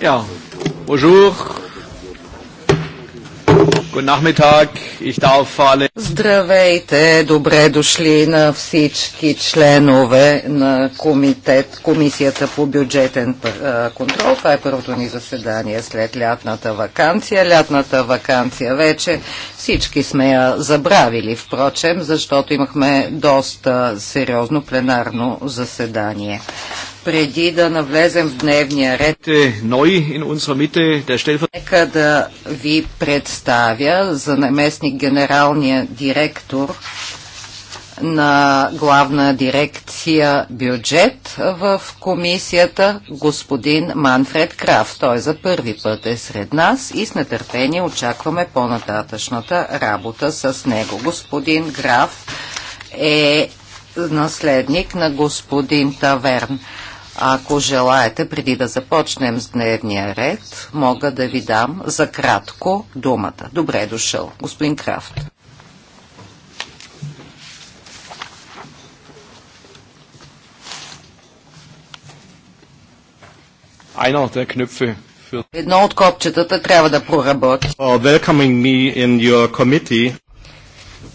Ja, bonjour. Guten Nachmittag. Ich darf alle... Здравейте, добре дошли на всички членове на комитет, Комисията по бюджетен контрол. Това е първото ни заседание след лятната вакансия. Лятната вакансия вече всички сме я забравили, впрочем, защото имахме доста сериозно пленарно заседание преди да навлезем в дневния ред. Нека да ви представя за наместник генералния директор на главна дирекция бюджет в комисията господин Манфред Краф. Той за първи път е сред нас и с нетърпение очакваме по-нататъчната работа с него. Господин Граф е наследник на господин Таверн. Ако желаете, преди да започнем с дневния ред, мога да ви дам за кратко думата. Добре е дошъл, господин Крафт. Едно от копчетата трябва да проработи.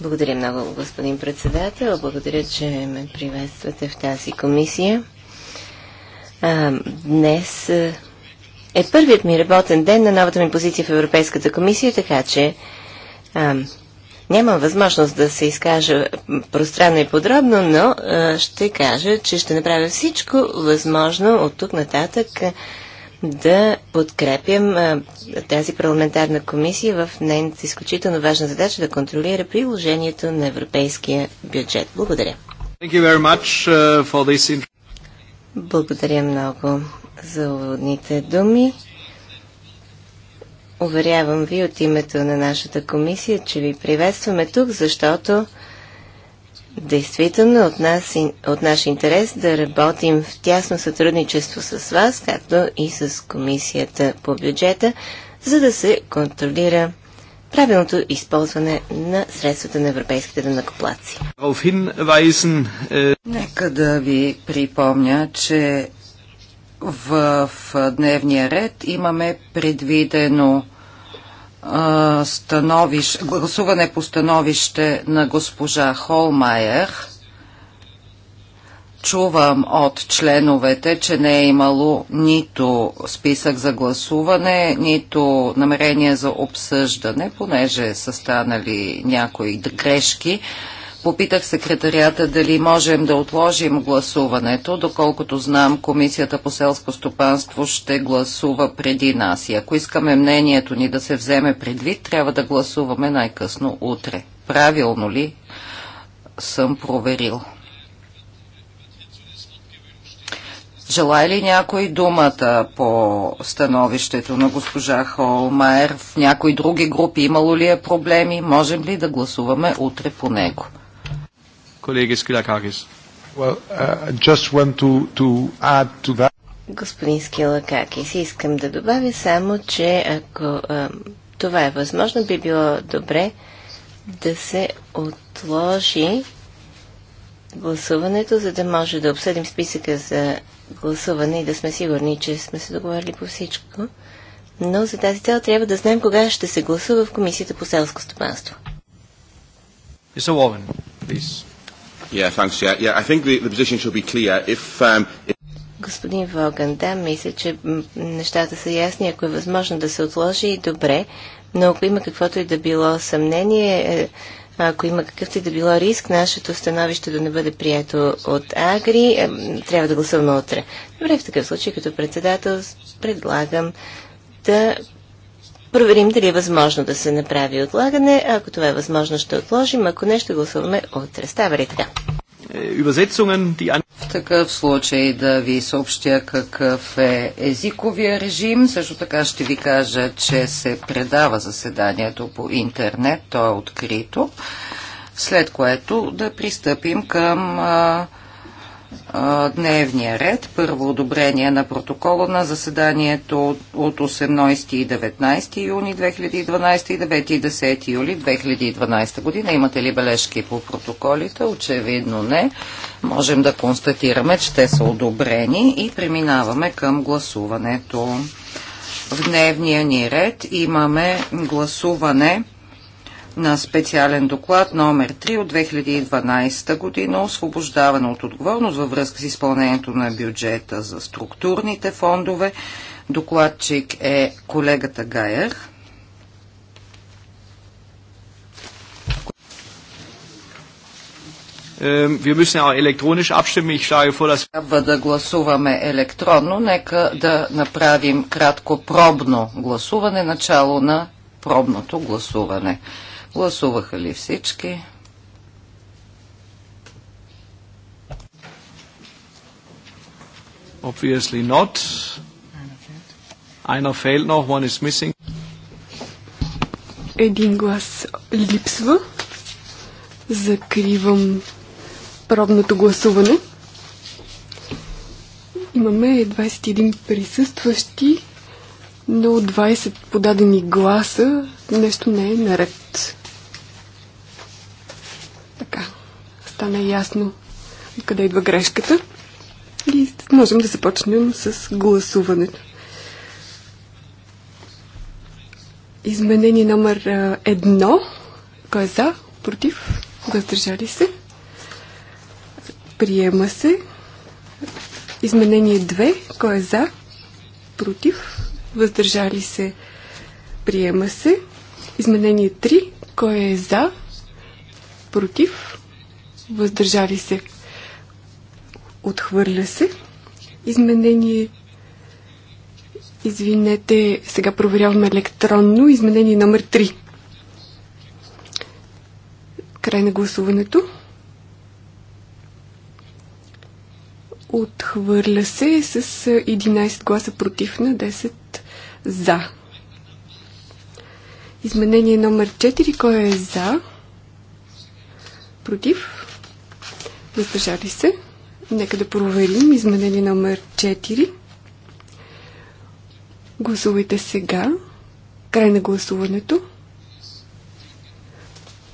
Благодаря много, господин председател. Благодаря, че ме приветствате в тази комисия. А, днес е първият ми работен ден на новата ми позиция в Европейската комисия, така че а, нямам възможност да се изкажа пространно и подробно, но а, ще кажа, че ще направя всичко възможно от тук нататък да подкрепям а, тази парламентарна комисия в нейната изключително важна задача да контролира приложението на европейския бюджет. Благодаря. Thank you very much, uh, for this благодаря много за уводните думи. Уверявам ви от името на нашата комисия, че ви приветстваме тук, защото действително от, нас, от наш интерес да работим в тясно сътрудничество с вас, както и с комисията по бюджета, за да се контролира правилното използване на средствата на европейските данакоплаци. Е, Нека да ви припомня, че в дневния ред имаме предвидено гласуване по становище на госпожа Холмайер – чувам от членовете, че не е имало нито списък за гласуване, нито намерение за обсъждане, понеже са станали някои грешки. Попитах секретарията дали можем да отложим гласуването. Доколкото знам, Комисията по селско стопанство ще гласува преди нас. И ако искаме мнението ни да се вземе предвид, трябва да гласуваме най-късно утре. Правилно ли съм проверил? Желая ли някой думата по становището на госпожа Холмайер? В някои други групи имало ли е проблеми? Можем ли да гласуваме утре по него? Колеги Скилакакис. Well, uh, to, to to Господин Скилакакис, искам да добавя само, че ако uh, това е възможно, би било добре да се отложи гласуването, за да може да обсъдим списъка за гласуване и да сме сигурни, че сме се договорили по всичко. Но за тази цел трябва да знаем кога ще се гласува в Комисията по селско стопанство. Господин Воган, да, мисля, че нещата са ясни. Ако е възможно да се отложи, добре. Но ако има каквото и да било съмнение, е, ако има какъвто и да било риск, нашето становище да не бъде прието от Агри, е, трябва да гласуваме утре. Добре, в такъв случай, като председател, предлагам да проверим дали е възможно да се направи отлагане. Ако това е възможно, ще отложим. Ако не, ще гласуваме утре. Става ли така? Е, В такъв случай да ви съобщя какъв е езиковия режим. Също така ще ви кажа, че се предава заседанието по интернет. То е открито. След което да пристъпим към дневния ред. Първо одобрение на протокола на заседанието от 18 и 19 юни 2012 и 9 и 10 юли 2012 година. Имате ли бележки по протоколите? Очевидно не. Можем да констатираме, че те са одобрени и преминаваме към гласуването. В дневния ни ред имаме гласуване на специален доклад номер 3 от 2012 година освобождаване от отговорност във връзка с изпълнението на бюджета за структурните фондове. Докладчик е колегата Гайер. Wir müssen elektronisch abstimmen. Ich schlage vor, dass Трябва да гласуваме електронно. Нека да направим кратко пробно гласуване, начало на пробното гласуване. Гласуваха ли всички? Obviously not. Einer fehlt noch, one is missing. Един глас липсва. Закривам пробното гласуване. Имаме 21 присъстващи, но 20 подадени гласа. Нещо не е наред. Така, стана ясно откъде идва грешката. И можем да започнем с гласуването. Изменение номер едно. Кой е за? Против? Въздържали се? Приема се. Изменение 2. Кой е за? Против? Въздържали се? Приема се. Изменение 3. Кой е за? против, въздържали се, отхвърля се. Изменение, извинете, сега проверяваме електронно, изменение номер 3. Край на гласуването. Отхвърля се с 11 гласа против на 10 за. Изменение номер 4. Кой е за? Против? Въздържали се? Нека да проверим изменение номер 4. Гласувайте сега. Край на гласуването.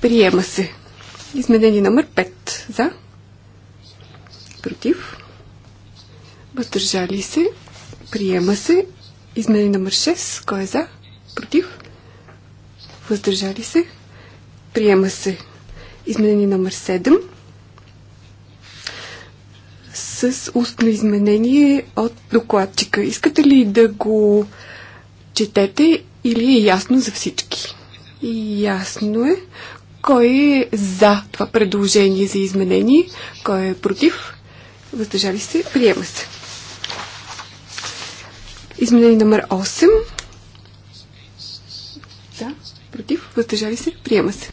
Приема се. Изменение номер 5. За. Против. Въздържали се. Приема се. Изменение номер 6. Кой е за? Против. Въздържали се. Приема се изменение номер 7 с устно изменение от докладчика. Искате ли да го четете или е ясно за всички? И Ясно е. Кой е за това предложение за изменение? Кой е против? Въздържали се? Приема се. Изменение номер 8. Да, против, въздържали се, приема се.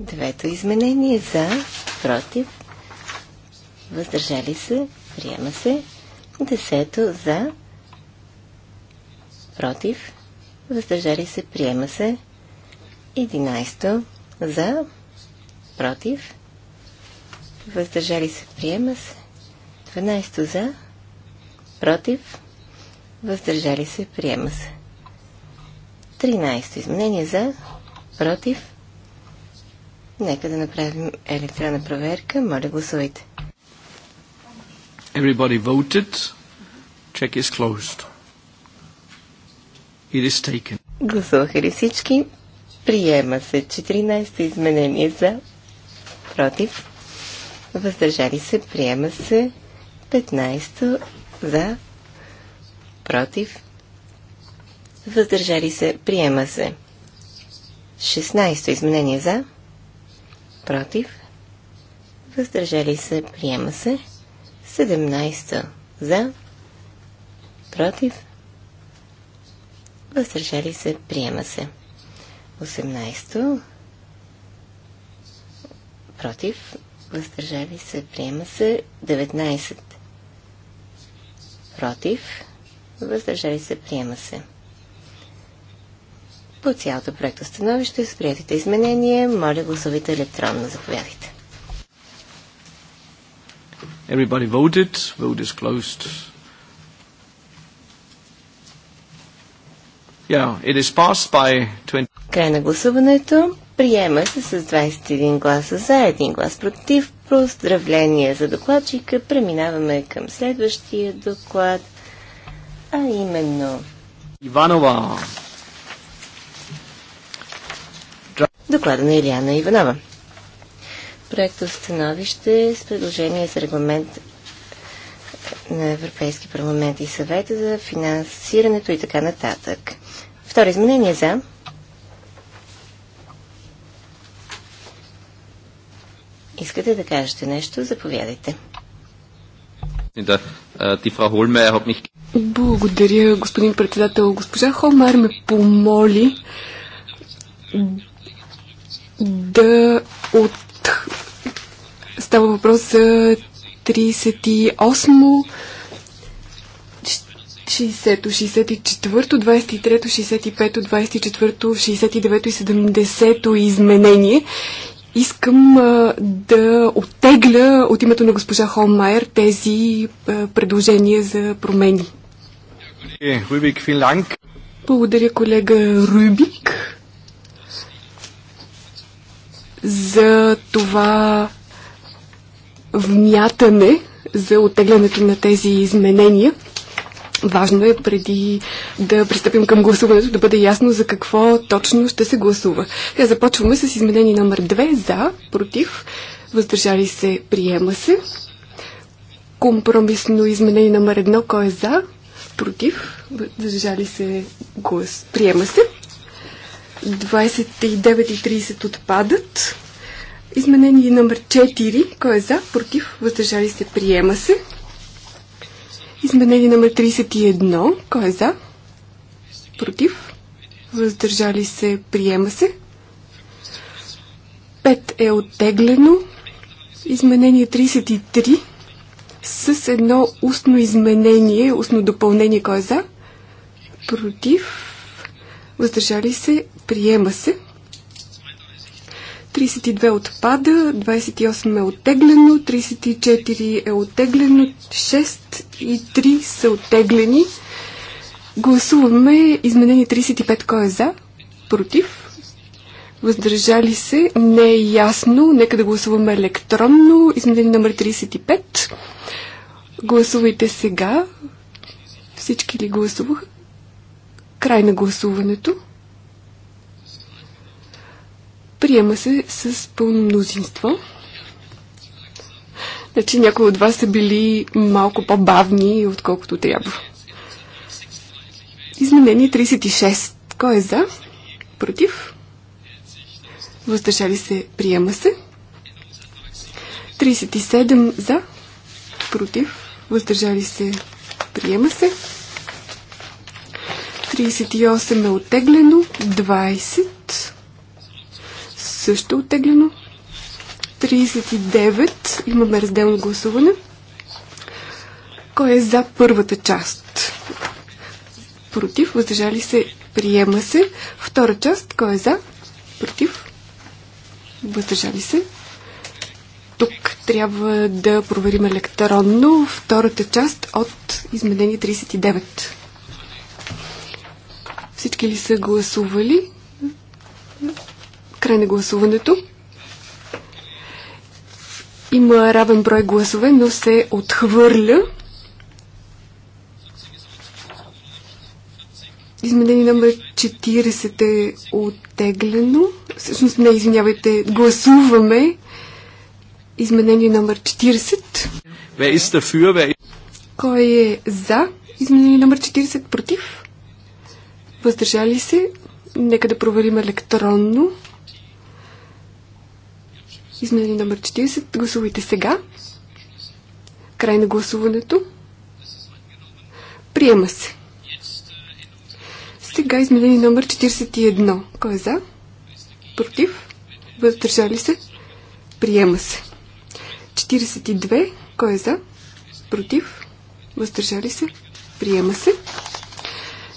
Двето изменение за, против, въздържали се, приема се. Десето за, против, въздържали се, приема се. Единайсто за, против, въздържали се, приема се. Дванайсто за, против, въздържали се, приема се. Тринайсто изменение за, против, Нека да направим електронна проверка. Моля, гласувайте. Everybody voted. Check is closed. It is taken. Гласуваха ли всички? Приема се 14 изменение за против. Въздържали се. Приема се 15 за против. Въздържали се. Приема се. 16 изменение за против, въздържали се, приема се. 17 за, против, въздържали се, приема се. 18 против, въздържали се, приема се. 19 против, въздържали се, приема се по цялото проекто становище с приятите изменения. Моля гласувайте електронно. Заповядайте. Everybody voted. Vote is closed. Yeah, it is passed by 20... Край на гласуването. Приема се с 21 гласа за, 1 глас против. Поздравления за докладчика. Преминаваме към следващия доклад, а именно... Иванова. доклада на Илияна Иванова. Проекто становище с предложение за регламент на Европейски парламент и съвета за финансирането и така нататък. Второ изменение за. Искате да кажете нещо? Заповядайте. Благодаря, господин председател. Госпожа Холмар ме помоли да от... Става въпрос за 38 60-то, 64-то, 23-то, 65-то, 24-то, 69-то и 70-то изменение. Искам а, да оттегля от името на госпожа Холмайер тези а, предложения за промени. Е, Благодаря, колега Рубик за това вмятане, за оттеглянето на тези изменения. Важно е преди да пристъпим към гласуването да бъде ясно за какво точно ще се гласува. Сега започваме с изменение номер 2 за, против, въздържали се, приема се. Компромисно изменение номер 1, кой е за, против, въздържали се, глас, приема се. 29 и 30 отпадат. Изменение номер 4. Кой е за? Против? Въздържали се? Приема се. Изменение номер 31. Кой е за? Против? Въздържали се? Приема се. 5 е оттеглено. Изменение 33 с едно устно изменение, устно допълнение. Кой е за? Против? Въздържали се? приема се. 32 отпада, 28 е оттеглено, 34 е оттеглено, 6 и 3 са оттеглени. Гласуваме изменение 35. Кой е за? Против? Въздържали се? Не е ясно. Нека да гласуваме електронно. Изменение номер 35. Гласувайте сега. Всички ли гласуваха? Край на гласуването. Приема се с пълно мнозинство. Значи някои от вас са били малко по-бавни, отколкото трябва. Изменение 36. Кой е за? Против? Въздържали се? Приема се. 37 за. Против? Въздържали се? Приема се. 38 е оттеглено. 20 също оттеглено. 39. Имаме разделно гласуване. Кой е за първата част? Против. Въздържали се. Приема се. Втора част. Кой е за? Против. Въздържали се. Тук трябва да проверим електронно втората част от изменение 39. Всички ли са гласували? Край на гласуването. Има равен брой гласове, но се отхвърля. Изменение номер 40 е оттеглено. Всъщност, не, извинявайте, гласуваме изменение номер 40. Кой е за изменение номер 40? Против? Въздържали се? Нека да проверим електронно. Измени номер 40. Гласувайте сега. Край на гласуването. Приема се. Сега изменение номер 41. Кой е за? Против? Въздържали се? Приема се. 42. Кой е за? Против? Въздържали се? Приема се.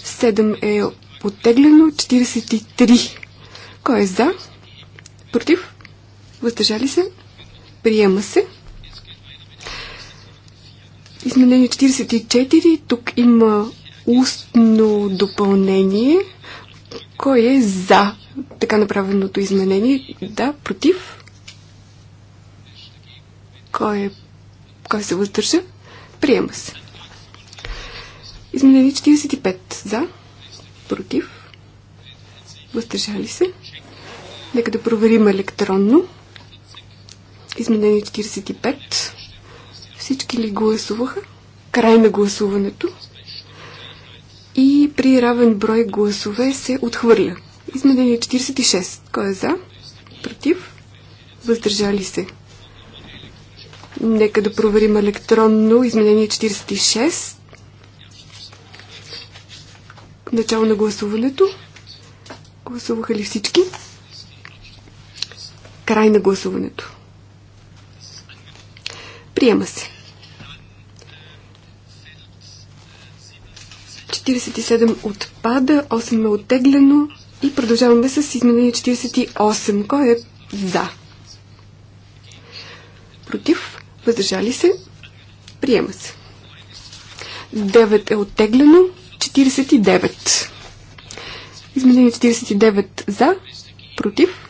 7 е оттеглено. 43. Кой е за? Против? Въздържа ли се? Приема се. Изменение 44. Тук има устно допълнение. Кой е за така направеното изменение? Да, против? Кой, е, кой се въздържа? Приема се. Изменение 45. За? Против? Въздържа ли се? Нека да проверим електронно. Изменение 45. Всички ли гласуваха? Край на гласуването. И при равен брой гласове се отхвърля. Изменение 46. Кой е за? Против? Въздържали се. Нека да проверим електронно изменение 46. Начало на гласуването. Гласуваха ли всички? Край на гласуването. Приема се. 47 отпада, 8 е оттеглено и продължаваме с изменение 48. Кой е за? Против? Въздържали се? Приема се. 9 е оттеглено, 49. Изменение 49 за, против,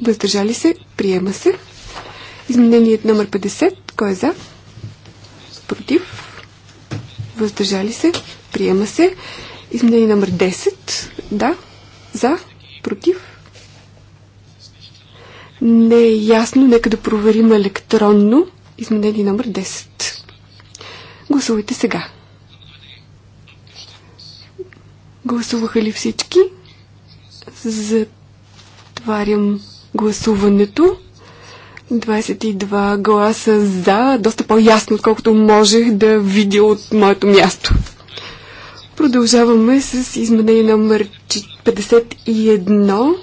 въздържали се, приема се. Изменение номер 50. Кой е за? Против? Въздържали се? Приема се. Изменение номер 10. Да? За? Против? Не е ясно. Нека да проверим електронно. Изменение номер 10. Гласувайте сега. Гласуваха ли всички? Затварям гласуването. 22 гласа за, доста по-ясно, отколкото можех да видя от моето място. Продължаваме с изменение номер 51.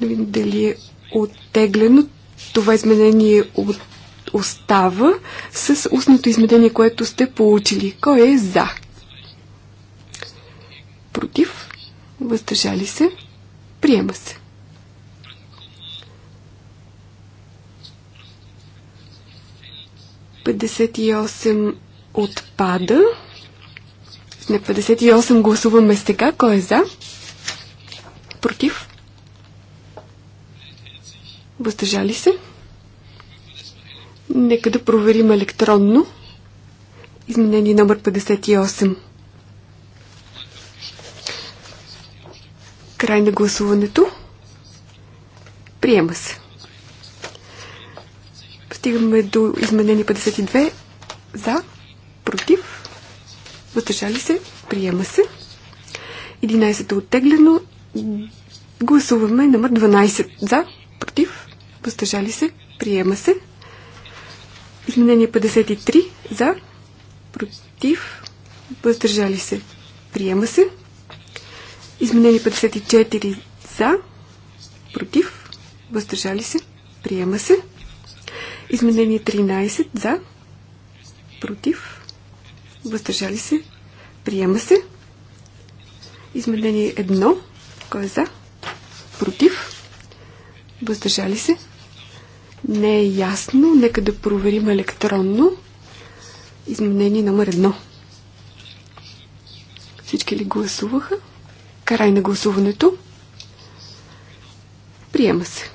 Да видим дали е оттеглено. Това изменение от... остава с устното изменение, което сте получили. Кой е за? Против? Въздържали се? Приема се. 58 отпада. На 58 гласуваме сега. Кой е за? Против? Въздържали се? Нека да проверим електронно. Изменение номер 58. Край на гласуването. Приема се. Стигаме до изменени 52. За, против, въздържали се, приема се. 11 е оттеглено. Гласуваме номер 12. За, против, въздържали се, приема се. Изменение 53. За, против, въздържали се, приема се. Изменение 54. За, против, въздържали се, приема се. Изменение 13 за, против, въздържали се, приема се. Изменение 1, кой е за, против, въздържали се. Не е ясно, нека да проверим електронно. Изменение номер 1. Всички ли гласуваха? Край на гласуването. Приема се.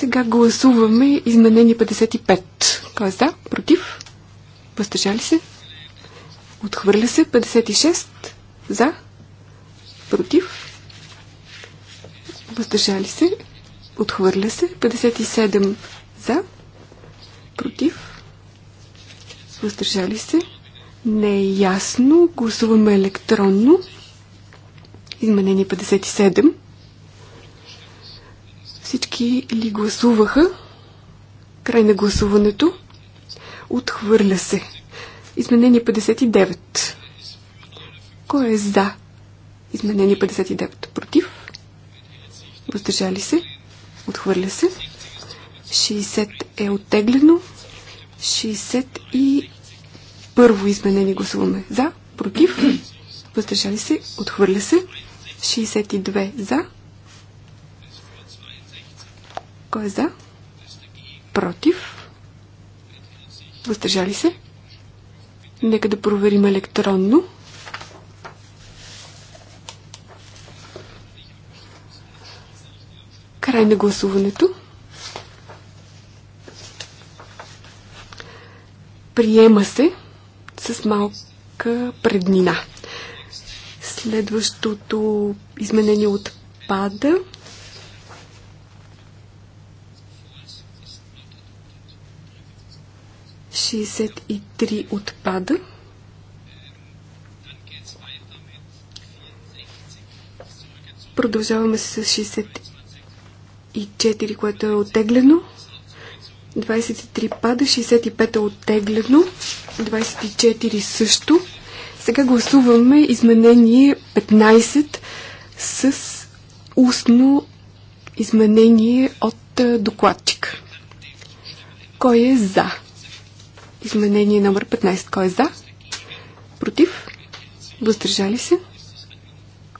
Сега гласуваме изменение 55. Кой е за? Против? Въздържали се? Отхвърля се. 56. За? Против? Въздържали се? Отхвърля се. 57. За? Против? Въздържали се? Не е ясно. Гласуваме електронно. Изменение 57. Всички ли гласуваха? Край на гласуването. Отхвърля се. Изменение 59. Кой е за? Изменение 59. Против? Въздържали се? Отхвърля се. 60 е оттеглено. 60 и първо изменение гласуваме за, против, въздържали се, отхвърля се. 62 за, кой е за? Против? Въздържали се? Нека да проверим електронно. Край на гласуването. Приема се с малка преднина. Следващото изменение отпада. 63 отпада. Продължаваме с 64, което е отеглено. 23 пада, 65 е оттеглено, 24 също. Сега гласуваме изменение 15 с устно изменение от докладчик. Кой е за? Изменение номер 15. Кой е за? Против? Въздържали се?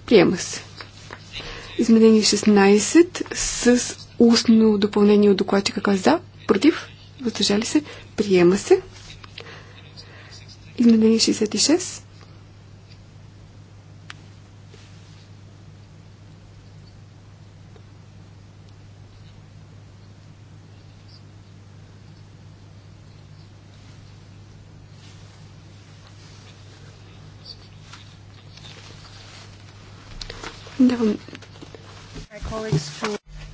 Приема се. Изменение 16 с устно допълнение от докладчика. Кой е за? Против? Въздържали се? Приема се. Изменение 66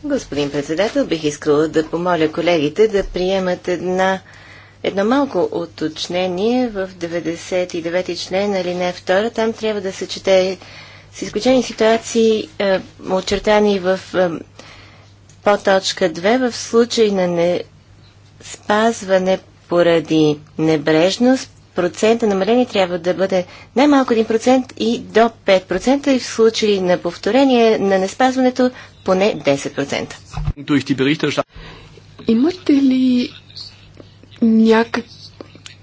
Господин председател, бих искала да помоля колегите да приемат една, едно малко уточнение в 99-ти член, не 2. Там трябва да се чете с изключени ситуации, е, очертани в е, по точка 2, в случай на не спазване поради небрежност, процента намаление трябва да бъде най-малко 1% и до 5% и в случай на повторение на неспазването поне 10%. Имате ли някак...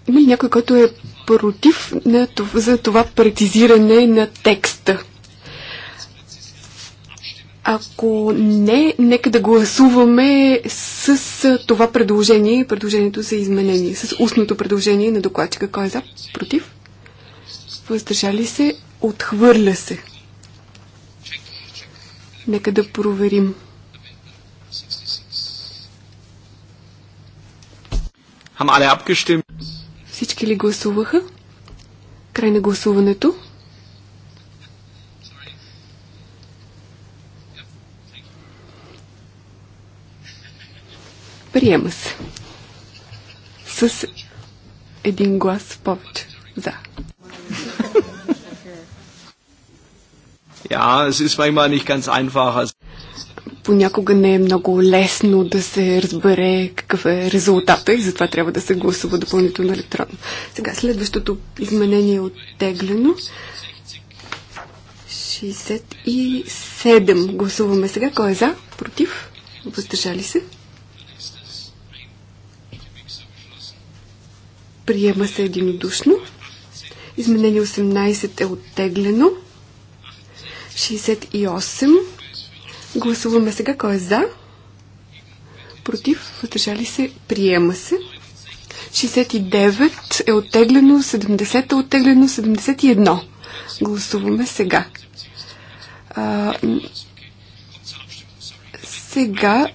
Има ли някой, който е против на това, за това прецизиране на текста? Ако не, нека да гласуваме с това предложение, предложението за изменение, с устното предложение на докладчика. Кой е за? Против? Въздържали се? Отхвърля се. Нека да проверим. Всички ли гласуваха? Край на гласуването. Приема се. С един глас повече. За. Ja, es ist manchmal nicht ganz einfach. Понякога не е много лесно да се разбере какъв е резултата и затова трябва да се гласува допълнително електронно. Сега следващото изменение е оттеглено. 67 гласуваме сега. Кой е за? Против? Въздържали се? Приема се единодушно. Изменение 18 е оттеглено. 68. Гласуваме сега кой е за. Против. Въздържали се. Приема се. 69 е оттеглено. 70 е оттеглено. 71. Гласуваме сега. А, сега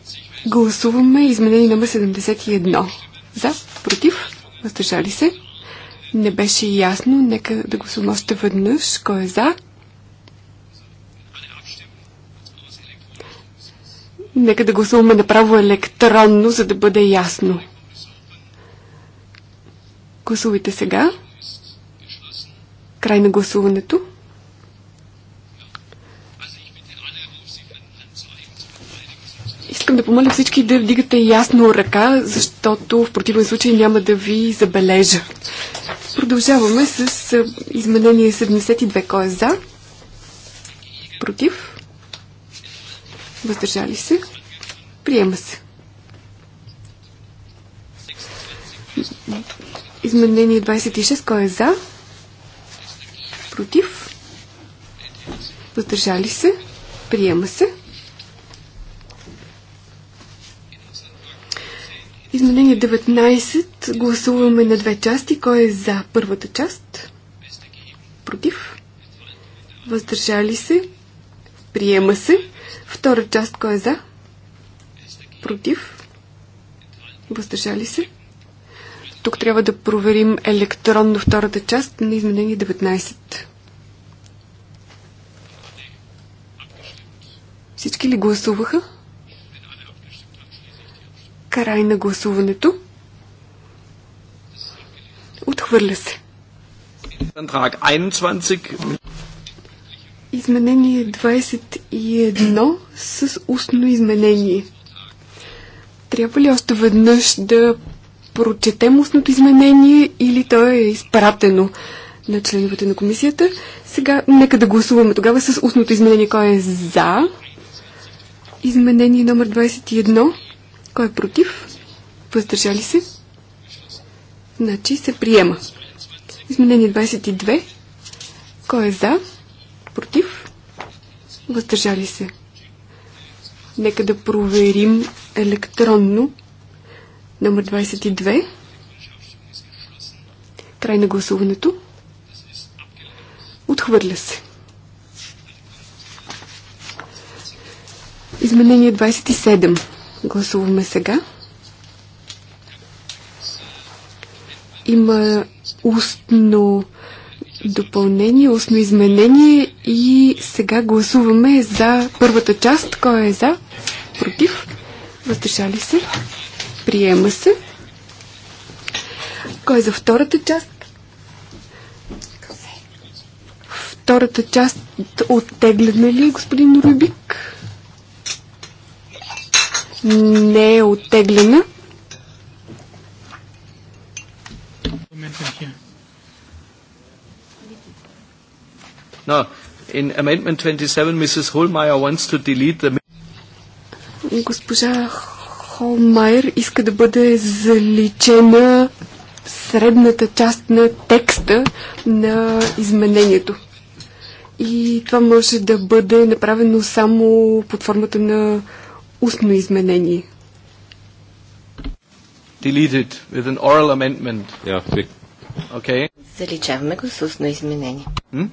гласуваме изменение номер 71. За. Против въздържали се. Не беше ясно, нека да съм още веднъж. Кой е за? Нека да гласуваме направо електронно, за да бъде ясно. Гласувайте сега. Край на гласуването. Искам да помоля всички да вдигате ясно ръка, защото в противен случай няма да ви забележа. Продължаваме с изменение 72. Кой е за? Против? Въздържали се? Приема се. Изменение 26. Кой е за? Против? Въздържали се? Приема се. Изменение 19. Гласуваме на две части. Кой е за първата част? Против? Въздържали се? Приема се. Втора част. Кой е за? Против? Въздържали се? Тук трябва да проверим електронно втората част на изменение 19. Всички ли гласуваха? Край на гласуването. Отхвърля се. Изменение 21 с устно изменение. Трябва ли още веднъж да прочетем устното изменение или то е изпратено на членовете на комисията? Сега нека да гласуваме тогава с устното изменение. Кой е за? Изменение номер 21. Кой е против? Въздържали се? Значи се приема. Изменение 22. Кой е за? Против? Въздържали се? Нека да проверим електронно номер 22. Край на гласуването. Отхвърля се. Изменение 27. Гласуваме сега. Има устно допълнение, устно изменение и сега гласуваме за първата част. Кой е за? Против? Въздържали се? Приема се. Кой е за втората част? Втората част оттегляме ли, е, господин Рубик? не е оттеглена. No, in Amendment 27, Mrs. Holmeyer wants to delete the... Госпожа Холмайер иска да бъде заличена средната част на текста на изменението. И това може да бъде направено само под формата на устно изменение. Deleted with an oral amendment. Yeah, okay. Заличаваме го с устно изменение. Hmm?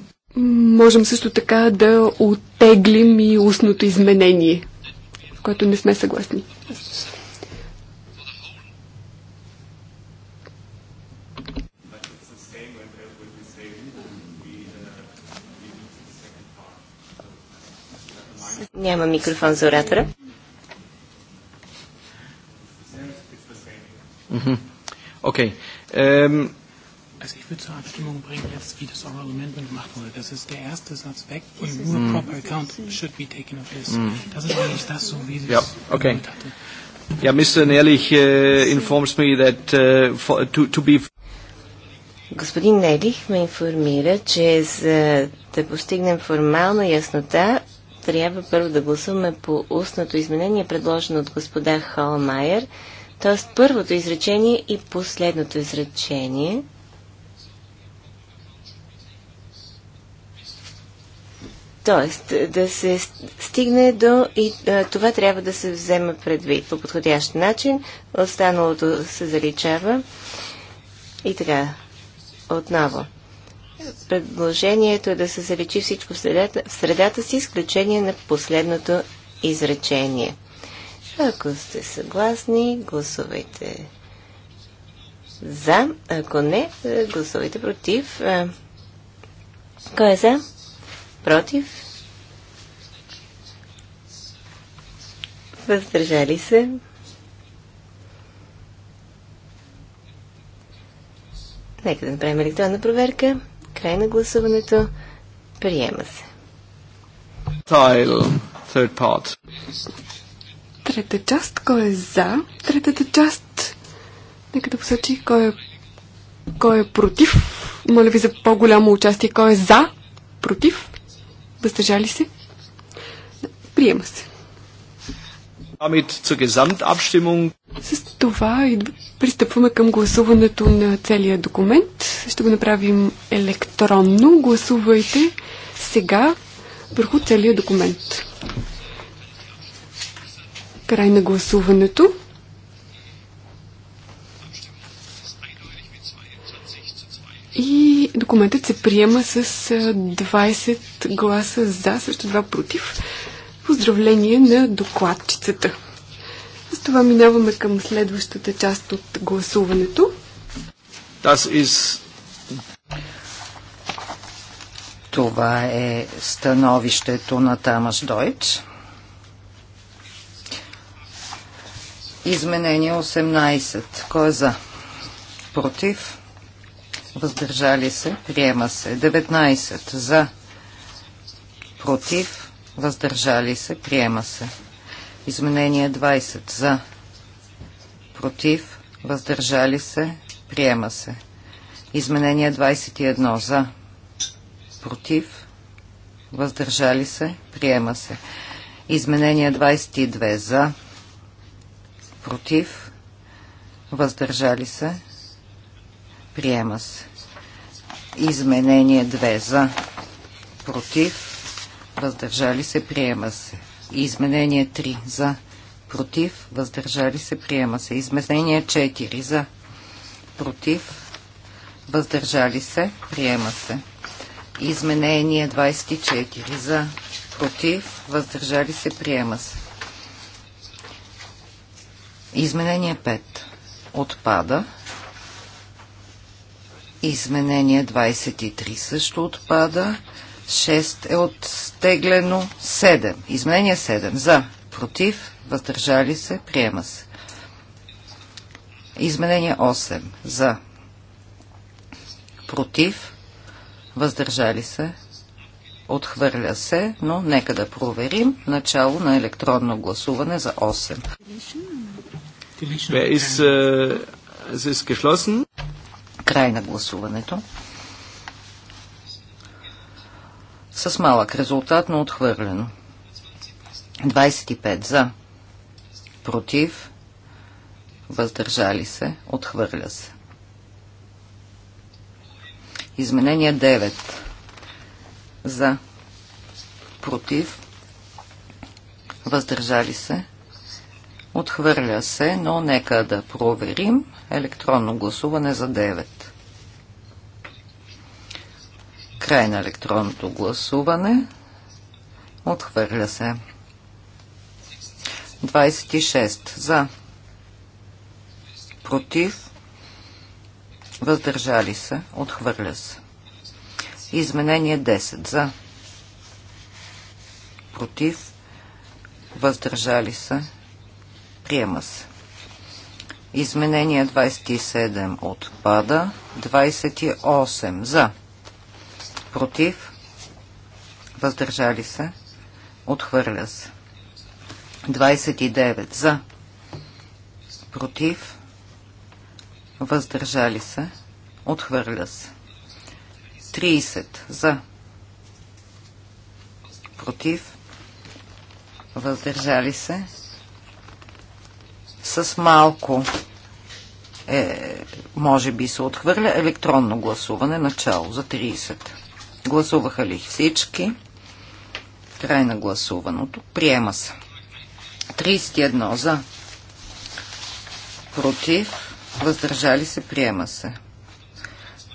Можем също така да оттеглим и устното изменение, в което не сме съгласни. Няма микрофон за оратора. Okay. Ähm, also ich würde zur Abstimmung bringen, jetzt wie das auch Amendment gemacht wurde. Das ist der erste Satz weg und nur mm. proper account should be taken of this. Mm. Das ist eigentlich das, so wie sie ja, es okay. hatte. Ja, Mr. Nellich uh, informs me that uh, for, to, to be Господин Нелих ме информира, че за да постигнем формална яснота, трябва първо да гласуваме по устното изменение, предложено от господа Холмайер. Майер Тоест първото изречение и последното изречение Тоест, да се стигне до и а, това трябва да се вземе предвид по подходящ начин, останалото се заличава и така. Отново. Предложението е да се заличи всичко в средата, в средата си, изключение на последното изречение. Ако сте съгласни, гласувайте за. Ако не, гласувайте против. Кой е за? Против? Въздържали се? Нека да направим електронна проверка. Край на гласуването. Приема се. Тайл, third part. Трета част. Кой е за? Третата част. Нека да посочи кой е, кой е против. Моля ви за по-голямо участие. Кой е за? Против? Въздържали се? Приема се. С това пристъпваме към гласуването на целия документ. Ще го направим електронно. Гласувайте сега върху целия документ. Край на гласуването. И документът се приема с 20 гласа за, също два против. Поздравление на докладчицата. С това минаваме към следващата част от гласуването. Das ist... Това е становището на Тамаш Дойч. Изменение 18. Кой е за? Против? Въздържали се? Приема се. 19. За? Против? Въздържали се? Приема се. Изменение 20. За? Против? Въздържали се? Приема се. Изменение 21. За? Против? Въздържали се? Приема се. Изменение 22. За? Против? против, въздържали се, приема се. Изменение 2 за, против, въздържали се, приема се. Изменение 3 за, против, въздържали се, приема се. Изменение 4 за, против, въздържали се, приема се. Изменение 24 за, против, въздържали се, приема се. Изменение 5 отпада. Изменение 23 също отпада. 6 е оттеглено. 7. Изменение 7. За. Против. Въздържали се. Приема се. Изменение 8. За. Против. Въздържали се. Отхвърля се, но нека да проверим начало на електронно гласуване за 8. Wer ist, äh, es ist geschlossen. Край на гласуването. С малък резултат, но отхвърлено. 25 за. Против. Въздържали се. Отхвърля се. Изменение 9. За. Против. Въздържали се. Отхвърля се, но нека да проверим. Електронно гласуване за 9. Край на електронното гласуване. Отхвърля се. 26. За. Против. Въздържали се. Отхвърля се. Изменение 10. За. Против. Въздържали се. Приема се. Изменение 27 отпада. 28 за. Против. Въздържали се. Отхвърля се. 29 за. Против. Въздържали се. Отхвърля се. 30 за. Против. Въздържали се с малко е, може би се отхвърля електронно гласуване начало за 30. Гласуваха ли всички? Край на гласуваното. Приема се. 31 за. Против. Въздържали се. Приема се.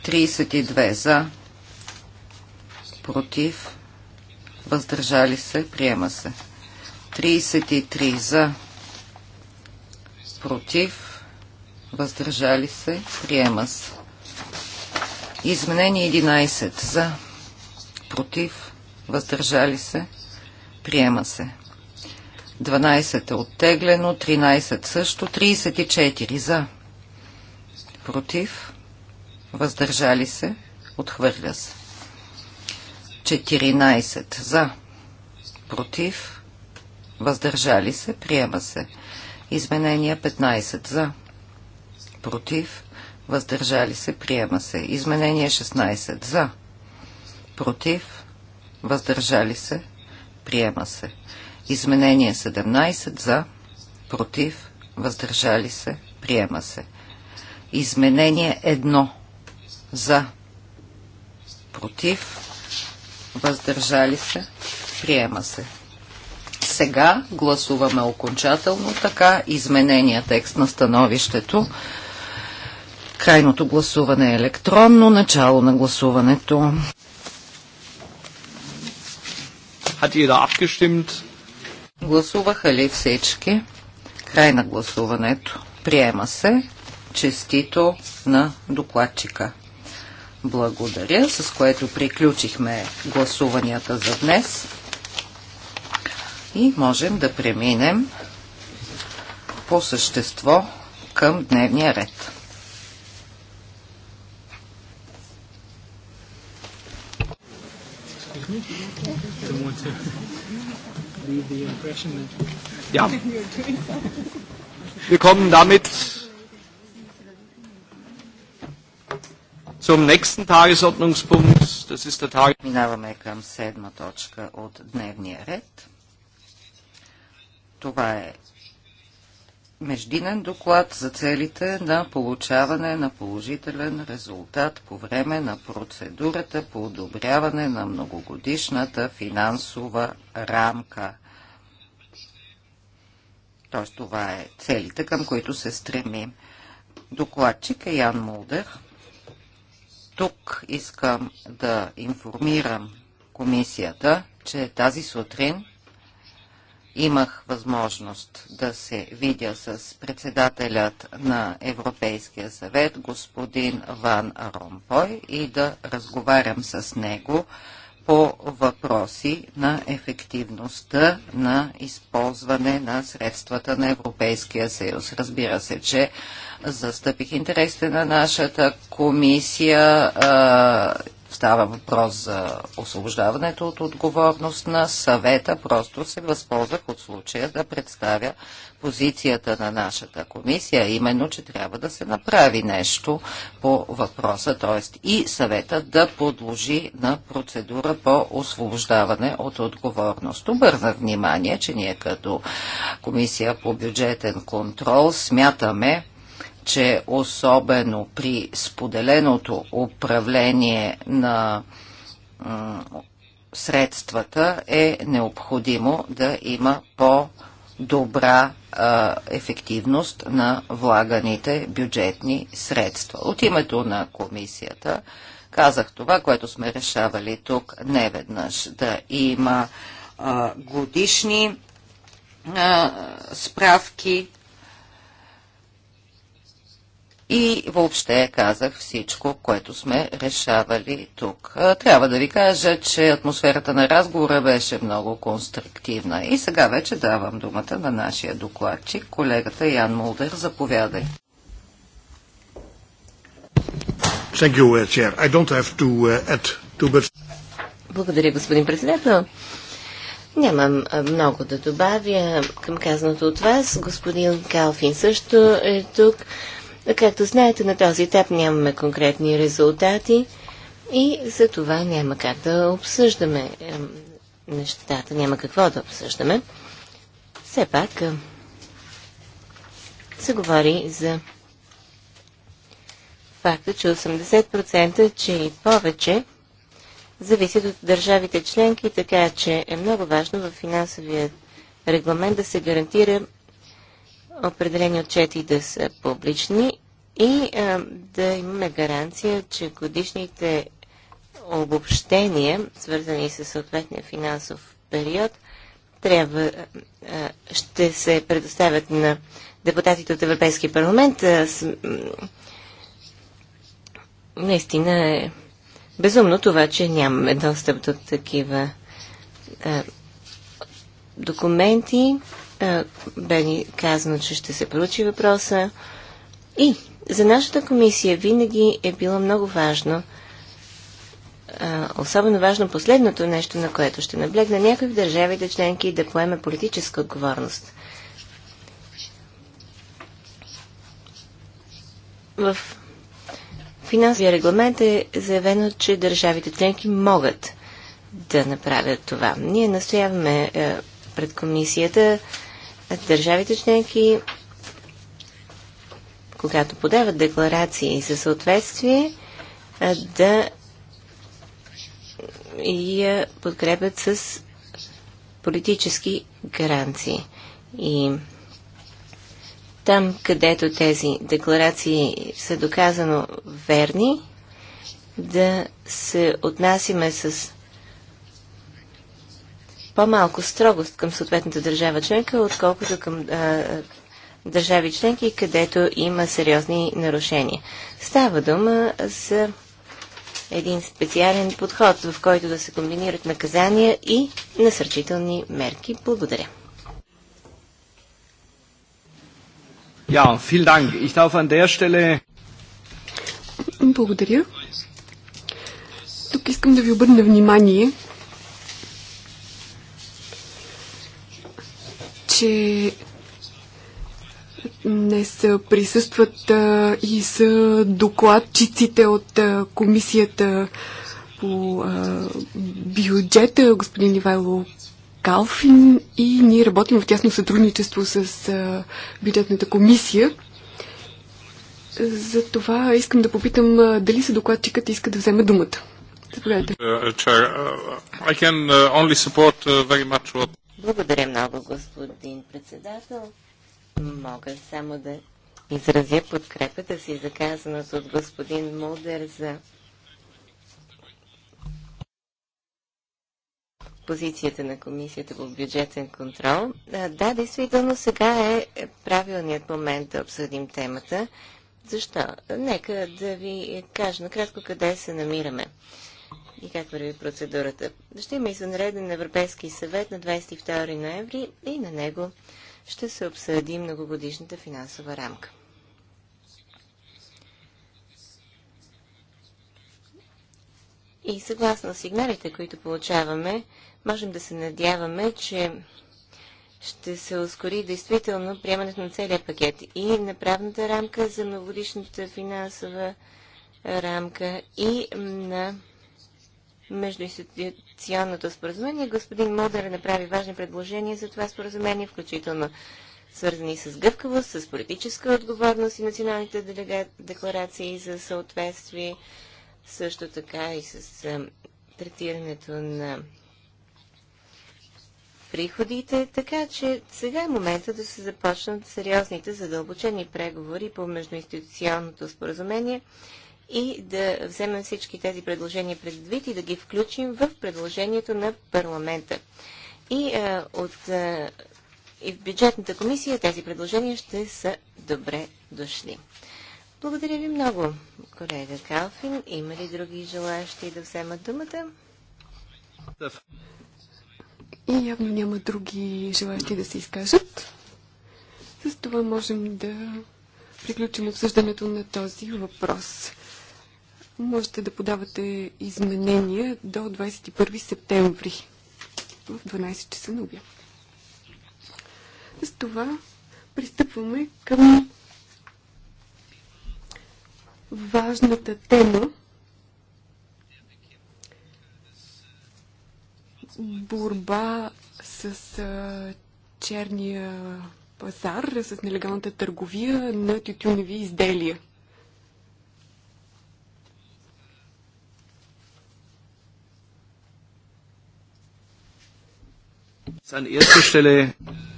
32 за. Против. Въздържали се. Приема се. 33 за против, въздържали се, приема се. Изменение 11 за, против, въздържали се, приема се. 12 е оттеглено, 13 също, 34 за, против, въздържали се, отхвърля се. 14 за, против, въздържали се, приема се. Изменение 15 за. Против. Въздържали се. Приема се. Изменение 16 за. Против. Въздържали се. Приема се. Изменение 17 за. Против. Въздържали се. Приема се. Изменение 1 за. Против. Въздържали се. Приема се. Сега гласуваме окончателно така изменения текст на становището. Крайното гласуване е електронно. Начало на гласуването. Гласуваха ли всички? Край на гласуването. Приема се. Честито на докладчика. Благодаря, с което приключихме гласуванията за днес и можем да преминем по същество към дневния ред. Ja. Wir kommen damit zum nächsten Tagesordnungspunkt. Das ist der Tag. Минаваме към седма точка от дневния ред. Това е междинен доклад за целите на получаване на положителен резултат по време на процедурата по одобряване на многогодишната финансова рамка. Т.е. това е целите, към които се стремим. Докладчик е Ян Мулдер. Тук искам да информирам комисията, че тази сутрин Имах възможност да се видя с председателят на Европейския съвет, господин Ван Ромпой, и да разговарям с него по въпроси на ефективността на използване на средствата на Европейския съюз. Разбира се, че застъпих интересите на нашата комисия. Става въпрос за освобождаването от отговорност на съвета. Просто се възползвах от случая да представя позицията на нашата комисия, именно, че трябва да се направи нещо по въпроса, т.е. и съвета да подложи на процедура по освобождаване от отговорност. Обърна внимание, че ние като комисия по бюджетен контрол смятаме, че особено при споделеното управление на средствата е необходимо да има по-добра ефективност на влаганите бюджетни средства. От името на комисията казах това, което сме решавали тук неведнъж, да има годишни справки и въобще казах всичко, което сме решавали тук. Трябва да ви кажа, че атмосферата на разговора беше много конструктивна. И сега вече давам думата на нашия докладчик, колегата Ян Мулдер. Заповядай. Благодаря, господин председател. Нямам много да добавя към казаното от вас. Господин Калфин също е тук. Както знаете, на този етап нямаме конкретни резултати и за това няма как да обсъждаме нещата, няма какво да обсъждаме. Все пак се говори за факта, че 80%, че и повече, зависят от държавите членки, така че е много важно в финансовия регламент да се гарантира определени отчети да са публични и а, да имаме гаранция, че годишните обобщения, свързани с съответния финансов период, трябва, а, ще се предоставят на депутатите от Европейския парламент. А, с, наистина е безумно това, че нямаме достъп до такива а, документи. Е, бе ни казано, че ще се проучи въпроса. И за нашата комисия винаги е било много важно, е, особено важно последното нещо, на което ще наблегна някои в държавите членки да поеме политическа отговорност. В финансовия регламент е заявено, че държавите членки могат да направят това. Ние настояваме е, пред комисията държавите членки, когато подават декларации за съответствие, да я подкрепят с политически гаранции. И там, където тези декларации са доказано верни, да се отнасиме с по-малко строгост към съответната държава членка, отколкото към а, държави членки, където има сериозни нарушения. Става дума за един специален подход, в който да се комбинират наказания и насърчителни мерки. Благодаря. Ja, vielen Dank. Ich darf an der Stelle... Благодаря. Тук искам да ви обърна внимание, че днес присъстват и са докладчиците от комисията по бюджета, господин Ивайло Калфин и ние работим в тясно сътрудничество с бюджетната комисия. За това искам да попитам дали са докладчикът иска да вземе думата. Заповядайте. Благодаря много, господин председател. Мога само да изразя подкрепата си за казаното от господин Мулдер за позицията на Комисията по бюджетен контрол. Да, действително сега е правилният момент да обсъдим темата. Защо? Нека да ви кажа накратко къде се намираме и как върви процедурата. Ще има извънреден Европейски съвет на 22 ноември и на него ще се обсъди многогодишната финансова рамка. И съгласно сигналите, които получаваме, можем да се надяваме, че ще се ускори действително приемането на целия пакет и на правната рамка за многогодишната финансова рамка и на между институционното споразумение. Господин Модер направи важни предложения за това споразумение, включително свързани с гъвкавост, с политическа отговорност и националните декларации за съответствие, също така и с третирането на приходите, така че сега е момента да се започнат сериозните задълбочени преговори по междуинституционното споразумение и да вземем всички тези предложения предвид и да ги включим в предложението на парламента. И, а, е, от, а, е, и в бюджетната комисия тези предложения ще са добре дошли. Благодаря ви много, колега Калфин. Има ли други желаящи да вземат думата? И явно няма други желаящи да се изкажат. С това можем да приключим обсъждането на този въпрос. Можете да подавате изменения до 21 септември в 12 часа на обяд. С това пристъпваме към важната тема борба с черния пазар, с нелегалната търговия на тютюневи изделия.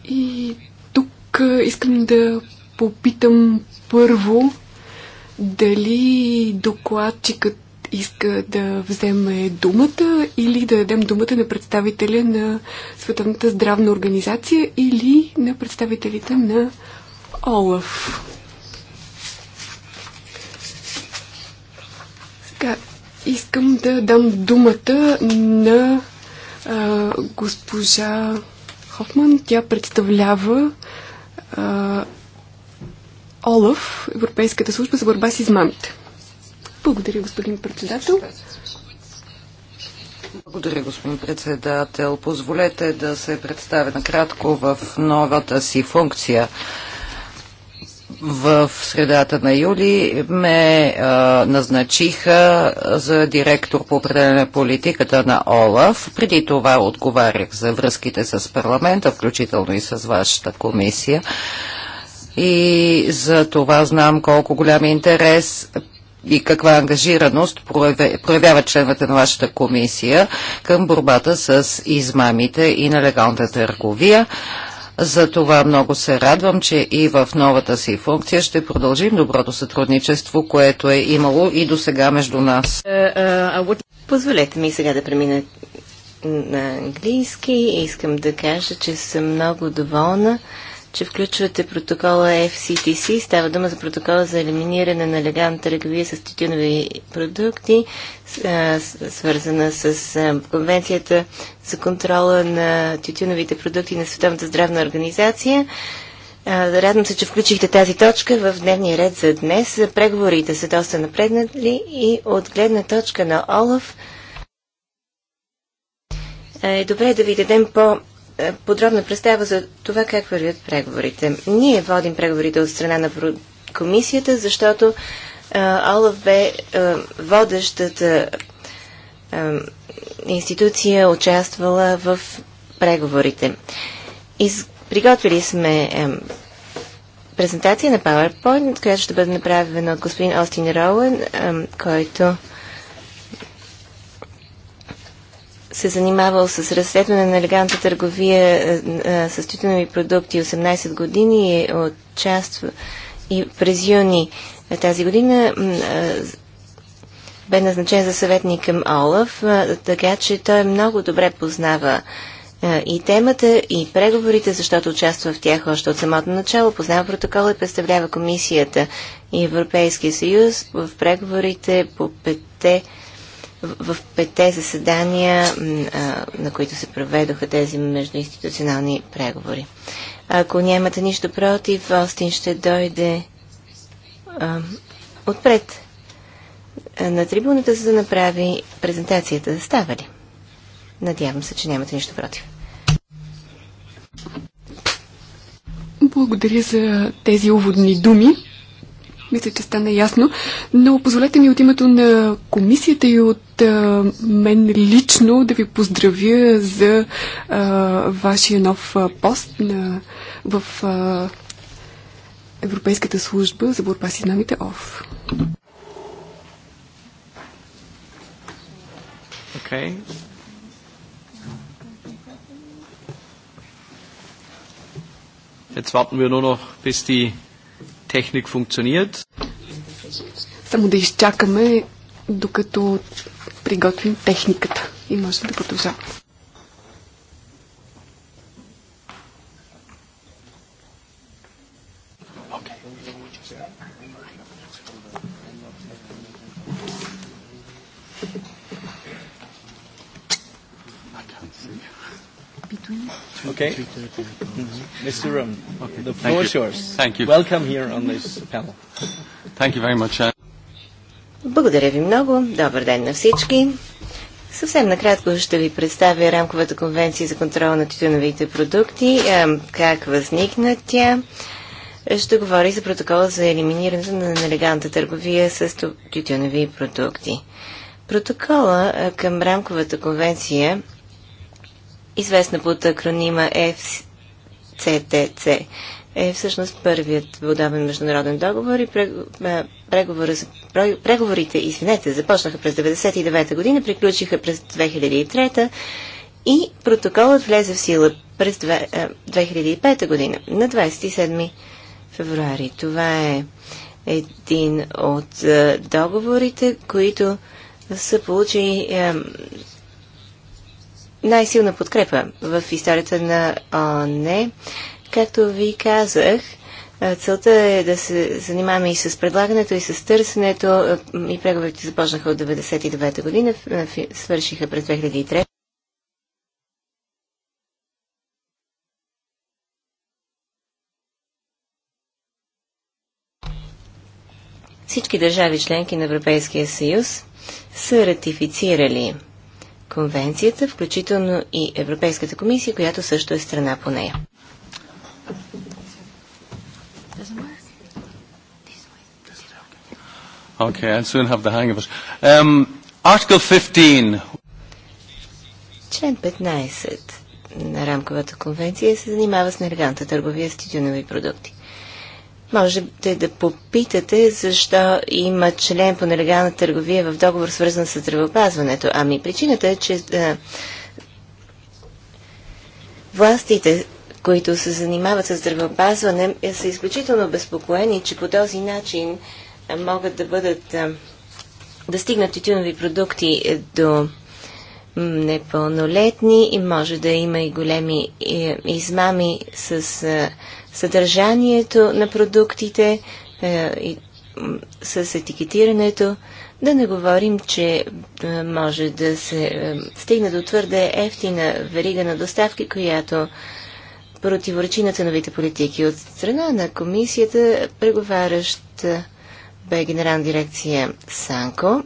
И тук искам да попитам първо дали докладчикът иска да вземе думата или да дадем думата на представителя на Световната здравна организация или на представителите на ОЛАФ. Сега искам да дам думата на а, госпожа Хофман. Тя представлява а, ОЛАФ, Европейската служба за борба с измамите. Благодаря, господин председател. Благодаря, господин председател. Позволете да се представя накратко в новата си функция в средата на юли ме а, назначиха за директор по определена политиката на ОЛАФ. Преди това отговарях за връзките с парламента, включително и с вашата комисия. И за това знам колко голям интерес и каква ангажираност проявяват членовете на вашата комисия към борбата с измамите и нелегалната търговия. За това много се радвам, че и в новата си функция ще продължим доброто сътрудничество, което е имало и до сега между нас. Е, е, Позволете ми сега да премина на английски. Искам да кажа, че съм много доволна че включвате протокола FCTC. Става дума за протокола за елиминиране на легалната търговия с тютюнови продукти, свързана с Конвенцията за контрола на тютюновите продукти на Световната здравна организация. Радвам се, че включихте тази точка в дневния ред за днес. Преговорите са доста напреднали и от гледна точка на Олаф е добре да ви дадем по- е, подробна представа за това как вървят преговорите. Ние водим преговорите от страна на комисията, защото е, Олаф бе е, водещата институция, участвала в преговорите. Из... Приготвили сме презентация на PowerPoint, която ще бъде направена от господин Остин Роуен, който се занимавал с разследване на елегантна търговия е, е, е, с тютюнови продукти 18 години и участва и през юни тази година бе назначен за съветник към Олаф, така че той много добре познава и темата, и преговорите, защото участва в тях още от самото начало, познава протокола и представлява комисията и Европейския съюз в преговорите по пете в пете заседания, на които се проведоха тези междуинституционални преговори. Ако нямате нищо против, Остин ще дойде а, отпред на трибуната, за да направи презентацията. Става ли? Надявам се, че нямате нищо против. Благодаря за тези уводни думи. Мисля, че стана ясно. Но позволете ми от името на комисията и от мен лично да ви поздравя за а, вашия нов пост на, в а, Европейската служба за борба с изнамите ОФ. Okay. Jetzt warten wir nur noch, bis die Technik funktioniert. Само да изчакаме, докато приготвим техниката и може да продължаваме. Okay. Mm-hmm. Mr. Rum, the floor is yours. Thank you. Welcome here on this panel. Thank you very much. Благодаря ви много. Добър ден на всички. Съвсем накратко ще ви представя рамковата конвенция за контрол на титуновите продукти, как възникна тя. Ще говори за протокола за елиминирането на нелегалната търговия с титунови продукти. Протокола към рамковата конвенция известна под акронима FCTC, е всъщност първият подобен международен договор и преговорите, извинете, започнаха през 1999 година, приключиха през 2003 и протоколът влезе в сила през 2005 година, на 27 февруари. Това е един от договорите, които са получили най-силна подкрепа в историята на ООН. Както ви казах, целта е да се занимаваме и с предлагането, и с търсенето. И преговорите започнаха от 1999 година, свършиха през 2003. Всички държави членки на Европейския съюз са ратифицирали конвенцията, включително и Европейската комисия, която също е страна по нея. Okay, I'll soon have the hang of it. Um, article 15. Член 15 на рамковата конвенция се занимава с нелегалната търговия с тютюнови продукти. Можете да попитате защо има член по нелегална търговия в договор, свързан с здравеопазването. Ами причината е, че да, е, властите, които се занимават с здравеопазване, са изключително безпокоени, че по този начин е, могат да бъдат е, да стигнат тютюнови продукти до непълнолетни и може да има и големи измами с съдържанието на продуктите, е, и, с етикетирането, да не говорим, че е, може да се е, стигне до твърде ефтина верига на доставки, която противоречи на ценовите политики. От страна на комисията, преговарящ бе генерална дирекция Санко,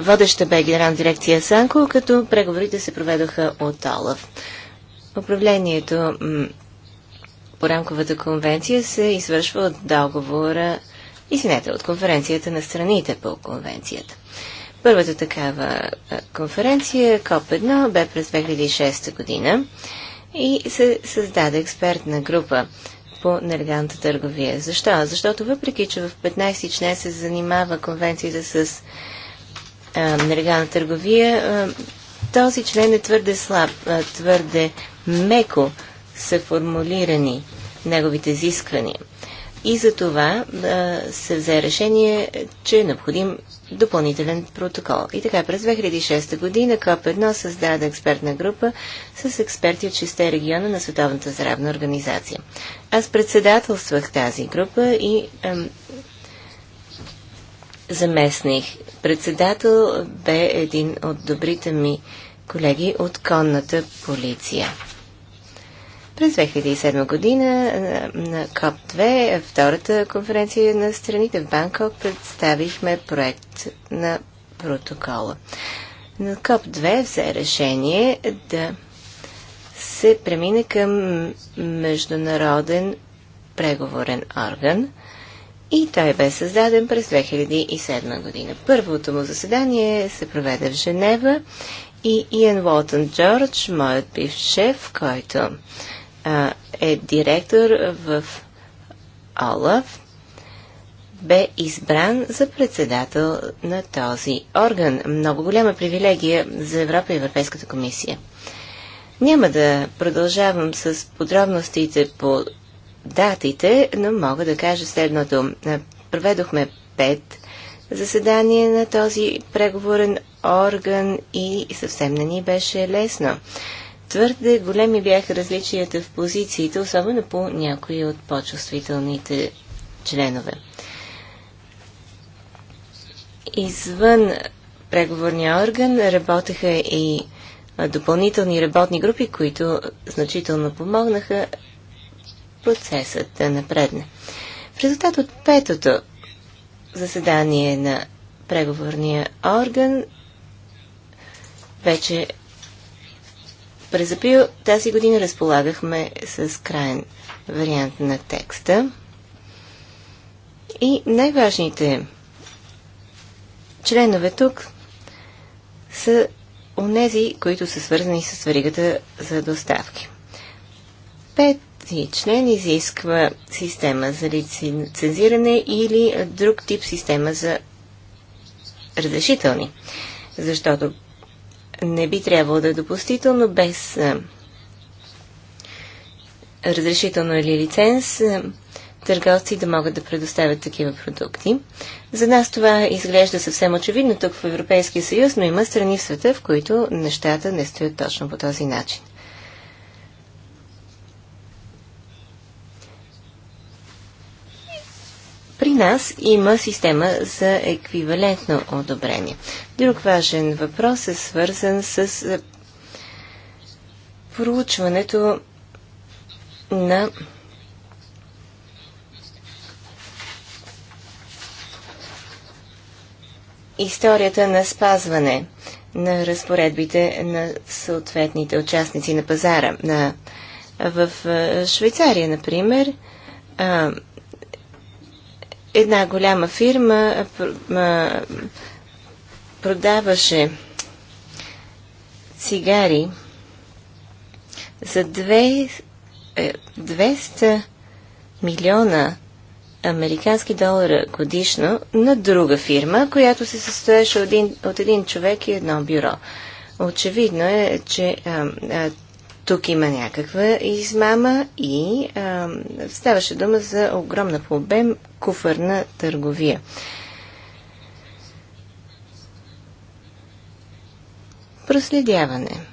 водеща бе генерална дирекция Санко, като преговорите се проведоха от Олаф. Управлението по рамковата конвенция се извършва от договора, извинете, от конференцията на страните по конвенцията. Първата такава конференция, КОП-1, бе през 2006 година и се създаде експертна група по нелегалната търговия. Защо? Защото въпреки, че в 15 член се занимава конвенцията с а, нелегална търговия, а, този член е твърде слаб, а, твърде меко са формулирани неговите изисквания. И за това а, се взе решение, че е необходим допълнителен протокол. И така, през 2006 година КОП-1 създаде експертна група с експерти от 6 региона на Световната здравна организация. Аз председателствах тази група и ам, заместних. Председател бе един от добрите ми колеги от конната полиция. През 2007 година на КОП-2, втората конференция на страните в Банкок, представихме проект на протокола. На КОП-2 взе решение да се премине към международен преговорен орган и той бе създаден през 2007 година. Първото му заседание се проведе в Женева и Иен Уолтън Джордж, моят бив шеф, който е директор в ОЛАФ, бе избран за председател на този орган. Много голяма привилегия за Европа и Европейската комисия. Няма да продължавам с подробностите по датите, но мога да кажа следното. Проведохме пет заседания на този преговорен орган и съвсем не ни беше лесно. Твърде големи бяха различията в позициите, особено по някои от по-чувствителните членове. Извън преговорния орган работеха и допълнителни работни групи, които значително помогнаха процесът да напредне. В резултат от петото заседание на преговорния орган вече през април тази година разполагахме с крайен вариант на текста. И най-важните членове тук са онези, които са свързани с варигата за доставки. Пети член изисква система за лицензиране или друг тип система за разрешителни, защото не би трябвало да е допустително без е, разрешително или лиценз е, търговци да могат да предоставят такива продукти. За нас това изглежда съвсем очевидно тук в Европейския съюз, но има страни в света, в които нещата не стоят точно по този начин. При нас има система за еквивалентно одобрение. Друг важен въпрос е свързан с е, проучването на историята на спазване на разпоредбите на съответните участници на пазара. На, в е, Швейцария, например, една голяма фирма продаваше цигари за 200 е, милиона американски долара годишно на друга фирма, която се състоеше от един, от един човек и едно бюро. Очевидно е, че а, а, тук има някаква измама и а, ставаше дума за огромна по обем куфърна търговия. Проследяване.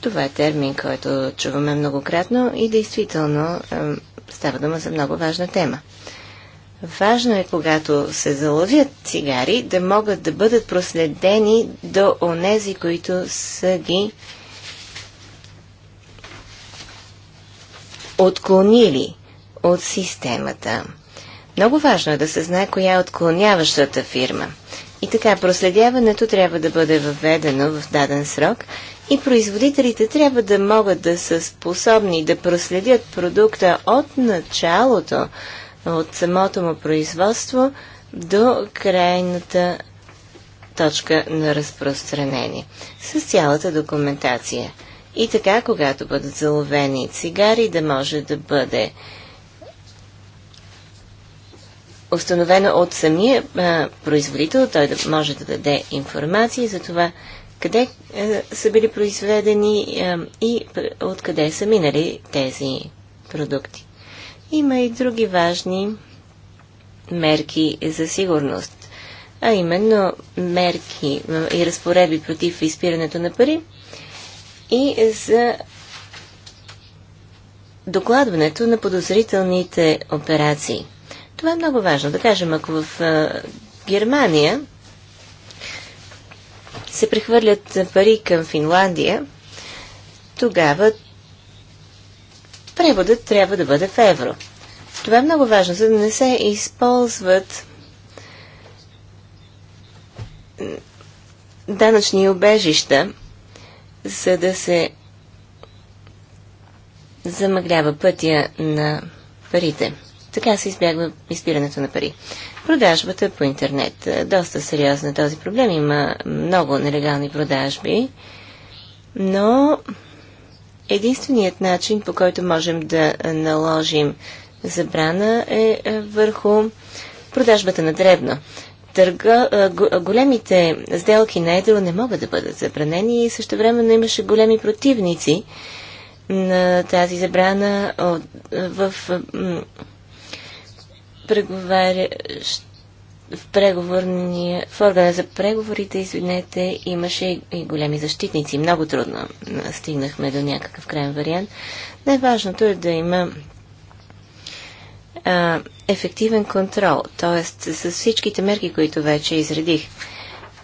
Това е термин, който чуваме многократно и действително а, става дума за много важна тема. Важно е, когато се заловят цигари, да могат да бъдат проследени до онези, които са ги отклонили от системата. Много важно е да се знае коя е отклоняващата фирма. И така, проследяването трябва да бъде въведено в даден срок и производителите трябва да могат да са способни да проследят продукта от началото, от самото му производство до крайната точка на разпространение с цялата документация. И така, когато бъдат заловени цигари, да може да бъде установено от самия а, производител, той да може да даде информация за това къде а, са били произведени а, и откъде са минали тези продукти. Има и други важни мерки за сигурност, а именно мерки и разпоредби против изпирането на пари, и за докладването на подозрителните операции. Това е много важно. Да кажем, ако в Германия се прехвърлят пари към Финландия, тогава преводът трябва да бъде в евро. Това е много важно, за да не се използват данъчни обежища за да се замъглява пътя на парите. Така се избягва изпирането на пари. Продажбата по интернет. Е, доста сериозна този проблем. Има много нелегални продажби, но единственият начин, по който можем да наложим забрана е, е върху продажбата на дребно търга, големите сделки на едро не могат да бъдат забранени и също времено имаше големи противници на тази забрана от, в, преговаря, в, преговорния, в органа за преговорите, извинете, имаше и големи защитници. Много трудно стигнахме до някакъв крайен вариант. Най-важното е да има а, ефективен контрол, т.е. с всичките мерки, които вече изредих.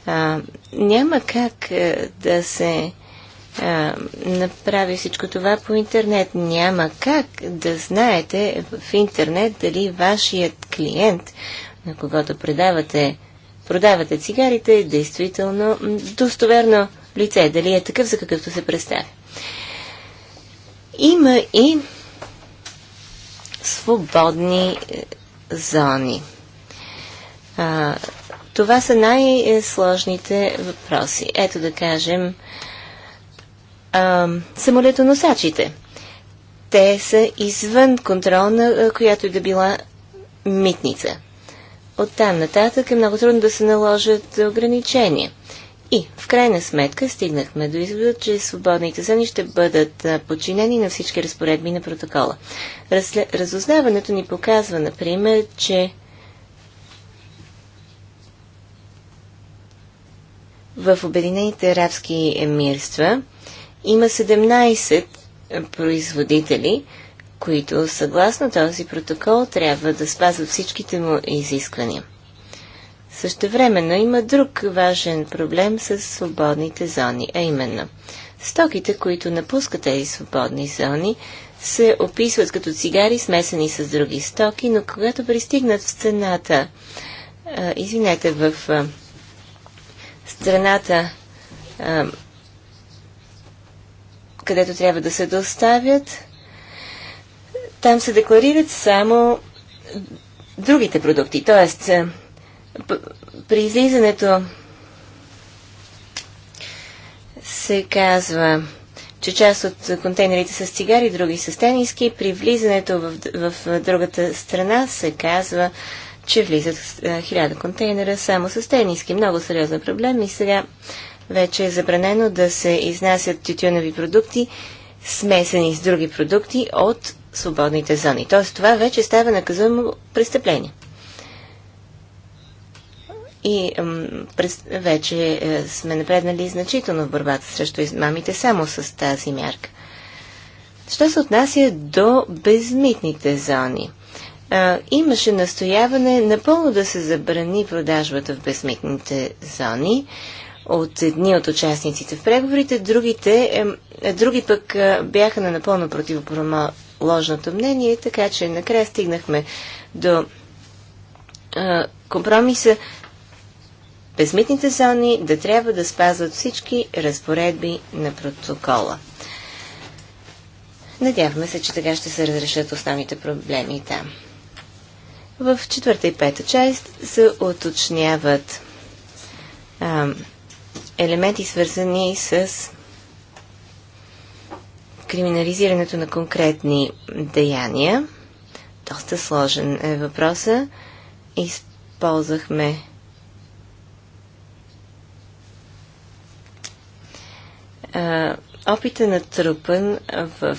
А, няма как а, да се а, направи всичко това по интернет. Няма как да знаете в интернет дали вашият клиент, на когото предавате, продавате цигарите, е действително достоверно лице, дали е такъв, за какъвто се представя. Има и свободни е, зони. А, това са най-сложните въпроси. Ето да кажем а, самолетоносачите. Те са извън контролна, която и е да била митница. Оттам нататък е много трудно да се наложат ограничения. И в крайна сметка стигнахме до извода, че свободните зони ще бъдат подчинени на всички разпоредби на протокола. Разле... Разузнаването ни показва, например, че в Обединените арабски емирства има 17 производители, които съгласно този протокол трябва да спазват всичките му изисквания. Същевременно има друг важен проблем с свободните зони, а именно стоките, които напускат тези свободни зони, се описват като цигари, смесени с други стоки, но когато пристигнат в цената, извинете, в страната, където трябва да се доставят, там се декларират само другите продукти, т.е при излизането се казва, че част от контейнерите с цигари, други с тениски, при влизането в, в, в другата страна се казва, че влизат е, хиляда контейнера само с тениски. Много сериозен проблем и сега вече е забранено да се изнасят тютюнови продукти, смесени с други продукти от свободните зони. Тоест това вече става наказуемо престъпление. И през, вече е, сме напреднали значително в борбата срещу измамите само с тази мярка. Що се отнася до безмитните зони? А, имаше настояване напълно да се забрани продажбата в безмитните зони от едни от участниците в преговорите, другите, е, други пък е, бяха на напълно противоположното мнение, така че накрая стигнахме до е, компромиса безмитните зони да трябва да спазват всички разпоредби на протокола. Надяваме се, че така ще се разрешат основните проблеми там. В четвърта и пета част се оточняват а, елементи, свързани с криминализирането на конкретни деяния. Доста сложен е въпроса. Използвахме опита на трупан в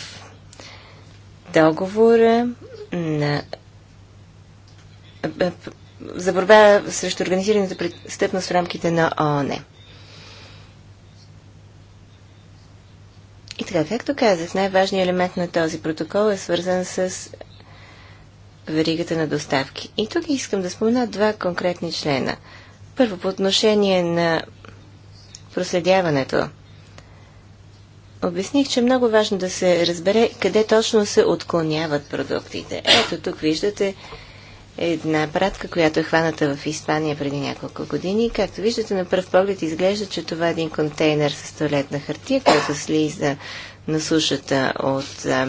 договора на за борба срещу организираната престъпност в рамките на ООН. И така, както казах, най-важният елемент на този протокол е свързан с веригата на доставки. И тук искам да спомена два конкретни члена. Първо, по отношение на проследяването обясних, че е много важно да се разбере къде точно се отклоняват продуктите. Ето тук виждате една пратка, която е хваната в Испания преди няколко години. Както виждате, на пръв поглед изглежда, че това е един контейнер с туалетна хартия, който слиза на сушата от а,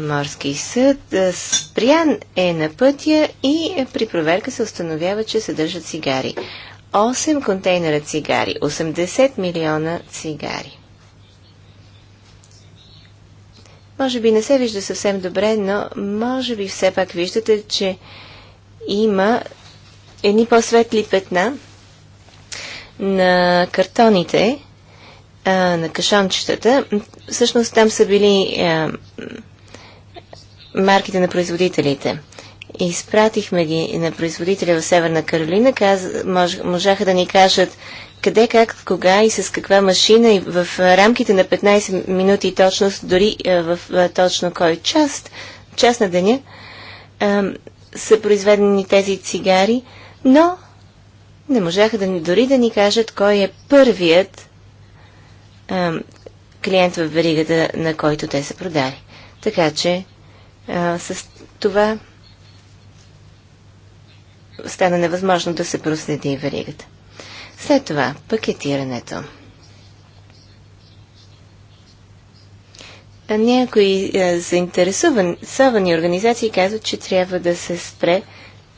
морски съд. Спрян е на пътя и при проверка се установява, че съдържат цигари. 8 контейнера цигари, 80 милиона цигари. Може би не се вижда съвсем добре, но може би все пак виждате, че има едни по-светли петна на картоните, а, на кашончетата. Всъщност там са били а, марките на производителите. Изпратихме ги на производителя в Северна Каролина. Каз, мож, можаха да ни кажат къде, как, кога и с каква машина и в рамките на 15 минути точно, дори в точно кой част, част на деня, са произведени тези цигари, но не можаха да ни, дори да ни кажат кой е първият клиент в веригата, на който те са продали. Така че а, с това стана невъзможно да се проследи веригата. След това пакетирането. Някои е, заинтересовани организации казват, че трябва да се спре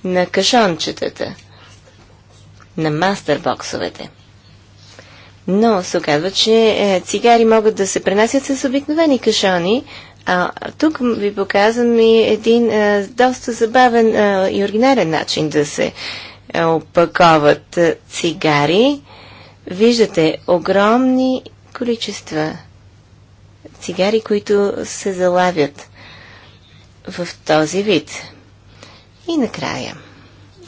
на кашончетата, на мастербоксовете. Но се оказва, че е, цигари могат да се пренасят с обикновени кашони, а тук ви показвам и един е, доста забавен е, и оригинален начин да се е, опаковат е, цигари, виждате огромни количества цигари, които се залавят в този вид. И накрая,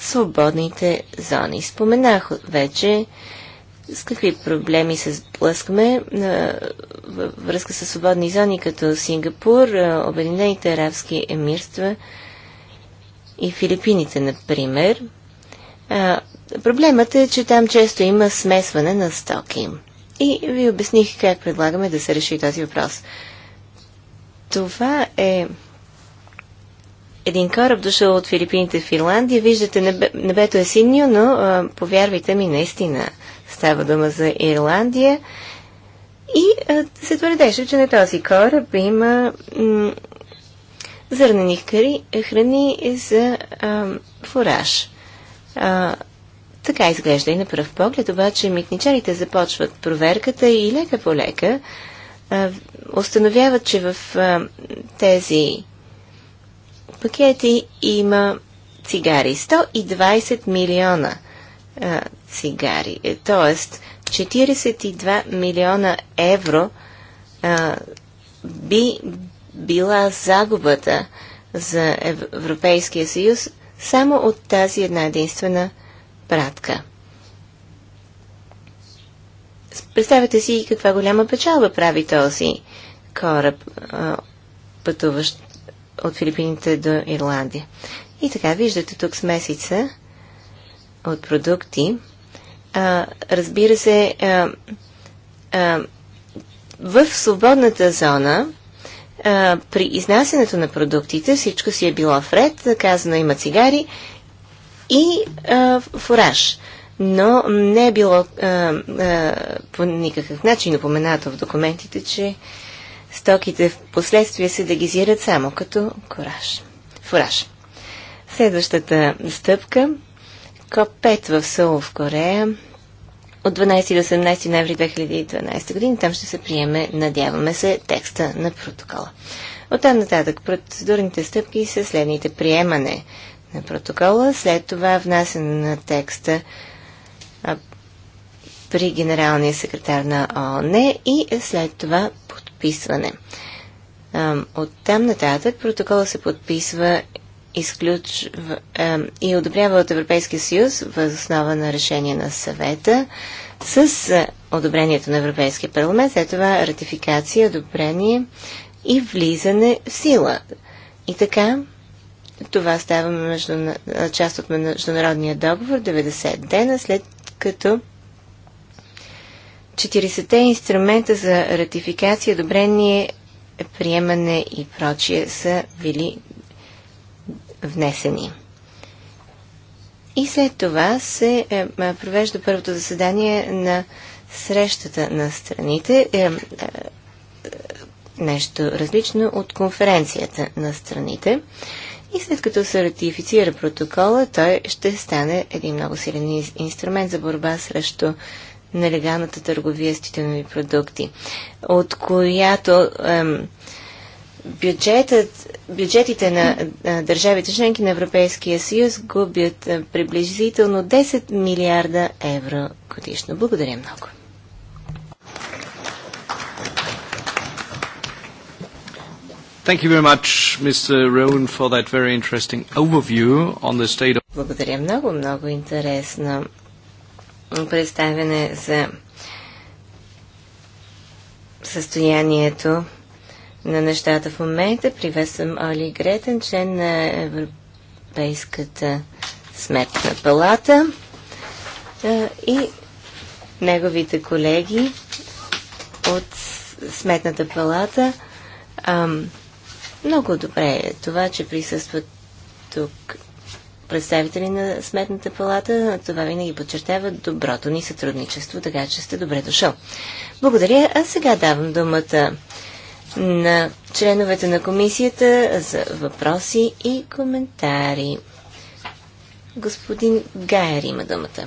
свободните зони. Споменах вече с какви проблеми се сблъскаме е, във връзка с свободни зони, като Сингапур, Обединените арабски емирства и Филипините, например – проблемът е, че там често има смесване на стоки. И ви обясних как предлагаме да се реши този въпрос. Това е един кораб дошъл от Филипините в Ирландия. Виждате, небе, небето е синьо, но а, повярвайте ми, наистина става дума за Ирландия. И а, се твърдеше, че на този кораб има зърнени храни за а, фураж. А, така изглежда и на пръв поглед, обаче митничарите започват проверката и лека по лека а, установяват, че в а, тези пакети има цигари. 120 милиона а, цигари, т.е. 42 милиона евро а, би била загубата за Европейския съюз само от тази една единствена пратка. Представете си каква голяма печалба прави този кораб, пътуващ от Филипините до Ирландия. И така, виждате тук смесица от продукти. А, разбира се, а, а, в свободната зона а, при изнасянето на продуктите всичко си е било вред, казано има цигари и а, фураж. Но не е било а, а, по никакъв начин упоменато в документите, че стоките в последствие се дегизират само като кораж. фураж. Следващата стъпка КОП-5 в Сол в Корея от 12 до 17 ноември 2012 година. Там ще се приеме, надяваме се, текста на протокола. От там нататък процедурните стъпки са следните. Приемане на протокола, след това внасяне на текста а, при генералния секретар на ООН и след това подписване. А, от там нататък протокола се подписва изключва, е, и одобрява от Европейския съюз въз основа на решение на съвета с е, одобрението на Европейския парламент, след това ратификация, одобрение и влизане в сила. И така, това става между, е, част от международния договор 90 дена след като 40-те инструмента за ратификация, одобрение, приемане и прочие са били внесени. И след това се е, провежда първото заседание на срещата на страните, е, е, нещо различно от конференцията на страните. И след като се ратифицира протокола, той ще стане един много силен инструмент за борба срещу нелегалната търговия с титанови продукти, от която ем, бюджетът, бюджетите на държавите членки на Европейския съюз губят приблизително 10 милиарда евро годишно. Благодаря много. Thank you very much, Mr. Rowan, for that very interesting overview on the state of... Благодаря много, много интересно представяне за състоянието на нещата в момента. Приветствам Оли Гретен, член на Европейската сметна палата и неговите колеги от Сметната палата. Много добре е това, че присъстват тук представители на Сметната палата. Това винаги подчертава доброто ни сътрудничество, така че сте добре дошъл. Благодаря, а сега давам думата на членовете на комисията за въпроси и коментари. Господин Гайер има думата.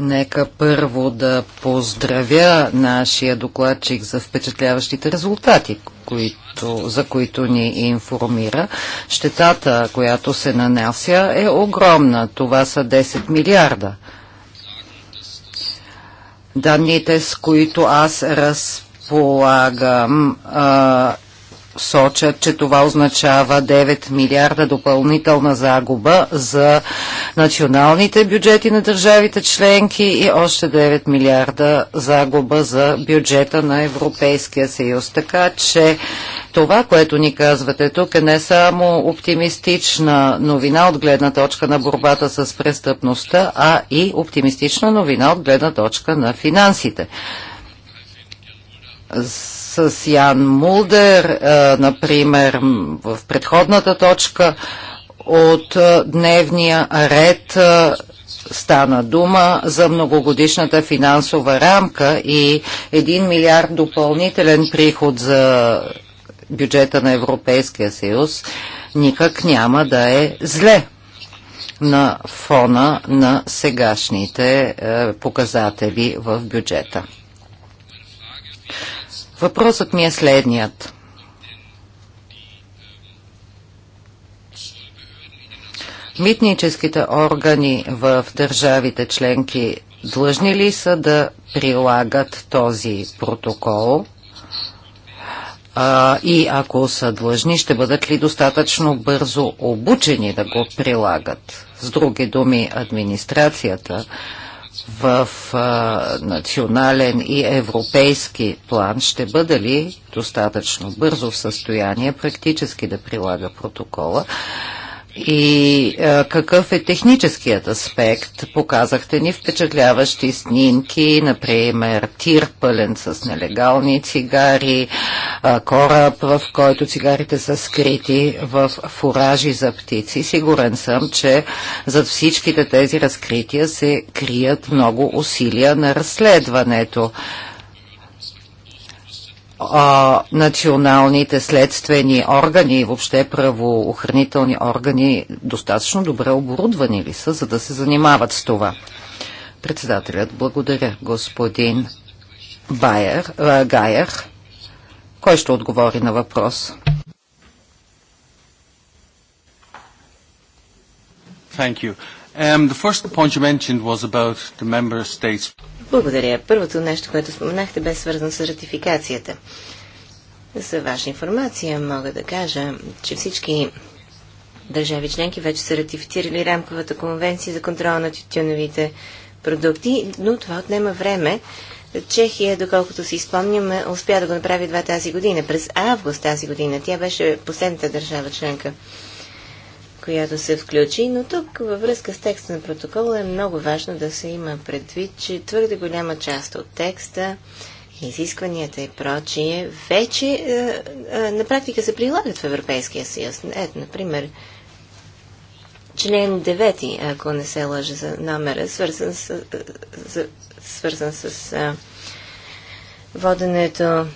Нека първо да поздравя нашия докладчик за впечатляващите резултати, които, за които ни информира. Щетата, която се нанася, е огромна. Това са 10 милиарда данните, с които аз разполагам, а, сочат, че това означава 9 милиарда допълнителна загуба за националните бюджети на държавите членки и още 9 милиарда загуба за бюджета на Европейския съюз. Така че това, което ни казвате тук е не само оптимистична новина от гледна точка на борбата с престъпността, а и оптимистична новина от гледна точка на финансите с Ян Мулдер, е, например, в предходната точка от е, дневния ред е, стана дума за многогодишната финансова рамка и 1 милиард допълнителен приход за бюджета на Европейския съюз никак няма да е зле на фона на сегашните показатели в бюджета. Въпросът ми е следният. Митническите органи в държавите членки длъжни ли са да прилагат този протокол? А, и ако са длъжни, ще бъдат ли достатъчно бързо обучени да го прилагат? С други думи, администрацията в а, национален и европейски план ще бъде ли достатъчно бързо в състояние практически да прилага протокола? и а, е, какъв е техническият аспект? Показахте ни впечатляващи снимки, например тир пълен с нелегални цигари, а, е, кораб, в който цигарите са скрити в фуражи за птици. Сигурен съм, че зад всичките тези разкрития се крият много усилия на разследването а, националните следствени органи и въобще правоохранителни органи достатъчно добре оборудвани ли са, за да се занимават с това? Председателят, благодаря господин Байер, а, Гайер. Кой ще отговори на въпрос? Thank you. Um, the first point you mentioned was about the member states. Благодаря. Първото нещо, което споменахте, бе свързано с ратификацията. За ваша информация мога да кажа, че всички държави членки вече са ратифицирали рамковата конвенция за контрол на тютюновите продукти, но това отнема време. Чехия, доколкото си спомням, успя да го направи два тази година. През август тази година тя беше последната държава членка, която се включи, но тук във връзка с текста на протокола е много важно да се има предвид, че твърде голяма част от текста, изискванията и прочие вече е, е, на практика се прилагат в Европейския съюз. Ето, например, член 9, ако не се лъжа за номера, свързан с, е, за, свързан с а, е, воденето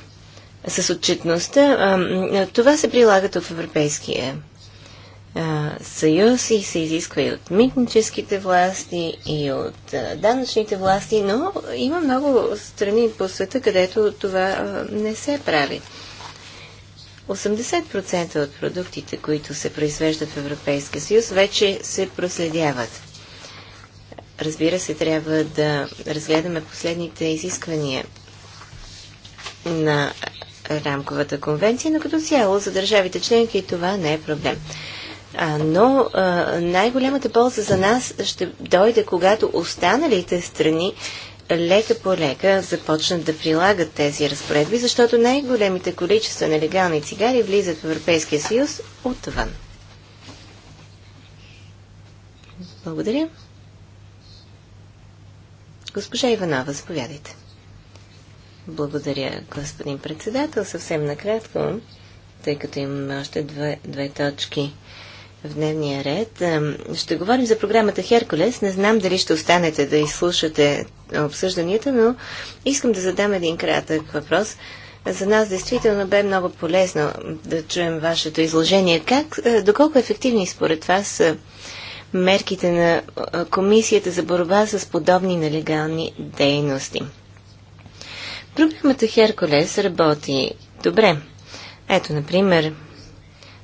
с отчетността. Е, това се прилага тук в Европейския съюз и се изисква и от митническите власти, и от а, данъчните власти, но има много страни по света, където това а, не се прави. 80% от продуктите, които се произвеждат в Европейския съюз, вече се проследяват. Разбира се, трябва да разгледаме последните изисквания на рамковата конвенция, но като цяло за държавите членки това не е проблем но най-голямата полза за нас ще дойде, когато останалите страни лека по лека започнат да прилагат тези разпоредби, защото най-големите количества нелегални цигари влизат в Европейския съюз отвън. Благодаря. Госпожа Иванова, заповядайте. Благодаря, господин председател. Съвсем накратко, тъй като имаме още две, две точки в дневния ред. Ще говорим за програмата Херкулес. Не знам дали ще останете да изслушате обсъжданията, но искам да задам един кратък въпрос. За нас действително бе много полезно да чуем вашето изложение. Как, доколко ефективни според вас са мерките на Комисията за борба с подобни нелегални дейности? Програмата Херкулес работи добре. Ето, например,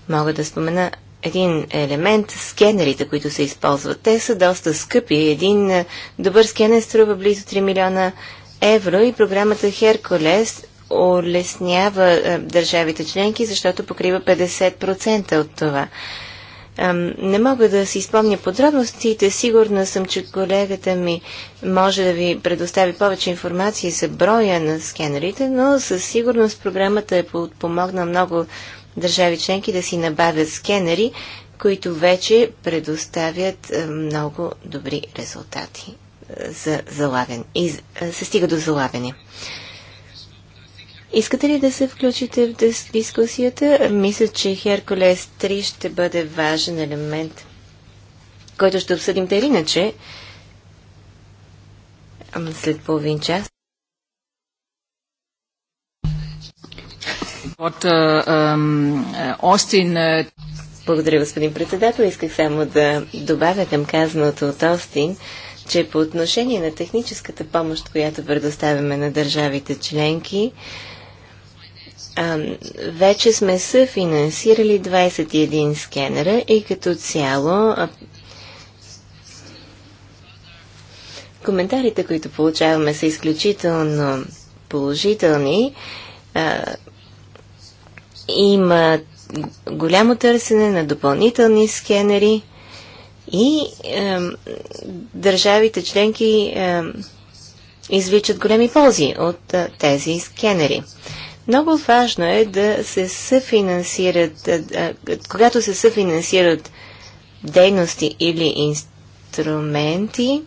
мога да спомена един елемент скенерите, които се използват. Те са доста скъпи. Един е, добър скенер струва близо 3 милиона евро и програмата Херкулес улеснява е, държавите членки, защото покрива 50% от това. не мога да си спомня подробностите. Сигурна съм, че колегата ми може да ви предостави повече информация за броя на скенерите, но със сигурност програмата е подпомогна много държави членки да си набавят скенери, които вече предоставят е, много добри резултати е, за залавен. И е, се стига до залавяне. Искате ли да се включите в дискусията? Мисля, че Херкулес 3 ще бъде важен елемент, който ще обсъдим те иначе след половин час. От Остин. Благодаря, господин председател. Исках само да добавя към казаното от Остин, че по отношение на техническата помощ, която предоставяме на държавите членки, вече сме съфинансирали 21 скенера и като цяло коментарите, които получаваме са изключително положителни. Има голямо търсене на допълнителни скенери и е, държавите членки е, извличат големи ползи от е, тези скенери. Много важно е да се съфинансират, е, е когато се съфинансират дейности или инструменти,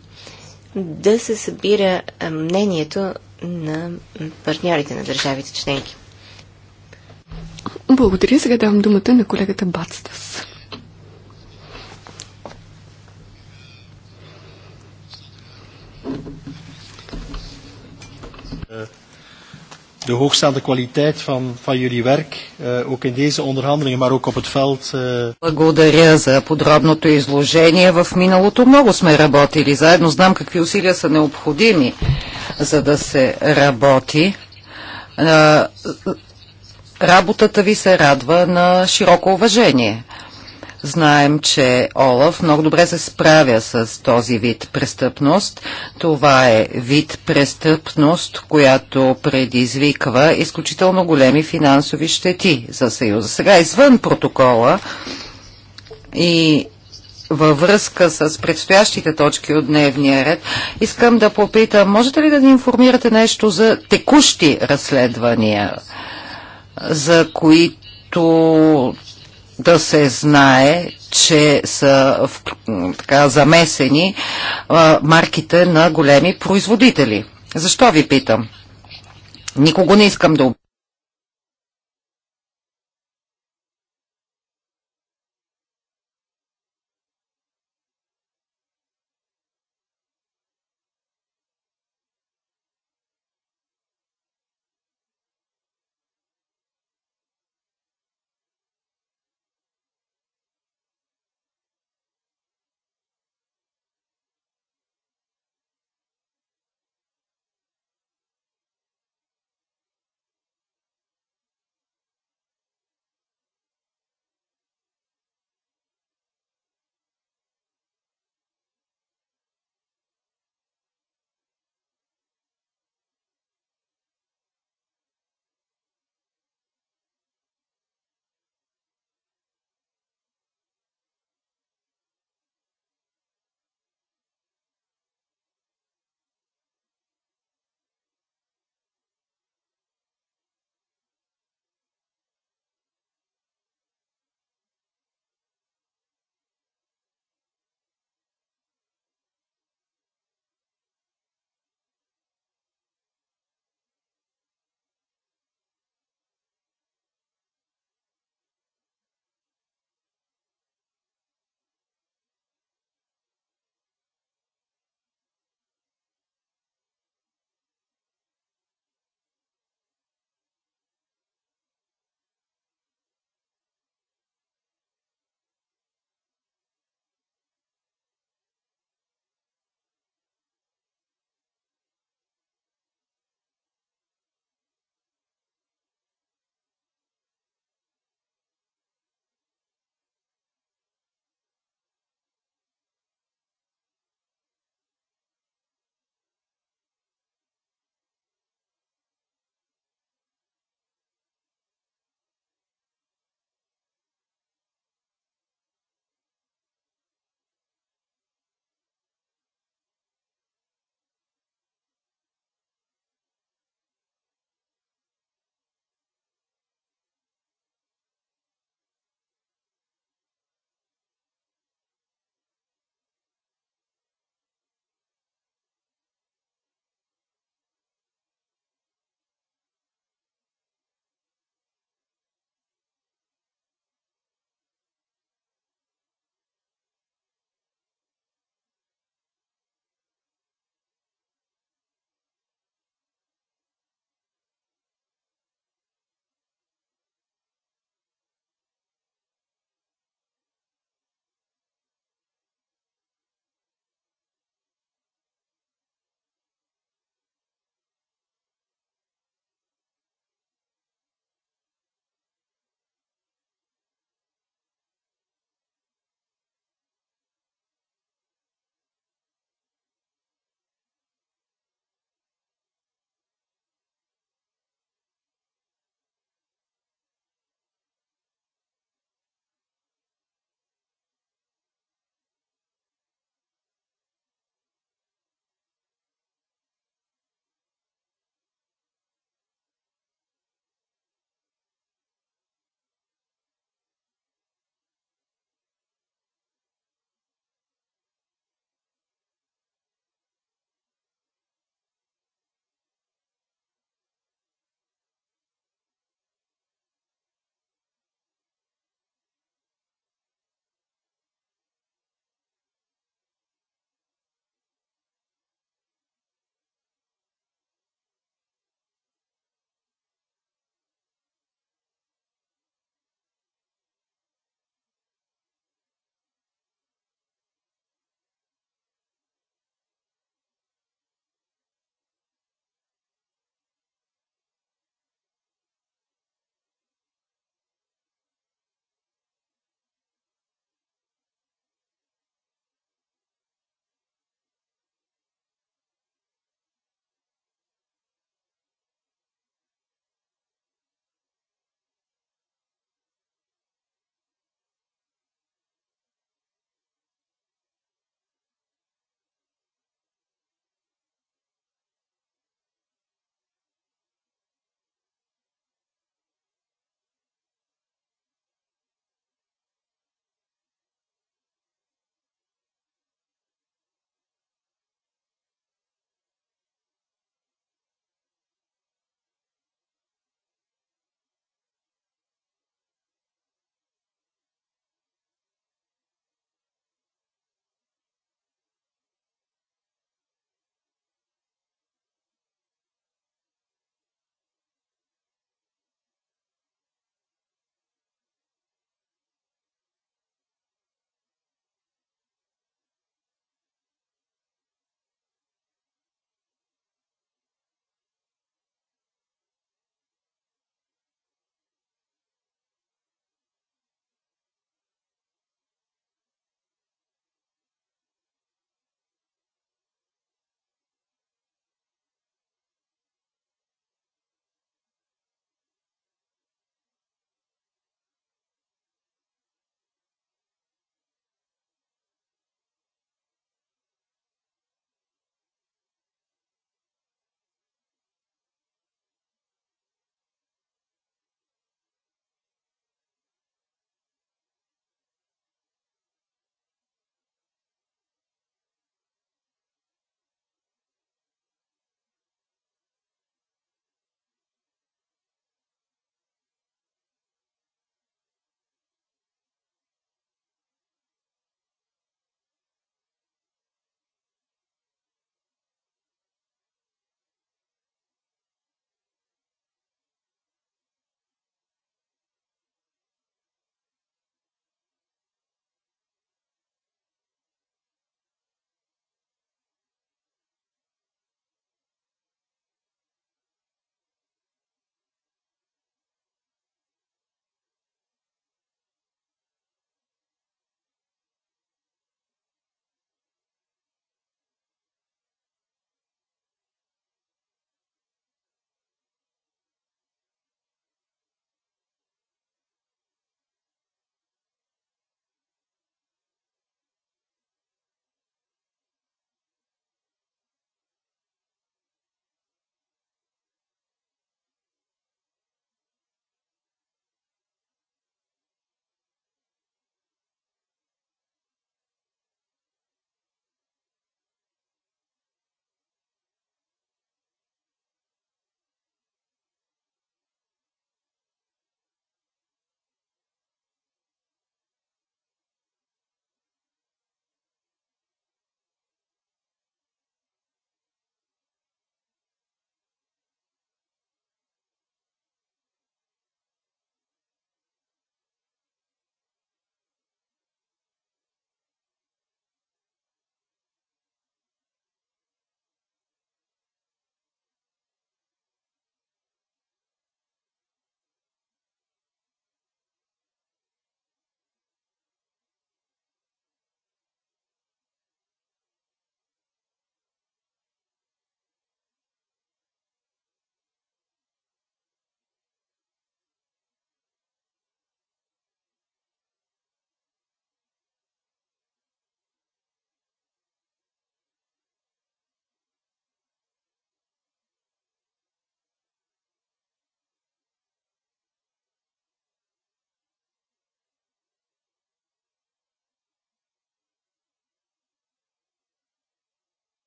да се събира е, мнението на партньорите на държавите членки. Благодаря. Сега давам думата на колегата Бацтас. Е, de hoogstaande kwaliteit van, van jullie werk, uh, ook in deze onderhandelingen, maar ook op het veld. Eh. Благодаря за подробното изложение. В миналото много сме работили заедно. Знам какви усилия са необходими, за да се работи. Е, работата ви се радва на широко уважение. Знаем, че Олаф много добре се справя с този вид престъпност. Това е вид престъпност, която предизвиква изключително големи финансови щети за Съюза. Сега извън протокола и във връзка с предстоящите точки от дневния ред, искам да попитам, можете ли да ни информирате нещо за текущи разследвания? за които да се знае, че са така, замесени а, марките на големи производители. Защо ви питам? Никого не искам да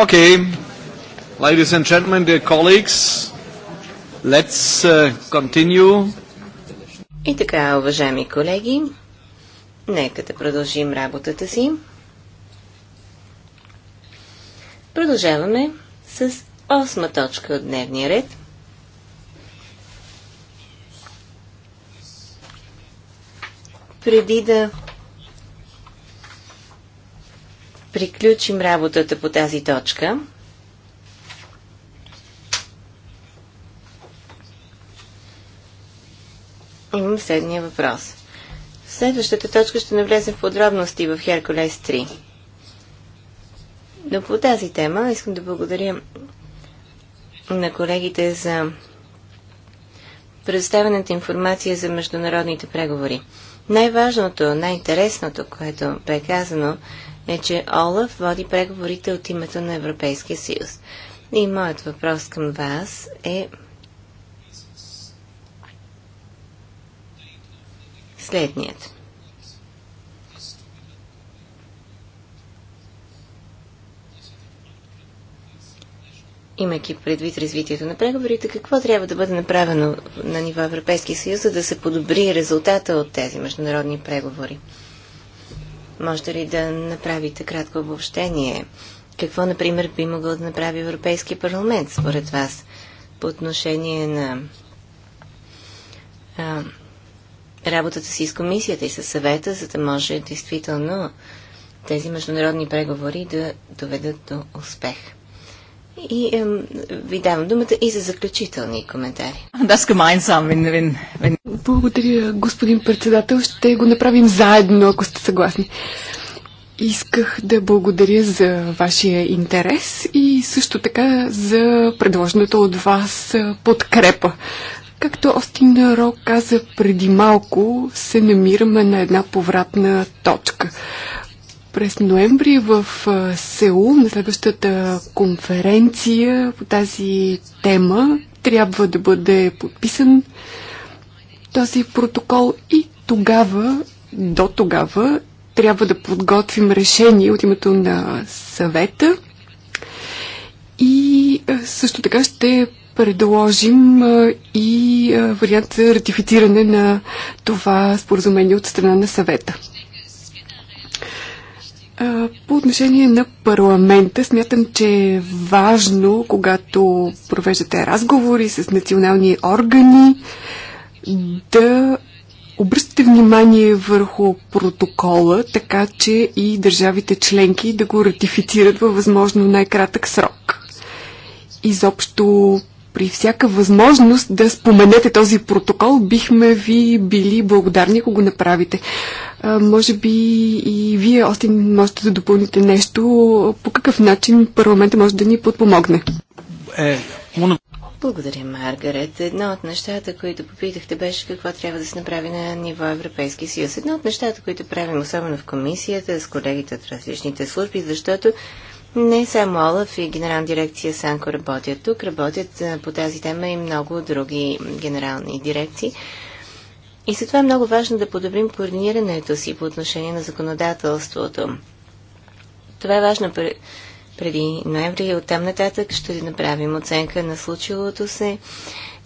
Okay, ladies and gentlemen, dear colleagues, let's uh, continue. И така, уважаеми колеги, нека да продължим работата си. Продължаваме с осма точка от дневния ред. Преди да приключим работата по тази точка. Имам следния въпрос. В следващата точка ще навлезем в подробности в Херкулес 3. Но по тази тема искам да благодаря на колегите за предоставената информация за международните преговори. Най-важното, най-интересното, което бе казано, е, че Олаф води преговорите от името на Европейския съюз. И моят въпрос към вас е следният. имайки предвид развитието на преговорите, какво трябва да бъде направено на ниво Европейски съюз, за да се подобри резултата от тези международни преговори? Можете ли да направите кратко обобщение? Какво, например, би могъл да направи Европейския парламент, според вас, по отношение на а, работата си с комисията и с съвета, за да може действително тези международни преговори да доведат до успех? И ем, ви давам думата и за заключителни коментари. Благодаря, господин председател. Ще го направим заедно, ако сте съгласни. Исках да благодаря за вашия интерес и също така за предложената от вас е, подкрепа. Както Остин Ро каза преди малко, се намираме на една повратна точка. През ноември в Сеул, на следващата конференция по тази тема, трябва да бъде подписан този протокол и тогава, до тогава, трябва да подготвим решение от името на съвета и също така ще предложим и вариант за ратифициране на това споразумение от страна на съвета. По отношение на парламента, смятам, че е важно, когато провеждате разговори с национални органи, да обръщате внимание върху протокола, така че и държавите членки да го ратифицират във възможно най-кратък срок. Изобщо при всяка възможност да споменете този протокол, бихме ви били благодарни, ако го направите. А, може би и вие, Остин, можете да допълните нещо. По какъв начин парламентът може да ни подпомогне? Е, Благодаря, Маргарет. Едно от нещата, които попитахте, беше какво трябва да се направи на ниво Европейски съюз. Едно от нещата, които правим, особено в комисията, с колегите от различните служби, защото не само Олаф и Генерална дирекция Санко работят тук, работят по тази тема и много други генерални дирекции. И след това е много важно да подобрим координирането си по отношение на законодателството. Това е важно преди ноември и оттам нататък ще направим оценка на случилото се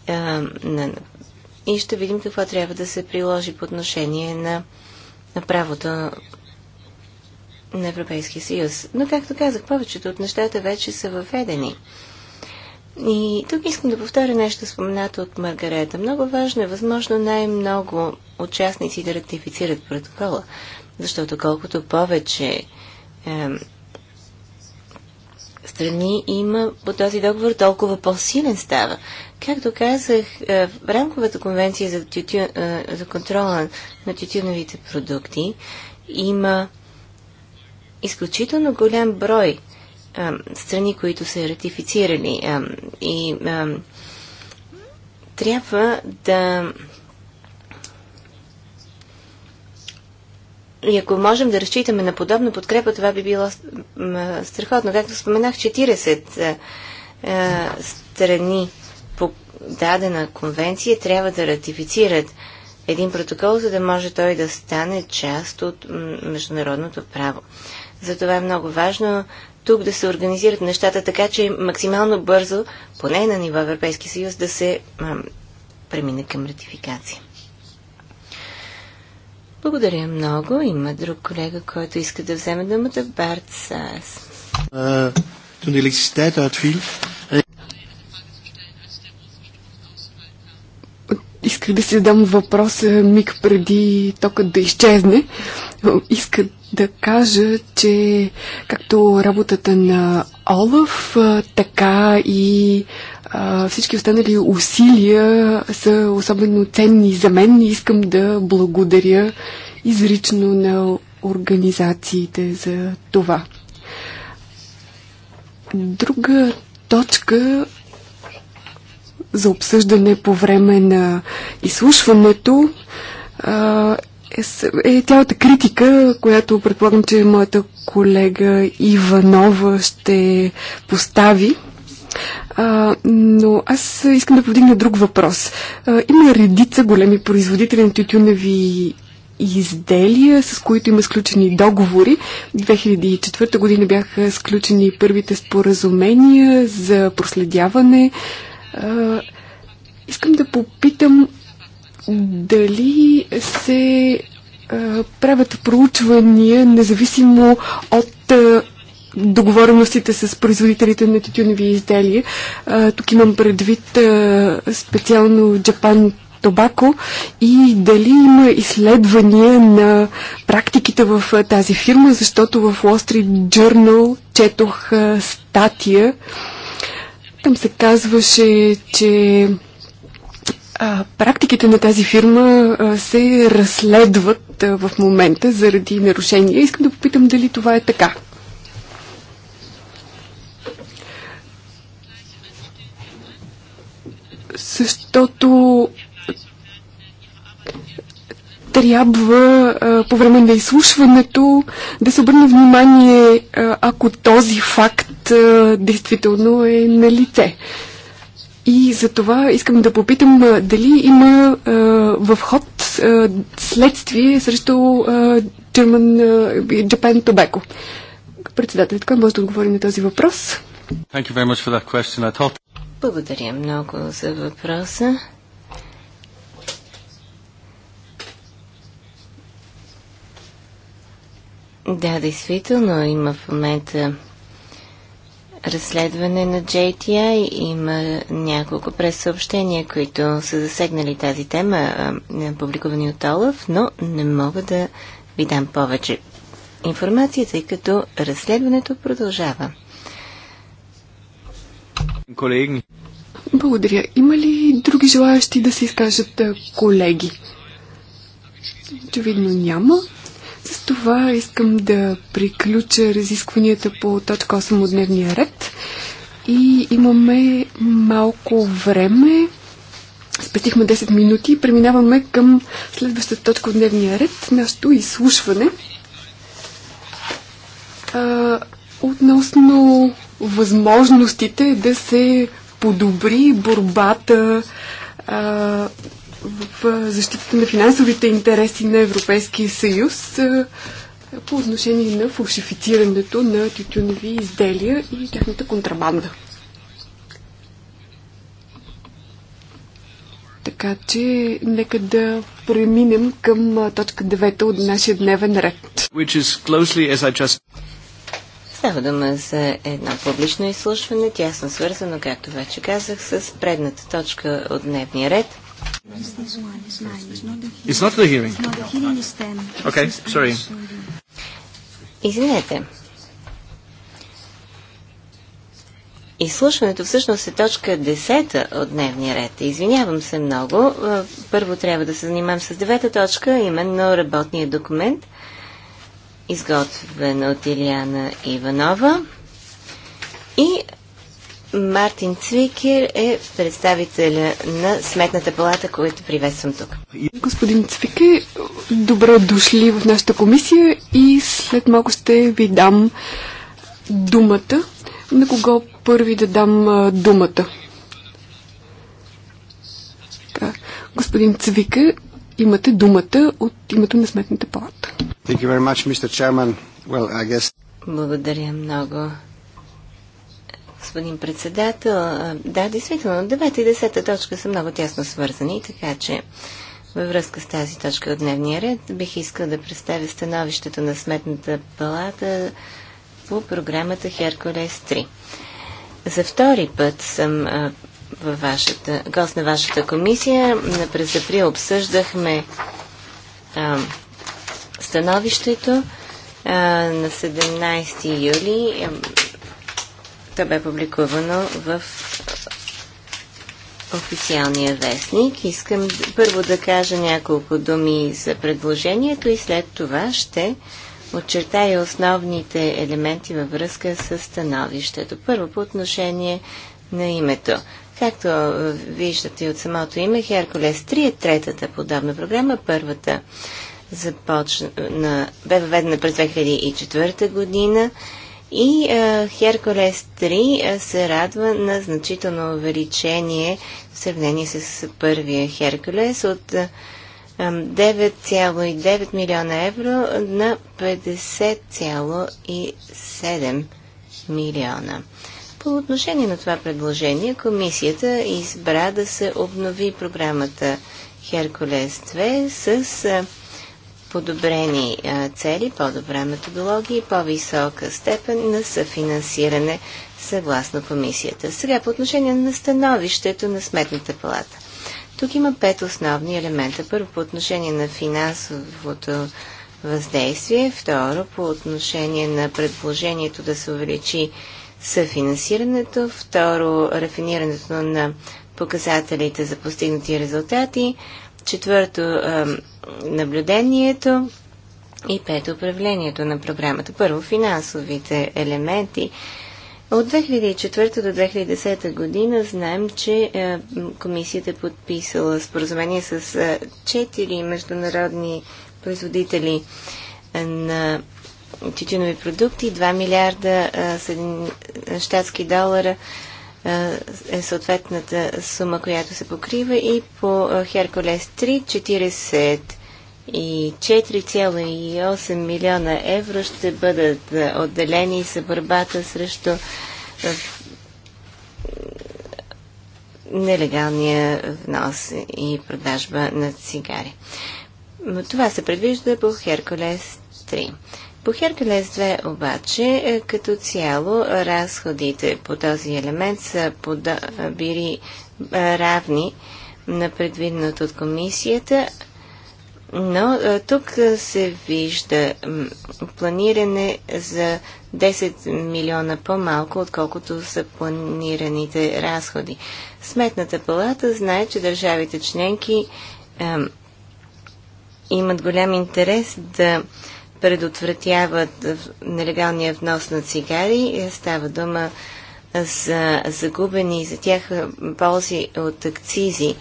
а, на, и ще видим какво трябва да се приложи по отношение на, на правото на Европейския съюз. Но, както казах, повечето от нещата вече са въведени. И тук искам да повторя нещо споменато от Маргарета. Много важно е, възможно най-много участници да ратифицират протокола, защото колкото повече е, страни има по този договор, толкова по-силен става. Както казах, е, в рамковата конвенция за, тютю, е, за контрола на тютюновите продукти има изключително голям брой а, страни, които са ратифицирали. А, и а, трябва да. И ако можем да разчитаме на подобна подкрепа, това би било страхотно. Както споменах, 40 а, страни по дадена конвенция трябва да ратифицират един протокол, за да може той да стане част от международното право. Затова е много важно тук да се организират нещата така, че максимално бързо, поне на ниво Европейски съюз, да се а, премине към ратификация. Благодаря много. Има друг колега, който иска да вземе думата. Барт Саас. Toen de elektriciteit Исках да си задам въпроса миг преди токът да изчезне. Искат да кажа, че както работата на Олаф, така и всички останали усилия са особено ценни за мен и искам да благодаря изрично на организациите за това. Друга точка за обсъждане по време на изслушването е цялата критика, която предполагам, че моята колега Иванова ще постави. А, но аз искам да повдигна друг въпрос. А, има редица големи производители на тютюневи изделия, с които има сключени договори. 2004 година бяха сключени първите споразумения за проследяване. А, искам да попитам дали се а, правят проучвания независимо от а, договореностите с производителите на тютюневи изделия. А, тук имам предвид а, специално Japan Tobacco и дали има изследвания на практиките в а, тази фирма, защото в Wall Street Journal четох а, статия. Там се казваше, че а, практиките на тази фирма а, се разследват а, в момента заради нарушения. Искам да попитам дали това е така. Защото трябва а, по време на изслушването да се обърне внимание, а, ако този факт а, действително е на лице. И за това искам да попитам дали има а, в ход следствие срещу а, German, а, Japan Tobacco. Председателят, така може да отговори на този въпрос. Thank you very much for that question. I thought... Благодаря много за въпроса. Да, действително има в момента разследване на JTI. Има няколко пресъобщения, които са засегнали тази тема, е, публикувани от Олаф, но не мога да ви дам повече информация, тъй като разследването продължава. Колеги. Благодаря. Има ли други желаящи да се изкажат колеги? Очевидно няма. С това искам да приключа разискванията по точка 8 от дневния ред. И имаме малко време. спетихме 10 минути и преминаваме към следващата точка от дневния ред, нашето изслушване. А, относно възможностите да се подобри борбата а, в защитата на финансовите интереси на Европейския съюз по отношение на фалшифицирането на тютюневи изделия и тяхната контрабанда. Така че нека да преминем към точка 9 от нашия дневен ред. Става дума за едно публично изслушване, тясно свързано, както вече казах, с предната точка от дневния ред – It's not the hearing. Okay, sorry. Извинете. Изслушването всъщност е точка 10 от дневния ред. Извинявам се много. Е, първо трябва да се занимавам с девета точка, именно работния документ, изготвен от Илиана Иванова. И Мартин Цвикер е представителя на Сметната палата, който приветствам тук. Господин Цвикер, добре дошли в нашата комисия и след малко ще ви дам думата. На кого първи да дам думата? Господин Цвикер, имате думата от името на Сметната палата. Благодаря много, господин председател. Да, действително, 9 и 10 точка са много тясно свързани, така че във връзка с тази точка от дневния ред бих искал да представя становището на Сметната палата по програмата Херкулес 3. За втори път съм във вашата, гост на вашата комисия. През април обсъждахме а, становището а, на 17 юли. Това бе публикувано в официалния вестник. Искам първо да кажа няколко думи за предложението и след това ще очертая основните елементи във връзка с становището. Първо по отношение на името. Както виждате от самото име, Херкулес 3 е третата подобна програма. Първата започна, бе въведена през 2004 година и е, Херкулес 3 е, се радва на значително увеличение в сравнение с първия Херкулес от 9,9 е, милиона евро на 50,7 милиона. По отношение на това предложение, комисията избра да се обнови програмата Херкулес 2 с подобрени цели, по-добра методология и по-висока степен на съфинансиране съгласно комисията. Сега по отношение на становището на Сметната палата. Тук има пет основни елемента. Първо по отношение на финансовото въздействие, второ по отношение на предложението да се увеличи съфинансирането, второ рафинирането на показателите за постигнати резултати, четвърто наблюдението и пето управлението на програмата. Първо, финансовите елементи. От 2004 до 2010 година знаем, че е, комисията е подписала споразумение с е, четири 4 международни производители е, на тютюнови продукти, 2 милиарда щатски долара е, е съответната сума, която се покрива и по е, Херкулес 3 44,8 милиона евро ще бъдат е, отделени за борбата срещу нелегалния внос и продажба на цигари. Това се предвижда по Херкулес 3. По Херкулес 2 обаче, е, като цяло, разходите по този елемент са пода... били е, равни на предвиденото от комисията, но е, тук се вижда планиране за 10 милиона по-малко, отколкото са планираните разходи. Сметната палата знае, че държавите членки имат голям интерес да предотвратяват нелегалния внос на цигари. Става дума за загубени за тях ползи от акцизи,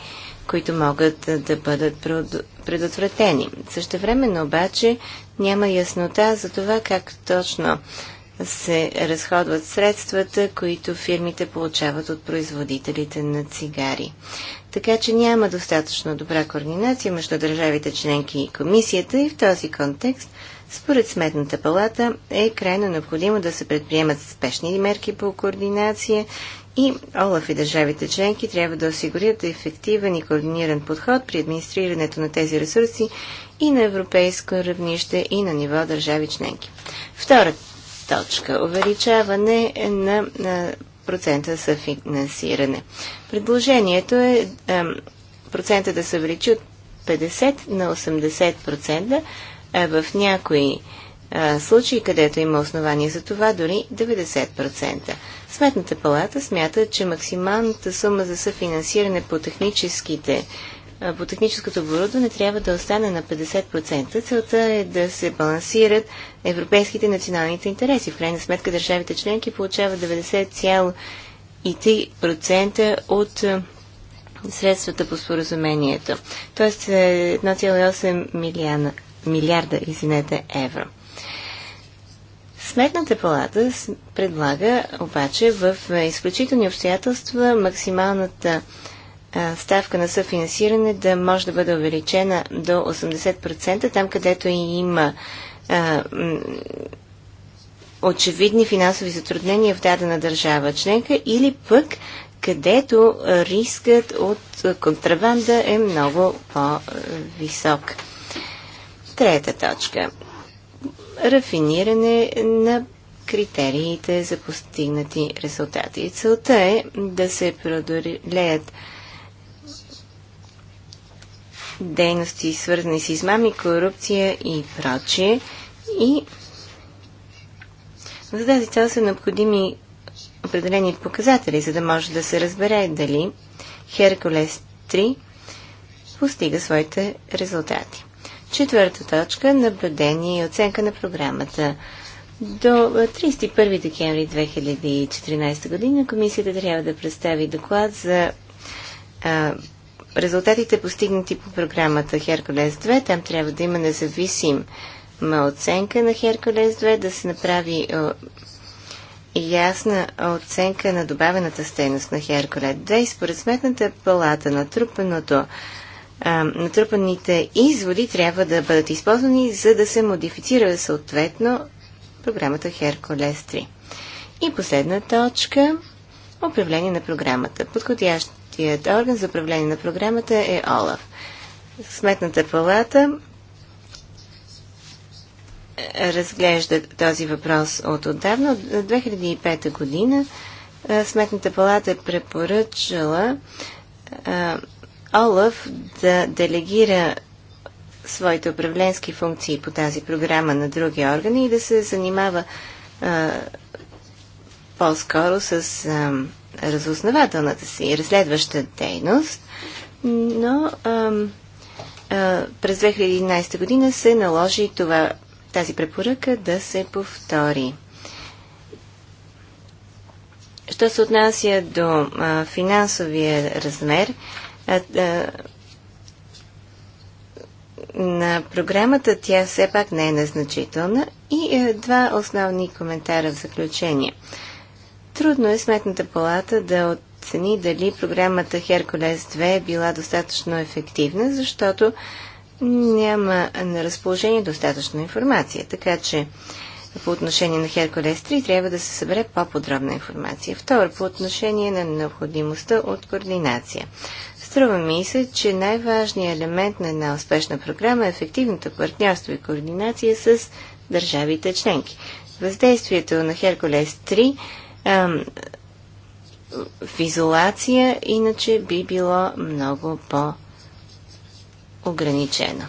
които могат да бъдат предотвратени. Същевременно обаче няма яснота за това как точно се разходват средствата, които фирмите получават от производителите на цигари. Така че няма достатъчно добра координация между държавите членки и комисията и в този контекст – според Сметната палата е крайно необходимо да се предприемат спешни мерки по координация и ОЛАФ и държавите членки трябва да осигурят ефективен и координиран подход при администрирането на тези ресурси и на европейско равнище и на ниво държави членки. Втора точка – увеличаване на, на процента съфинансиране. Предложението е, е процента да се увеличи от 50 на 80% а в някои а, случаи, където има основания за това, дори 90%. Сметната палата смята, че максималната сума за съфинансиране по техническите по техническото оборудване трябва да остане на 50%. Целта е да се балансират европейските националните интереси. В крайна сметка държавите членки получават 90,3% от средствата по споразумението. Тоест 1,8 е, милиона милиарда извинете, евро. Сметната палата предлага обаче в е, изключителни обстоятелства максималната ставка на съфинансиране да може да бъде увеличена до 80%, там където и има а, очевидни финансови затруднения в дадена държава членка или пък където рискът от контрабанда е много по-висок. Трета точка. Рафиниране на критериите за постигнати резултати. Целта е да се преодолеят дейности, свързани с измами, корупция и прочие. И за тази цел са необходими определени показатели, за да може да се разбере дали Херкулес 3 постига своите резултати. Четвърта точка – наблюдение и оценка на програмата. До 31 декември 2014 година комисията трябва да представи доклад за а, резултатите постигнати по програмата Херкулес 2. Там трябва да има независима оценка на Херкулес 2, да се направи а, ясна оценка на добавената стойност на Херкулес 2 и според сметната палата на трупаното натрупаните изводи трябва да бъдат използвани, за да се модифицира съответно програмата Hercules 3. И последна точка – управление на програмата. Подходящият орган за управление на програмата е ОЛАФ. Сметната палата разглежда този въпрос от отдавна. От 2005 година Сметната палата е препоръчала а, Олаф да делегира своите управленски функции по тази програма на други органи и да се занимава по-скоро с а, разузнавателната си разследваща дейност, но а, а, през 2011 година се наложи това, тази препоръка да се повтори. Що се отнася до а, финансовия размер, на програмата, тя все пак не е незначителна. И е, два основни коментара в заключение. Трудно е Сметната палата да оцени дали програмата Херкулес 2 е била достатъчно ефективна, защото няма на разположение достатъчно информация. Така че по отношение на Херкулес 3 трябва да се събере по-подробна информация. Второ, по отношение на необходимостта от координация. Струва ми се, че най-важният елемент на една успешна програма е ефективното партньорство и координация с държавите членки. Въздействието на Херкулес 3 ам, в изолация иначе би било много по-ограничено.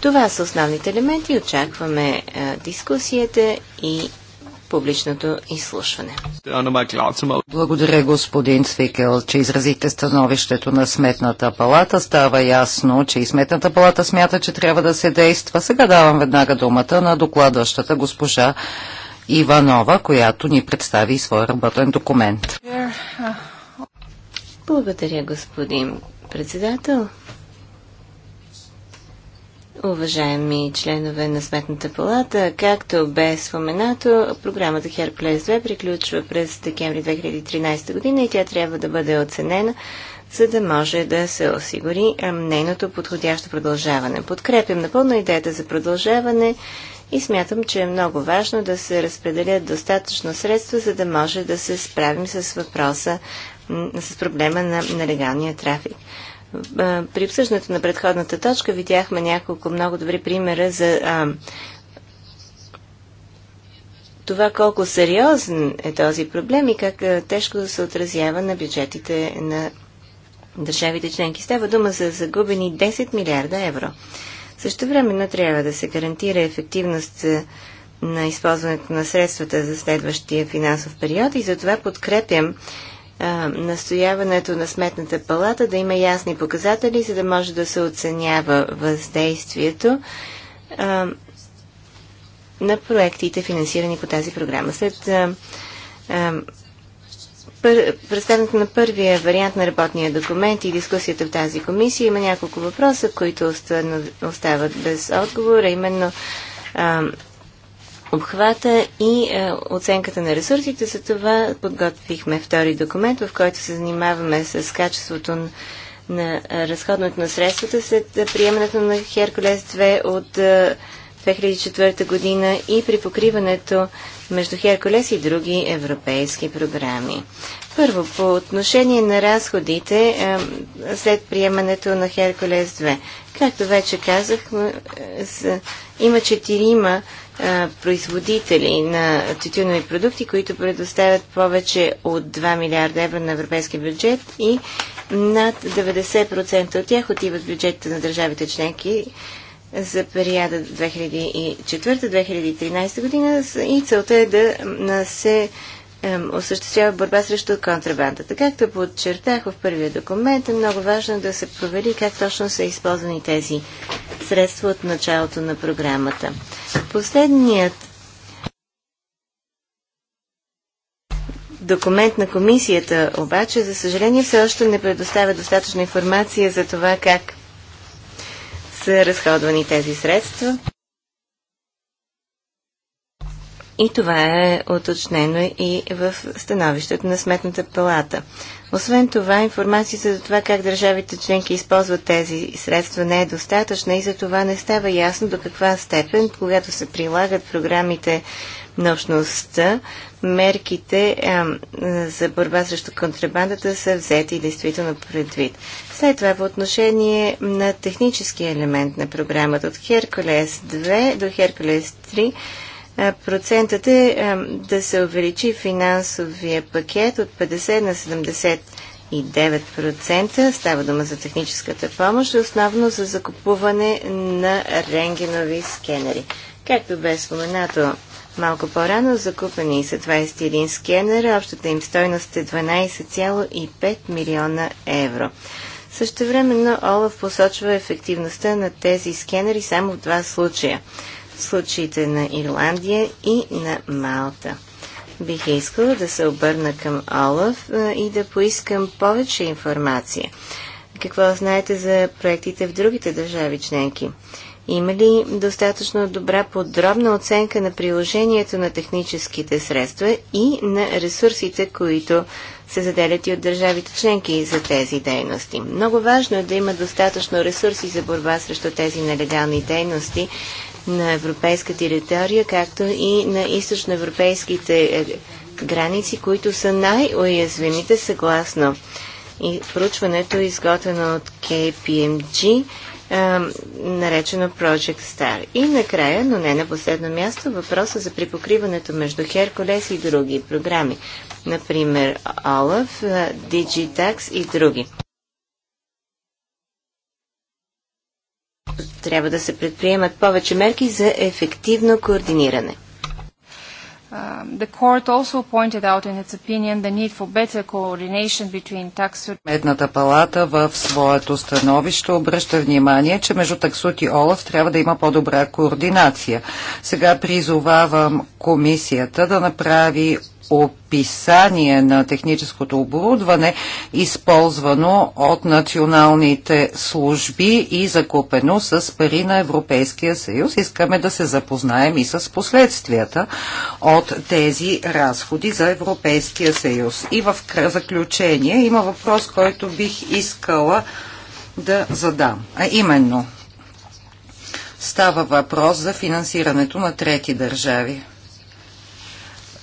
Това са основните елементи. Очакваме а, дискусията и публичното изслушване. Благодаря, господин Цвикел, че изразихте становището на Сметната палата. Става ясно, че и Сметната палата смята, че трябва да се действа. Сега давам веднага думата на докладващата госпожа Иванова, която ни представи своя работен документ. Благодаря, господин председател. Уважаеми членове на Сметната палата, както бе споменато, програмата Херплес 2 приключва през декември 2013 година и тя трябва да бъде оценена, за да може да се осигури нейното подходящо продължаване. Подкрепям напълно идеята за продължаване и смятам, че е много важно да се разпределят достатъчно средства, за да може да се справим с въпроса, с проблема на нелегалния трафик. При обсъждането на предходната точка видяхме няколко много добри примера за а, това колко сериозен е този проблем и как а, тежко да се отразява на бюджетите на държавите членки. Става дума за загубени 10 милиарда евро. Също времено трябва да се гарантира ефективност на използването на средствата за следващия финансов период и затова подкрепям настояването на Сметната палата да има ясни показатели, за да може да се оценява въздействието а, на проектите, финансирани по тази програма. След а, пър, на първия вариант на работния документ и дискусията в тази комисия има няколко въпроса, които остават без отговор, а именно обхвата и е, оценката на ресурсите. За това подготвихме втори документ, в който се занимаваме с качеството на, на е, разходното на средствата след е, приемането на Херкулес 2 от е, 2004 година и при покриването между Херкулес и други европейски програми. Първо, по отношение на разходите след приемането на Херкулес 2. Както вече казах, има четирима е, производители на тютюнови продукти, които предоставят повече от 2 милиарда евро на европейски бюджет и над 90% от тях отиват в бюджетите на държавите членки за периода 2004-2013 година и целта е да се осъществява борба срещу контрабандата. Както подчертах в първия документ, е много важно да се провери как точно са използвани тези средства от началото на програмата. Последният документ на комисията обаче, за съжаление, все още не предоставя достатъчна информация за това как са разходвани тези средства. И това е уточнено и в становището на Сметната палата. Освен това, информацията за това как държавите членки използват тези средства не е достатъчна и за това не става ясно до каква степен, когато се прилагат програмите на общността, мерките а, за борба срещу контрабандата са взети действително предвид. След това по отношение на техническия елемент на програмата от Херкулес 2 до Херкулес 3 процентът е а, да се увеличи финансовия пакет от 50 на 79%. Става дума за техническата помощ, основно за закупуване на рентгенови скенери. Както бе споменато Малко по-рано закупени са 21 скенера, общата им стойност е 12,5 милиона евро. Също времено Олаф посочва ефективността на тези скенери само в два случая. В случаите на Ирландия и на Малта. Бих искала да се обърна към Олаф и да поискам повече информация. Какво знаете за проектите в другите държави членки? Има ли достатъчно добра подробна оценка на приложението на техническите средства и на ресурсите, които се заделят и от държавите членки за тези дейности? Много важно е да има достатъчно ресурси за борба срещу тези нелегални дейности на европейска територия, както и на източноевропейските е, граници, които са най-уязвимите съгласно проучването, изготвено от KPMG е, наречено Project Star. И накрая, но не на последно място, въпроса за припокриването между Херкулес и други програми, например Олаф, е, Digitax и други. Трябва да се предприемат повече мерки за ефективно координиране. Um, the court also pointed out in its opinion the need for better coordination between tax... Медната палата в своето становище обръща внимание, че между таксут и ОЛАФ трябва да има по-добра координация. Сега призовавам комисията да направи описание на техническото оборудване, използвано от националните служби и закупено с пари на Европейския съюз. Искаме да се запознаем и с последствията от тези разходи за Европейския съюз. И в заключение има въпрос, който бих искала да задам. А именно, става въпрос за финансирането на трети държави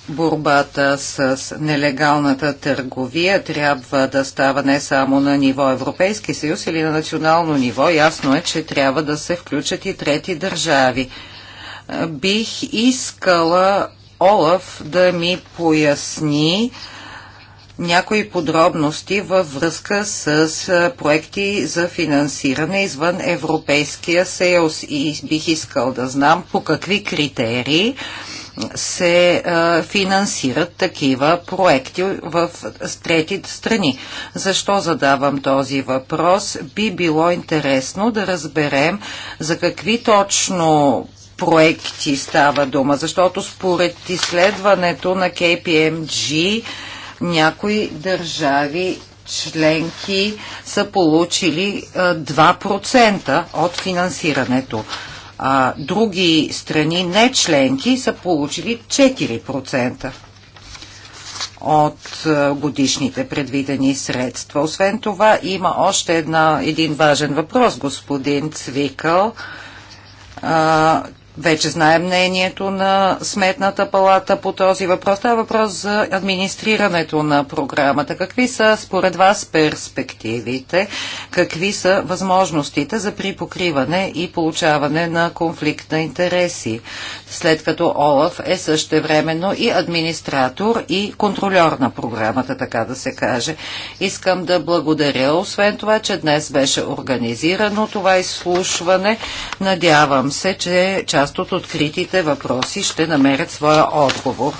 борбата с нелегалната търговия трябва да става не само на ниво Европейски съюз или на национално ниво. Ясно е, че трябва да се включат и трети държави. Бих искала Олаф да ми поясни някои подробности във връзка с проекти за финансиране извън Европейския съюз и бих искал да знам по какви критерии се финансират такива проекти в трети страни. Защо задавам този въпрос? Би било интересно да разберем за какви точно проекти става дума, защото според изследването на KPMG някои държави членки са получили 2% от финансирането а, други страни, не членки, са получили 4% от годишните предвидени средства. Освен това има още една, един важен въпрос, господин Цвикъл. А, вече знае мнението на Сметната палата по този въпрос. Това е въпрос за администрирането на програмата. Какви са според вас перспективите? Какви са възможностите за припокриване и получаване на конфликт на интереси? След като ОЛАФ е същевременно и администратор и контролер на програмата, така да се каже. Искам да благодаря, освен това, че днес беше организирано това изслушване. Надявам се, че част част от откритите въпроси ще намерят своя отговор.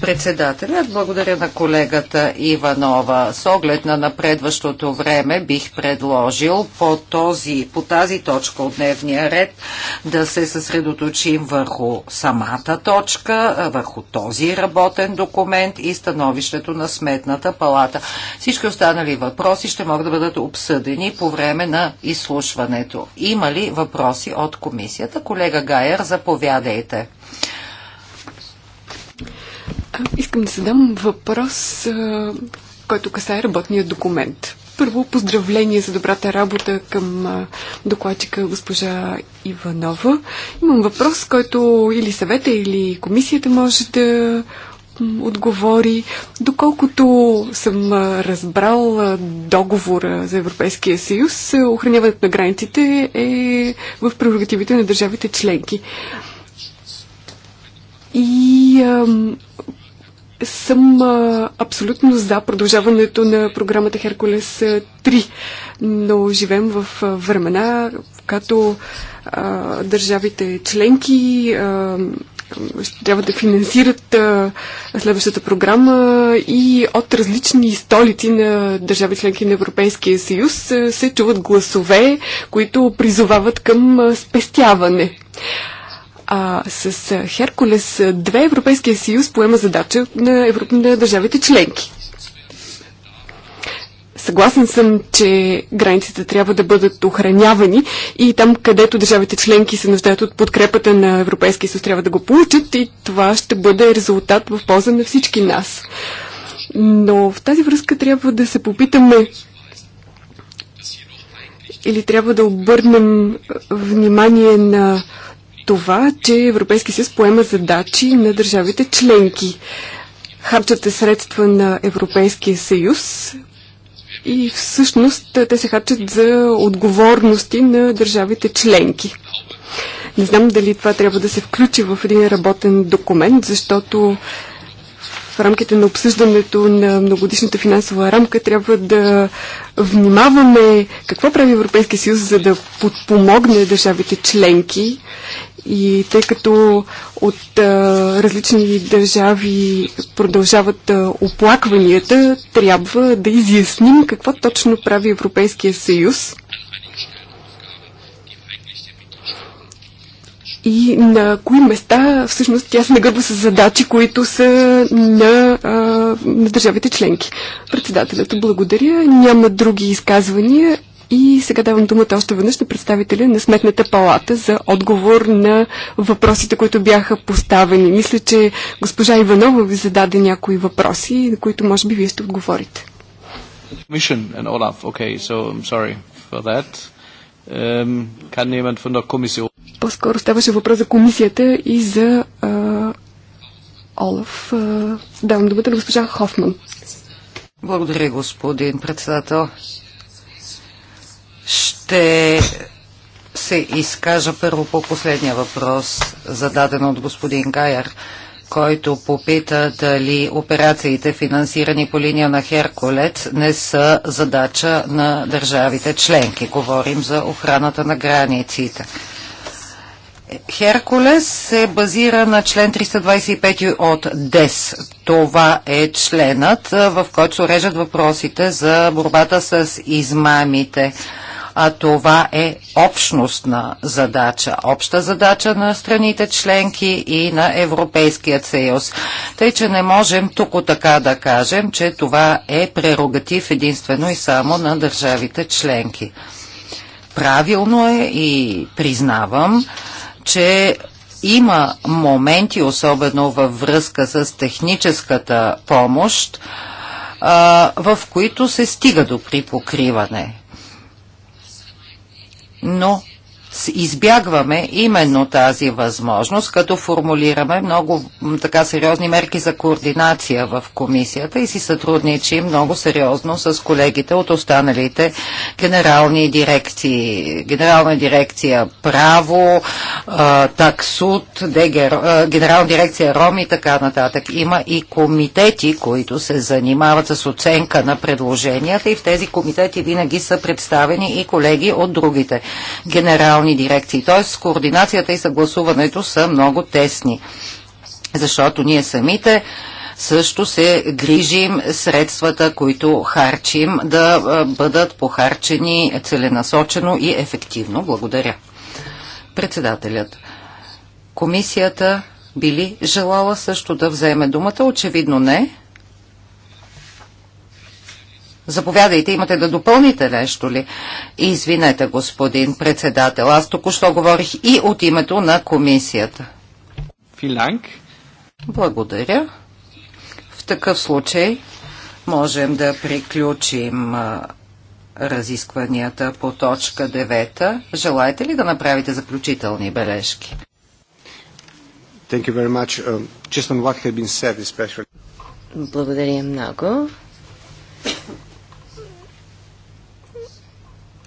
Председателят, благодаря на колегата Иванова. С оглед на напредващото време бих предложил по, този, по тази точка от дневния ред да се съсредоточим върху самата точка, върху този работен документ и становището на Сметната палата. Всички останали въпроси ще могат да бъдат обсъдени по време на изслушването. Има ли въпроси от комисията? Колега Гайер, заповядайте. Искам да задам въпрос, който касае работния документ. Първо поздравление за добрата работа към докладчика госпожа Иванова. Имам въпрос, който или съвета, или комисията може да отговори. Доколкото съм разбрал договора за Европейския съюз, охраняването на границите е в прерогативите на държавите членки. И съм а, абсолютно за продължаването на програмата Херкулес 3, но живеем в времена, в като а, държавите членки а, ще трябва да финансират а, следващата програма и от различни столици на държави членки на Европейския съюз а, се чуват гласове, които призовават към а, спестяване. А с Херкулес две Европейския съюз поема задача на, Европ... на държавите членки. Съгласен съм, че границите трябва да бъдат охранявани и там, където държавите членки се нуждаят от подкрепата на Европейския съюз, трябва да го получат и това ще бъде резултат в полза на всички нас. Но в тази връзка трябва да се попитаме или трябва да обърнем внимание на това, че Европейски съюз поема задачи на държавите членки. Харчате средства на Европейския съюз и всъщност те се харчат за отговорности на държавите членки. Не знам дали това трябва да се включи в един работен документ, защото в рамките на обсъждането на многодишната финансова рамка трябва да внимаваме какво прави Европейския съюз, за да подпомогне държавите членки. И тъй като от а, различни държави продължават а, оплакванията, трябва да изясним какво точно прави Европейския съюз и на кои места всъщност тя се нагърба с задачи, които са на, а, на държавите членки. Председателят, благодаря. Няма други изказвания и сега давам думата още веднъж на представителя на Сметната палата за отговор на въпросите, които бяха поставени. Мисля, че госпожа Иванова ви зададе някои въпроси, на които може би вие ще отговорите. so Um, kann jemand von der Kommission по-скоро ставаше въпрос за комисията и за а, Олаф. А, давам думата на госпожа Хофман. Благодаря, господин председател. Ще се изкажа първо по последния въпрос, зададен от господин Гайер, който попита дали операциите, финансирани по линия на Херкулец, не са задача на държавите членки. Говорим за охраната на границите. Херкулес се базира на член 325 от ДЕС. Това е членът, в който се уреждат въпросите за борбата с измамите. А това е общностна задача, обща задача на страните членки и на Европейският съюз. Тъй, че не можем тук така да кажем, че това е прерогатив единствено и само на държавите членки. Правилно е и признавам, че има моменти, особено във връзка с техническата помощ, а, в които се стига до припокриване. Но избягваме именно тази възможност, като формулираме много така сериозни мерки за координация в комисията и си сътрудничим много сериозно с колегите от останалите генерални дирекции. Генерална дирекция Право, Таксуд, Генерална дирекция Ром и така нататък. Има и комитети, които се занимават с оценка на предложенията и в тези комитети винаги са представени и колеги от другите генерални генерални дирекции. Т.е. координацията и съгласуването са много тесни, защото ние самите също се грижим средствата, които харчим, да бъдат похарчени целенасочено и ефективно. Благодаря. Председателят. Комисията били желала също да вземе думата? Очевидно не. Заповядайте, имате да допълните нещо ли? Извинете, господин председател, аз току-що говорих и от името на комисията. Филанк. Благодаря. В такъв случай можем да приключим разискванията по точка 9. Желаете ли да направите заключителни бележки? Thank you very much. Um, just on what been said, especially. Благодаря много.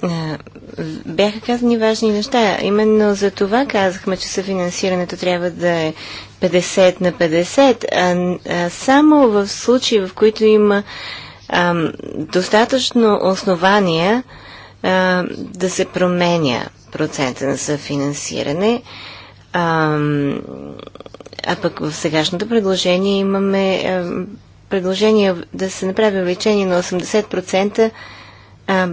Е, бяха казани важни неща. Именно за това казахме, че съфинансирането трябва да е 50 на 50, а, а само в случаи, в които има а, достатъчно основания а, да се променя процента на съфинансиране. А, а пък в сегашното предложение имаме а, предложение да се направи увеличение на 80% а,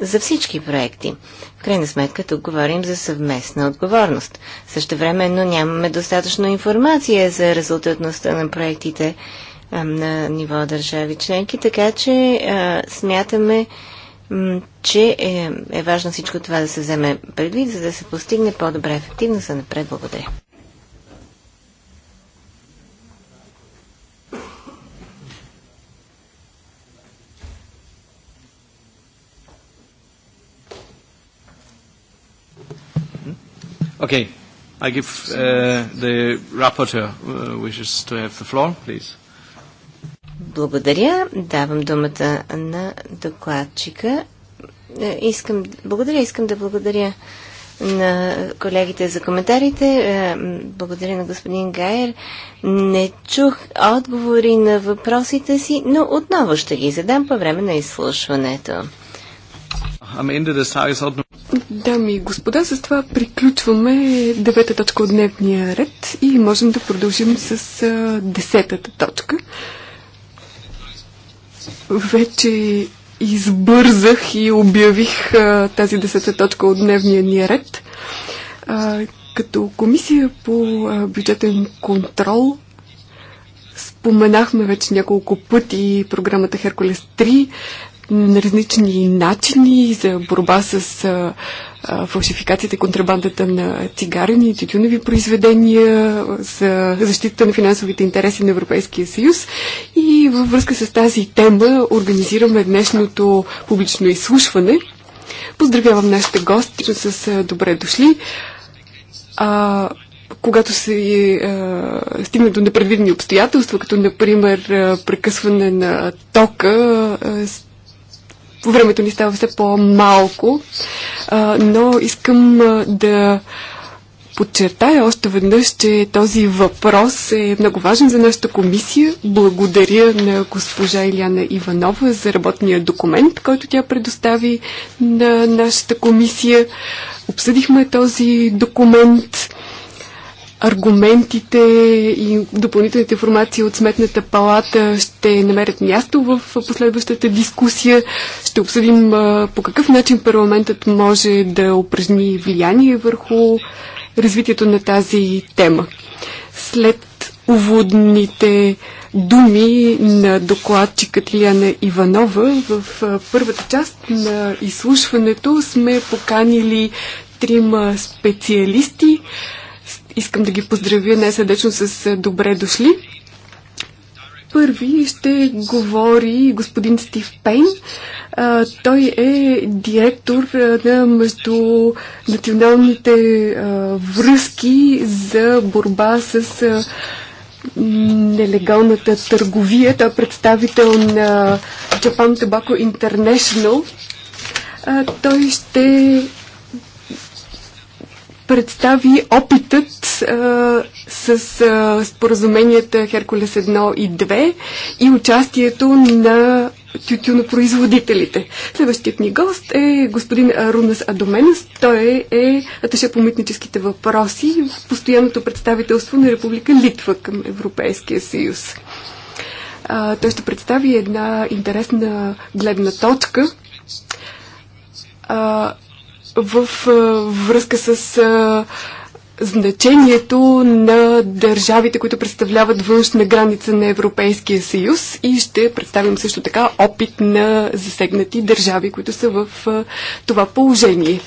за всички проекти. В крайна сметка тук говорим за съвместна отговорност. Също но нямаме достатъчно информация за резултатността на проектите а, на ниво държави членки, така че а, смятаме, че е, е важно всичко това да се вземе предвид, за да се постигне по-добра ефективност за напред. Благодаря. Okay, I give uh, the rapporteur uh, wishes to have the floor, please. Благодаря. Давам думата на докладчика. Е, искам, благодаря, искам да благодаря на колегите за коментарите. Е, благодаря на господин Гайер. Не чух отговори на въпросите си, но отново ще ги задам по време на изслушването. Дами и господа, с това приключваме девета точка от дневния ред и можем да продължим с а, десетата точка. Вече избързах и обявих а, тази десета точка от дневния ни ред. А, като комисия по а, бюджетен контрол споменахме вече няколко пъти програмата Херкулес 3 на различни начини за борба с а, а, фалшификацията и контрабандата на цигарени и тютюнови произведения, за защита на финансовите интереси на Европейския съюз. И във връзка с тази тема организираме днешното публично изслушване. Поздравявам нашите гости с добре дошли. А, когато се е, стигне до непредвидени обстоятелства, като например прекъсване на тока, е, времето ни става все по-малко, но искам да подчертая още веднъж, че този въпрос е много важен за нашата комисия. Благодаря на госпожа Иляна Иванова за работния документ, който тя предостави на нашата комисия. Обсъдихме този документ аргументите и допълнителната информация от Сметната палата ще намерят място в последващата дискусия. Ще обсъдим по какъв начин парламентът може да упражни влияние върху развитието на тази тема. След уводните думи на докладчика Тиляна Иванова в първата част на изслушването сме поканили трима специалисти, искам да ги поздравя най-сърдечно с е, добре дошли. Първи ще говори господин Стив Пейн. А, той е директор на междунационалните а, връзки за борба с а, нелегалната търговия. Той е представител на Japan Tobacco International. А, той ще представи опитът а, с а, споразуменията Херкулес 1 и 2 и участието на тютюнопроизводителите. Следващият ни гост е господин Рунас Адоменес. Той е, е аташе по митническите въпроси в постоянното представителство на Република Литва към Европейския съюз. А, той ще представи една интересна гледна точка а, в а, връзка с а, значението на държавите, които представляват външна граница на Европейския съюз и ще представим също така опит на засегнати държави, които са в това положение.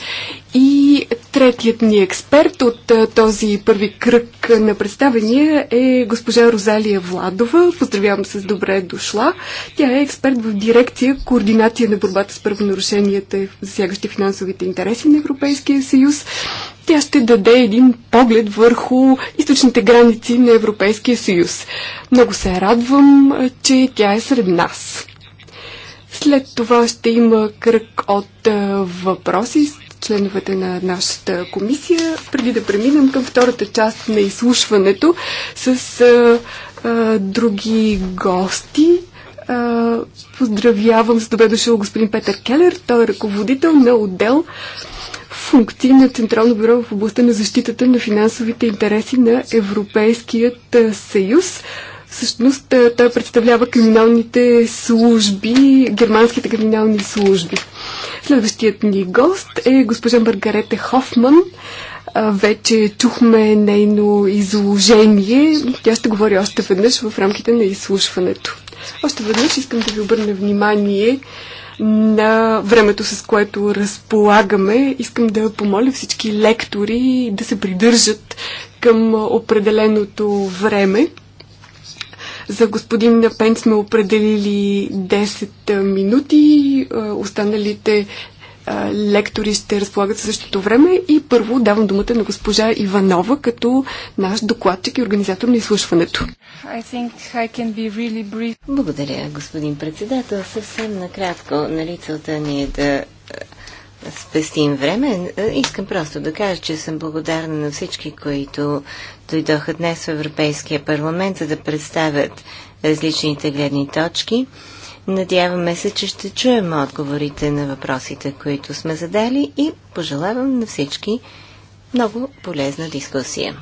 И третият ни експерт от този първи кръг на представения е госпожа Розалия Владова. Поздравявам се с добре дошла. Тя е експерт в дирекция Координация на борбата с правонарушенията, засягащи финансовите интереси на Европейския съюз. Тя ще даде един поглед върху източните граници на Европейския съюз. Много се радвам, че тя е сред нас. След това ще има кръг от въпроси членовете на нашата комисия, преди да преминем към втората част на изслушването с а, а, други гости. А, поздравявам с добре дошъл господин Петър Келер. Той е ръководител на отдел функции на Централно бюро в областта на защитата на финансовите интереси на Европейският съюз. Всъщност той представлява криминалните служби, германските криминални служби. Следващият ни гост е госпожа Маргарете Хофман. Вече чухме нейно изложение. Тя ще говори още веднъж в рамките на изслушването. Още веднъж искам да ви обърна внимание на времето, с което разполагаме. Искам да помоля всички лектори да се придържат към определеното време. За господин Напен сме определили 10 минути, останалите лектори ще разполагат същото време и първо давам думата на госпожа Иванова като наш докладчик и организатор на изслушването. I I really Благодаря, господин председател. Съвсем накратко, нали целта ни е да спестим време. Е, искам просто да кажа, че съм благодарна на всички, които дойдоха днес в Европейския парламент, за да представят различните гледни точки. Надяваме се, че ще чуем отговорите на въпросите, които сме задали и пожелавам на всички много полезна дискусия.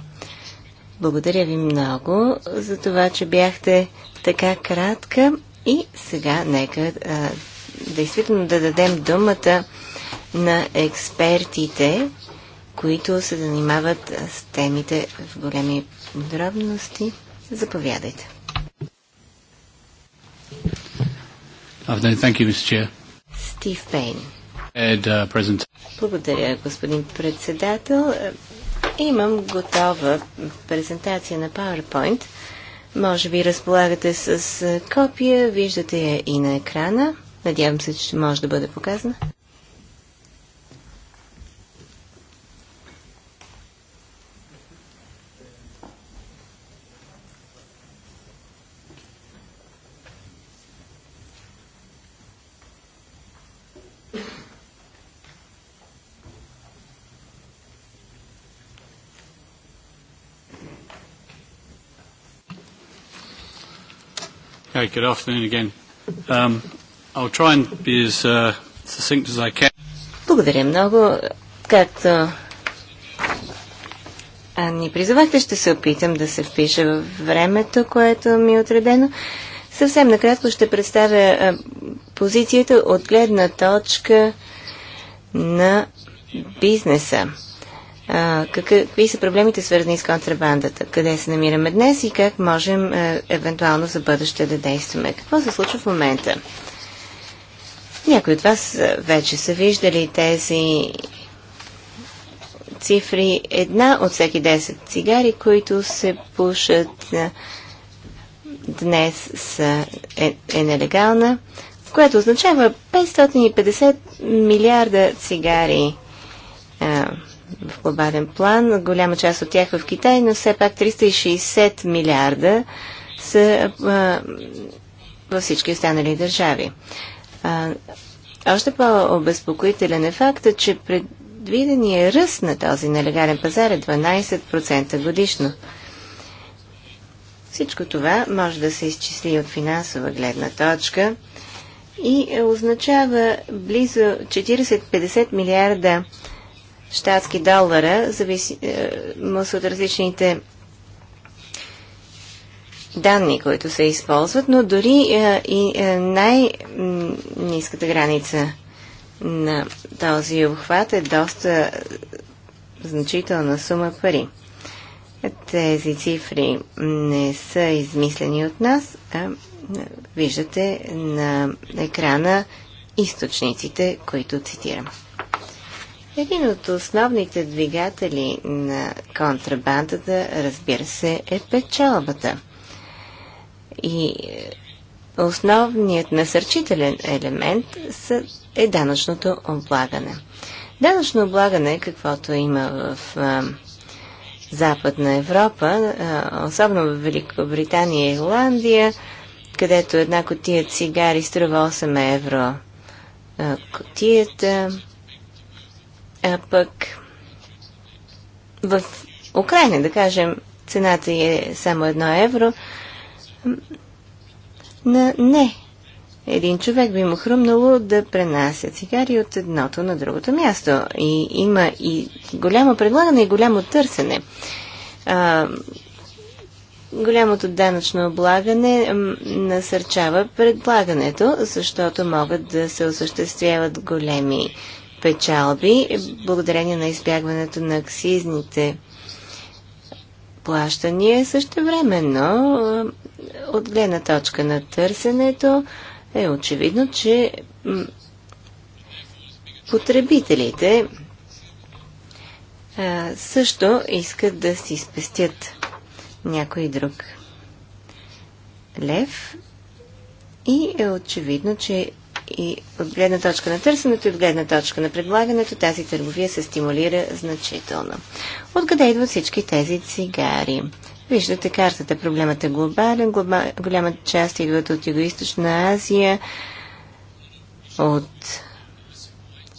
Благодаря ви много за това, че бяхте така кратка и сега нека а, действително да дадем думата на експертите, които се занимават с темите в големи подробности. Заповядайте. Стив Пейн. Uh, Благодаря, господин председател. Имам готова презентация на PowerPoint. Може би разполагате с копия, виждате я и на екрана. Надявам се, че може да бъде показана. Okay, good afternoon again. Um, I'll try and be as uh, succinct as I can. Благодаря много. Както а ни призовахте, ще се опитам да се впиша в времето, което ми е отредено. Съвсем накратко ще представя а, позицията от гледна точка на бизнеса какви са проблемите свързани с контрабандата, къде се намираме днес и как можем евентуално за бъдеще да действаме. Какво се случва в момента? Някои от вас вече са виждали тези цифри. Една от всеки 10 цигари, които се пушат днес са, е, е нелегална, което означава 550 милиарда цигари. А, в глобален план, голяма част от тях в Китай, но все пак 360 милиарда са а, във всички останали държави. А, още по-обезпокоителен е факта, че предвидения ръст на този нелегален пазар е 12% годишно. Всичко това може да се изчисли от финансова гледна точка и означава близо 40-50 милиарда щатски долара, зависимо е, от различните данни, които се използват, но дори е, и е, най-низката граница на този обхват е доста значителна сума пари. Тези цифри не са измислени от нас. А, виждате на екрана източниците, които цитирам. Един от основните двигатели на контрабандата, разбира се, е печалбата. И е, основният насърчителен елемент е данъчното облагане. Данъчно облагане, каквото има в а, е, Западна Европа, а, е, особено в Великобритания и Ирландия, където една котия цигари струва 8 евро а, котията, а пък в Украина, да кажем, цената е само едно евро, на не. Един човек би му хрумнало да пренася цигари от едното на другото място. И има и голямо предлагане и голямо търсене. А, голямото данъчно облагане насърчава предлагането, защото могат да се осъществяват големи печалби, благодарение на избягването на аксизните плащания. Също времено, от гледна точка на търсенето, е очевидно, че потребителите също искат да си спестят някой друг лев и е очевидно, че и от гледна точка на търсенето и от гледна точка на предлагането тази търговия се стимулира значително. Откъде идват всички тези цигари? Виждате картата. Проблемът е глобален. Голяма част идват от Юго-Источна Азия, от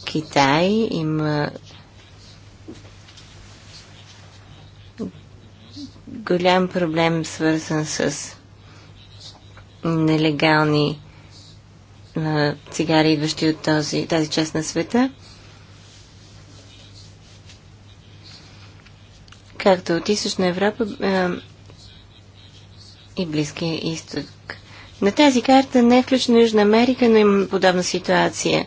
Китай. Има голям проблем свързан с нелегални на цигари, идващи от този, тази част на света. Както от Източна Европа е, и Близкия изток. На тази карта не е включена Южна Америка, но имаме подобна ситуация е,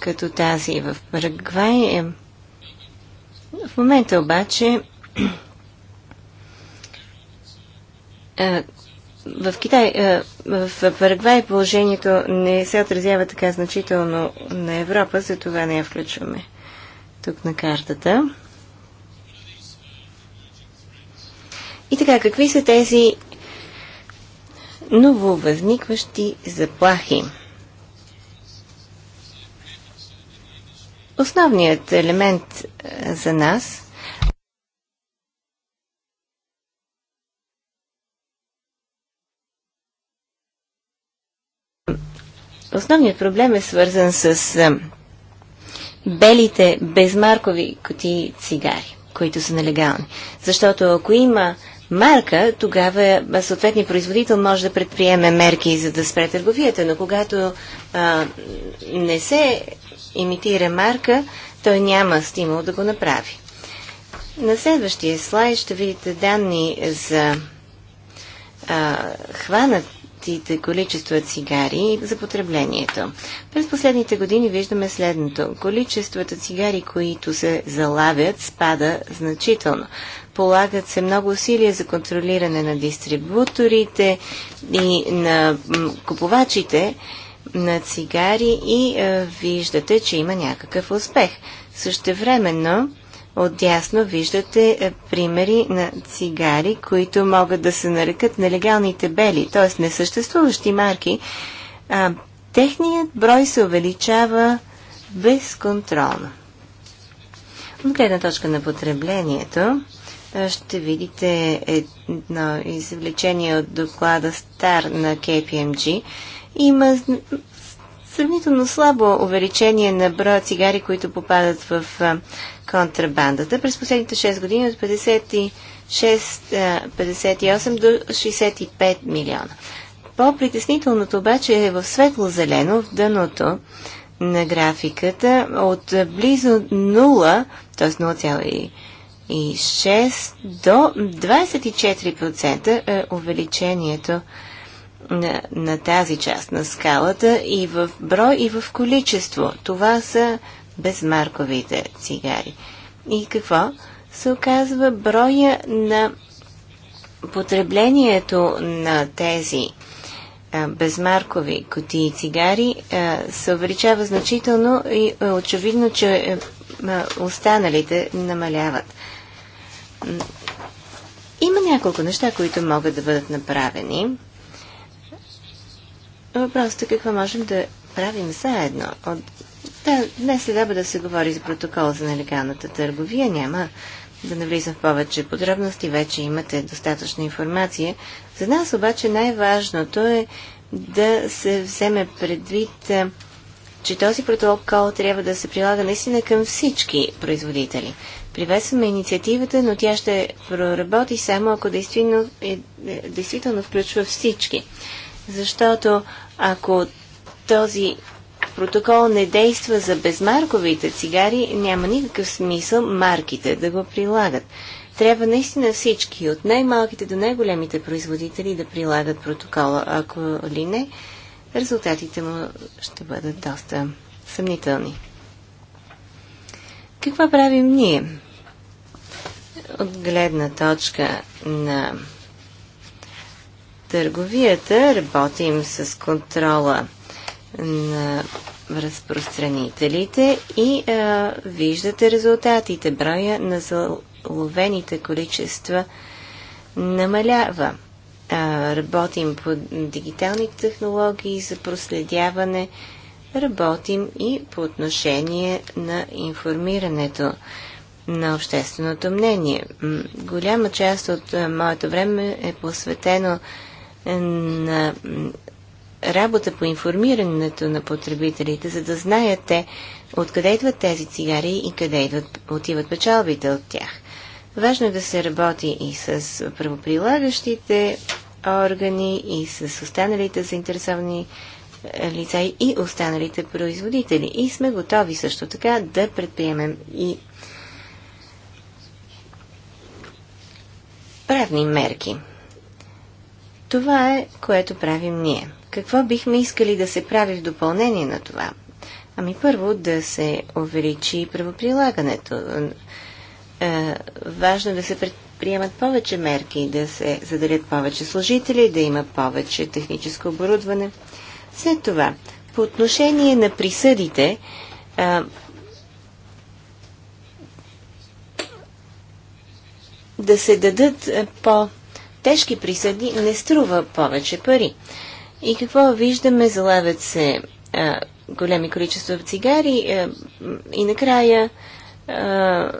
като тази в Парагвай. Е... В момента обаче в Китай, е, в Парагвай положението не се отразява така значително на Европа, за това не я включваме тук на картата. И така, какви са тези нововъзникващи заплахи? Основният елемент е, за нас Основният проблем е свързан с е, белите безмаркови кутии цигари, които са нелегални. Защото ако има марка, тогава съответният производител може да предприеме мерки за да спре търговията, но когато а, не се имитира марка, той няма стимул да го направи. На следващия слайд ще видите данни за а, хванат общите количество цигари за потреблението. През последните години виждаме следното. количеството цигари, които се залавят, спада значително. Полагат се много усилия за контролиране на дистрибуторите и на купувачите на цигари и виждате, че има някакъв успех. Същевременно, Отдясно виждате е, примери на цигари, които могат да се нарекат нелегалните бели, т.е. несъществуващи марки. А, техният брой се увеличава безконтролно. От гледна точка на потреблението, ще видите едно извлечение от доклада Стар на KPMG. Има сравнително слабо увеличение на броя цигари, които попадат в контрабандата. През последните 6 години от 56, 58 до 65 милиона. По-притеснителното обаче е в светло-зелено, в дъното на графиката, от близо 0, т.е. 0,6 до 24% е увеличението на, на тази част на скалата и в брой, и в количество. Това са безмарковите цигари. И какво? Се оказва броя на потреблението на тези а, безмаркови кутии цигари а, се увеличава значително и очевидно, че а, останалите намаляват. Има няколко неща, които могат да бъдат направени Въпросът е какво можем да правим заедно. От... Да, днес след да се говори за протокол за нелегалната търговия. Няма да навлизам в повече подробности. Вече имате достатъчна информация. За нас обаче най-важното е да се вземе предвид, е, че този протокол трябва да се прилага наистина към всички производители. Приветстваме инициативата, но тя ще проработи само ако действително, е, е, действително включва всички. Защото ако този протокол не действа за безмарковите цигари, няма никакъв смисъл марките да го прилагат. Трябва наистина всички, от най-малките до най-големите производители да прилагат протокола. Ако ли не, резултатите му ще бъдат доста съмнителни. Какво правим ние? От гледна точка на търговията работим с контрола на разпространителите и а, виждате резултатите. Броя на заловените количества намалява. А, работим по дигитални технологии за проследяване. Работим и по отношение на информирането на общественото мнение. Голяма част от моето време е посветено на работа по информирането на потребителите, за да знаят те откъде идват тези цигари и къде идват, отиват печалбите от тях. Важно е да се работи и с правоприлагащите органи, и с останалите заинтересовани е, лица и останалите производители. И сме готови също така да предприемем и правни мерки. Това е, което правим ние. Какво бихме искали да се прави в допълнение на това? Ами първо да се увеличи правоприлагането. Е, важно да се предприемат повече мерки, да се заделят повече служители, да има повече техническо оборудване. След това, по отношение на присъдите, е, да се дадат е, по- тежки присъди не струва повече пари. И какво виждаме? Залавят се а, големи количества цигари а, и накрая а,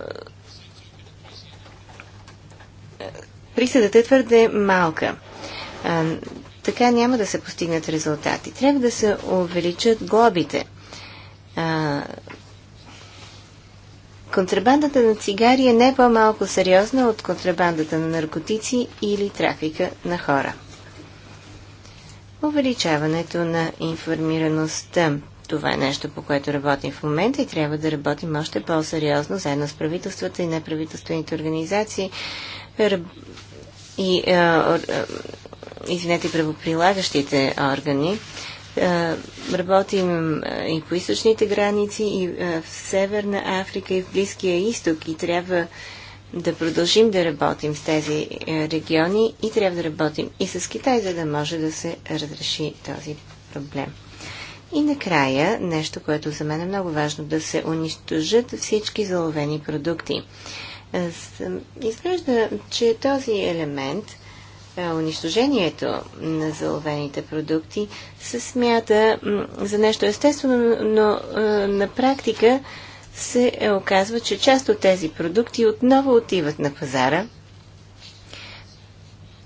присъдата е твърде малка. А, така няма да се постигнат резултати. Трябва да се увеличат глобите. А, Контрабандата на цигари е не по-малко сериозна от контрабандата на наркотици или трафика на хора. Увеличаването на информираността. Това е нещо, по което работим в момента и трябва да работим още по-сериозно заедно с правителствата и неправителствените организации и, извинете, правоприлагащите органи е, работим е, и по източните граници, и е, в Северна Африка, и в Близкия изток. И трябва да продължим да работим с тези региони и трябва да работим и с Китай, за да може да се разреши този проблем. И накрая, нещо, което за мен е много важно, да се унищожат всички заловени продукти. Изглежда, че този елемент – унищожението на заловените продукти се смята за нещо естествено, но на практика се е оказва, че част от тези продукти отново отиват на пазара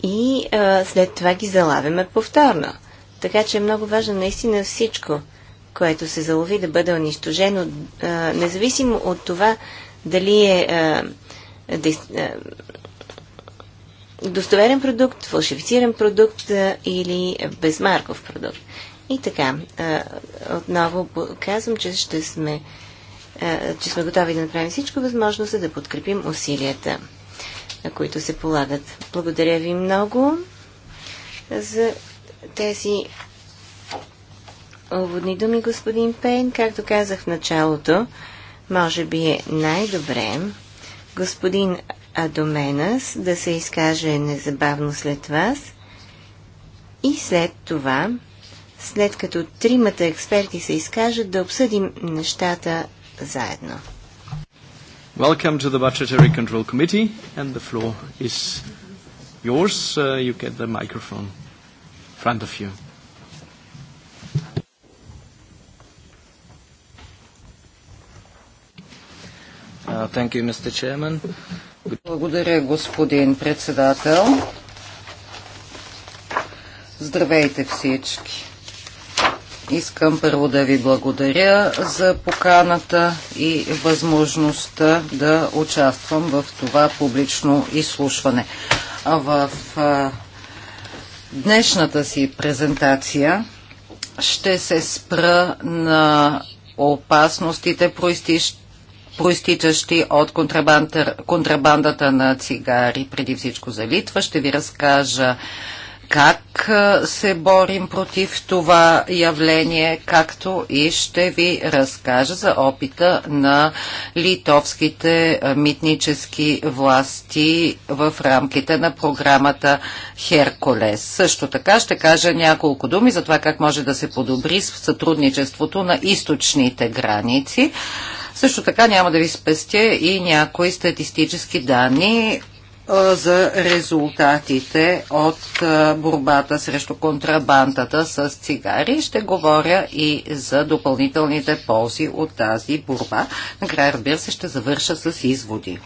и след това ги залавяме повторно. Така че е много важно наистина всичко, което се залови да бъде унищожено, независимо от това дали е достоверен продукт, фалшифициран продукт или безмарков продукт. И така, отново казвам, че ще сме, че сме готови да направим всичко възможно, за да подкрепим усилията, които се полагат. Благодаря ви много за тези уводни думи, господин Пейн. Както казах в началото, може би е най-добре господин Адоменас да се изкаже незабавно след вас и след това, след като тримата експерти се изкажат, да обсъдим нещата заедно. Welcome to the Budgetary Control Committee and the floor is yours. Uh, you get the microphone in front of you. Uh, thank you, Mr. Chairman. Благодаря, господин председател. Здравейте всички! Искам първо да ви благодаря за поканата и възможността да участвам в това публично изслушване. В днешната си презентация ще се спра на опасностите, проистищ проистичащи от контрабандата на цигари, преди всичко за Литва. Ще ви разкажа как се борим против това явление, както и ще ви разкажа за опита на литовските митнически власти в рамките на програмата Херкулес. Също така ще кажа няколко думи за това как може да се подобри сътрудничеството на източните граници. Също така няма да ви спестя и някои статистически данни за резултатите от борбата срещу контрабандата с цигари. Ще говоря и за допълнителните ползи от тази борба. Накрая, разбира се, ще завърша с изводи.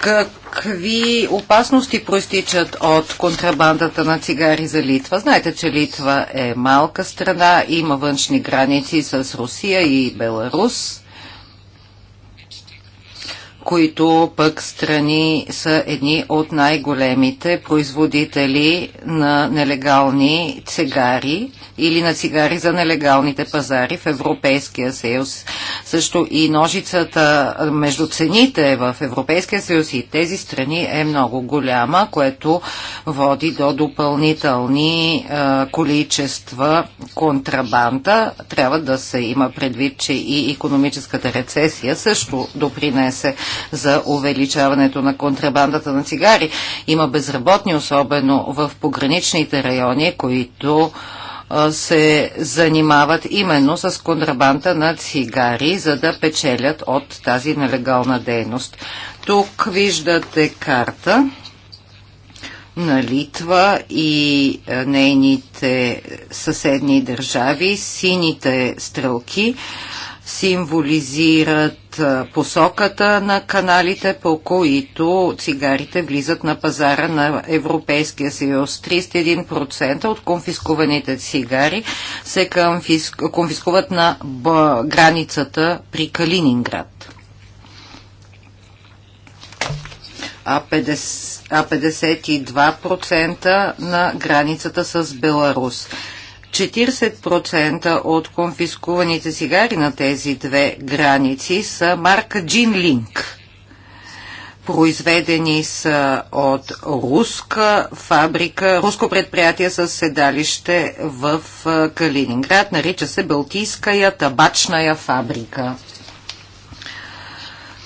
какви опасности проистичат от контрабандата на цигари за Литва. Знаете, че Литва е малка страна, има външни граници с Русия и Беларус които пък страни са едни от най-големите производители на нелегални цигари или на цигари за нелегалните пазари в Европейския съюз. Също и ножицата между цените в Европейския съюз и тези страни е много голяма, което води до допълнителни е, количества контрабанда. Трябва да се има предвид, че и економическата рецесия също допринесе за увеличаването на контрабандата на цигари. Има безработни, особено в пограничните райони, които се занимават именно с контрабанта на цигари, за да печелят от тази нелегална дейност. Тук виждате карта на Литва и нейните съседни държави, сините стрелки символизират посоката на каналите, по които цигарите влизат на пазара на Европейския съюз. 31% от конфискуваните цигари се конфискуват на границата при Калининград. а 52% на границата с Беларус. 40% от конфискуваните цигари на тези две граници са марка Джин Линк. Произведени са от руска фабрика, руско предприятие с седалище в Калининград. Нарича се Балтийская табачная фабрика.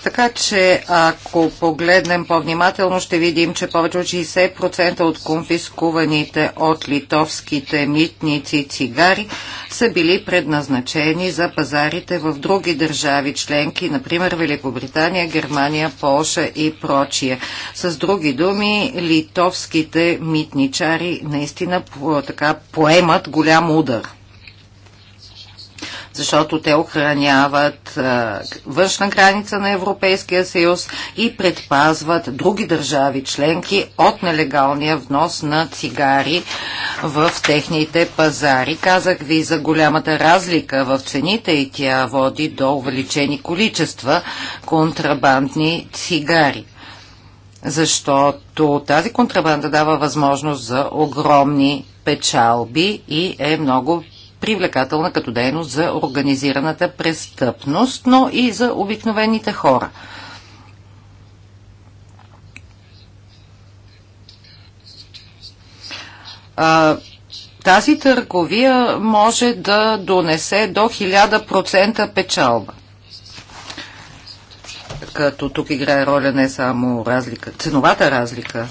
Така че ако погледнем по-внимателно, ще видим, че повече от 60% от конфискуваните от литовските митници цигари са били предназначени за пазарите в други държави членки, например Великобритания, Германия, Полша и прочие. С други думи, литовските митничари наистина така поемат голям удар защото те охраняват външна граница на Европейския съюз и предпазват други държави членки от нелегалния внос на цигари в техните пазари. Казах ви за голямата разлика в цените и тя води до увеличени количества контрабандни цигари защото тази контрабанда дава възможност за огромни печалби и е много привлекателна като дейност за организираната престъпност, но и за обикновените хора. А, тази търговия може да донесе до 1000% печалба. Като тук играе роля не само разлика, ценовата разлика,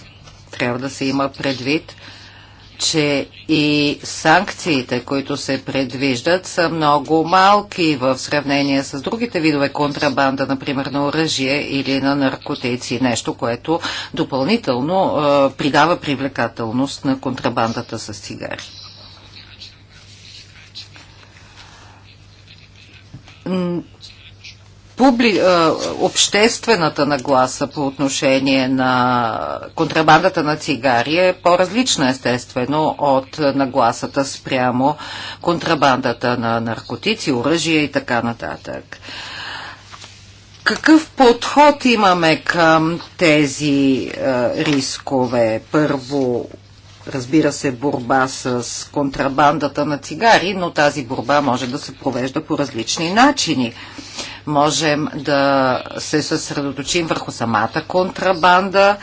трябва да се има предвид, че и санкциите, които се предвиждат, са много малки в сравнение с другите видове контрабанда, например на оръжие или на наркотици. Нещо, което допълнително е, придава привлекателност на контрабандата с цигари публи, обществената нагласа по отношение на контрабандата на цигари е по-различна естествено от нагласата спрямо контрабандата на наркотици, оръжия и така нататък. Какъв подход имаме към тези а, рискове? Първо разбира се, борба с контрабандата на цигари, но тази борба може да се провежда по различни начини. Можем да се съсредоточим върху самата контрабанда.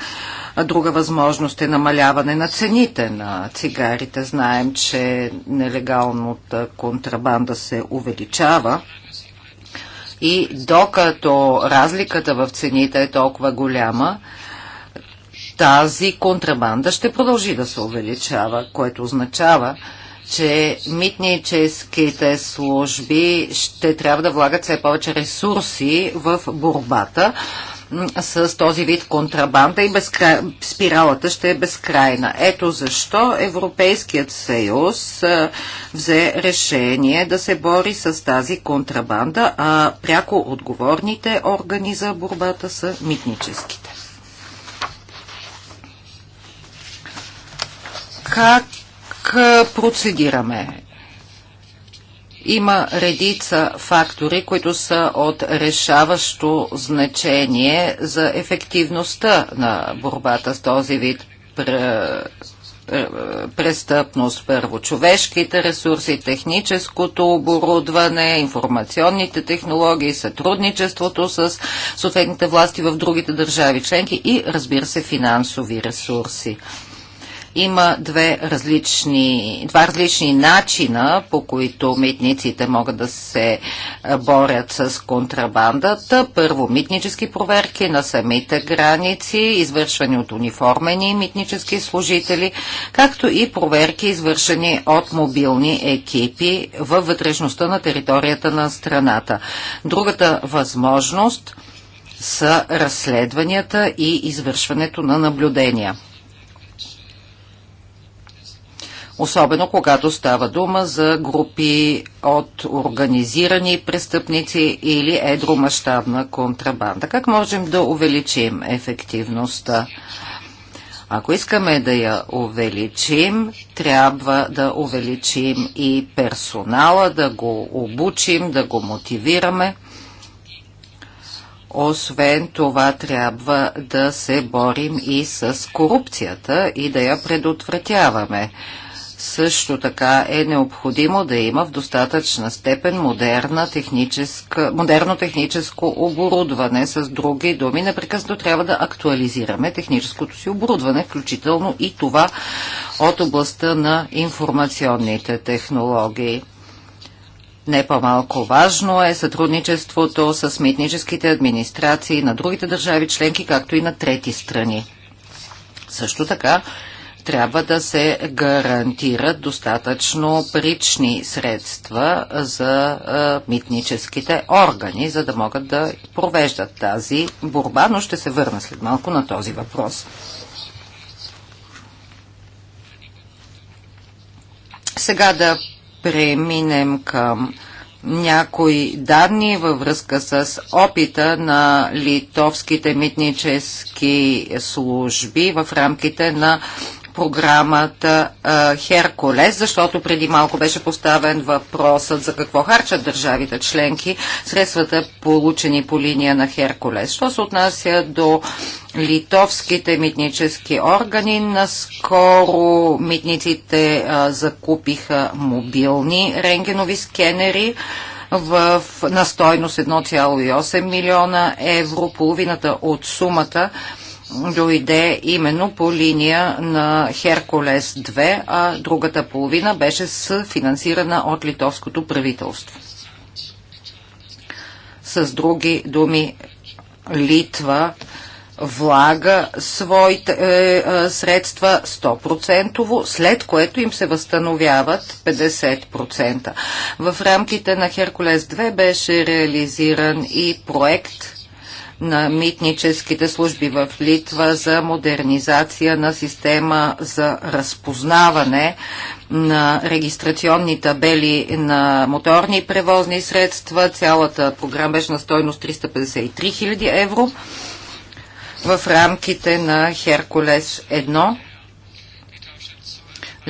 Друга възможност е намаляване на цените на цигарите. Знаем, че нелегалната контрабанда се увеличава. И докато разликата в цените е толкова голяма, тази контрабанда ще продължи да се увеличава, което означава, че митническите служби ще трябва да влагат все повече ресурси в борбата с този вид контрабанда и безкра... спиралата ще е безкрайна. Ето защо Европейският съюз взе решение да се бори с тази контрабанда, а пряко отговорните органи за борбата са митническите. как процедираме? Има редица фактори, които са от решаващо значение за ефективността на борбата с този вид е, престъпност. Първо човешките ресурси, техническото оборудване, информационните технологии, сътрудничеството с съответните власти в другите държави членки и, разбира се, финансови ресурси. Има две различни, два различни начина, по които митниците могат да се борят с контрабандата. Първо, митнически проверки на самите граници, извършвани от униформени митнически служители, както и проверки, извършени от мобилни екипи във вътрешността на територията на страната. Другата възможност са разследванията и извършването на наблюдения. особено когато става дума за групи от организирани престъпници или едромащабна контрабанда. Как можем да увеличим ефективността? Ако искаме да я увеличим, трябва да увеличим и персонала, да го обучим, да го мотивираме. Освен това трябва да се борим и с корупцията и да я предотвратяваме. Също така е необходимо да има в достатъчна степен модерна техническа, модерно техническо оборудване. С други думи, непрекъснато трябва да актуализираме техническото си оборудване, включително и това от областта на информационните технологии. Не по-малко важно е сътрудничеството с митническите администрации на другите държави членки, както и на трети страни. Също така трябва да се гарантират достатъчно прични средства за митническите органи, за да могат да провеждат тази борба, но ще се върна след малко на този въпрос. Сега да преминем към някои данни във връзка с опита на литовските митнически служби в рамките на програмата а, Херкулес, защото преди малко беше поставен въпросът за какво харчат държавите членки средствата получени по линия на Херкулес. Що се отнася до литовските митнически органи, наскоро митниците а, закупиха мобилни рентгенови скенери в, на стойност 1,8 милиона евро, половината от сумата дойде именно по линия на Херкулес 2, а другата половина беше финансирана от литовското правителство. С други думи, Литва влага своите е, е средства 100%, след което им се възстановяват 50%. В рамките на Херкулес 2 беше реализиран и проект на митническите служби в Литва за модернизация на система за разпознаване на регистрационни табели на моторни превозни средства. Цялата програма беше на стойност 353 000 евро в рамките на Херкулес 1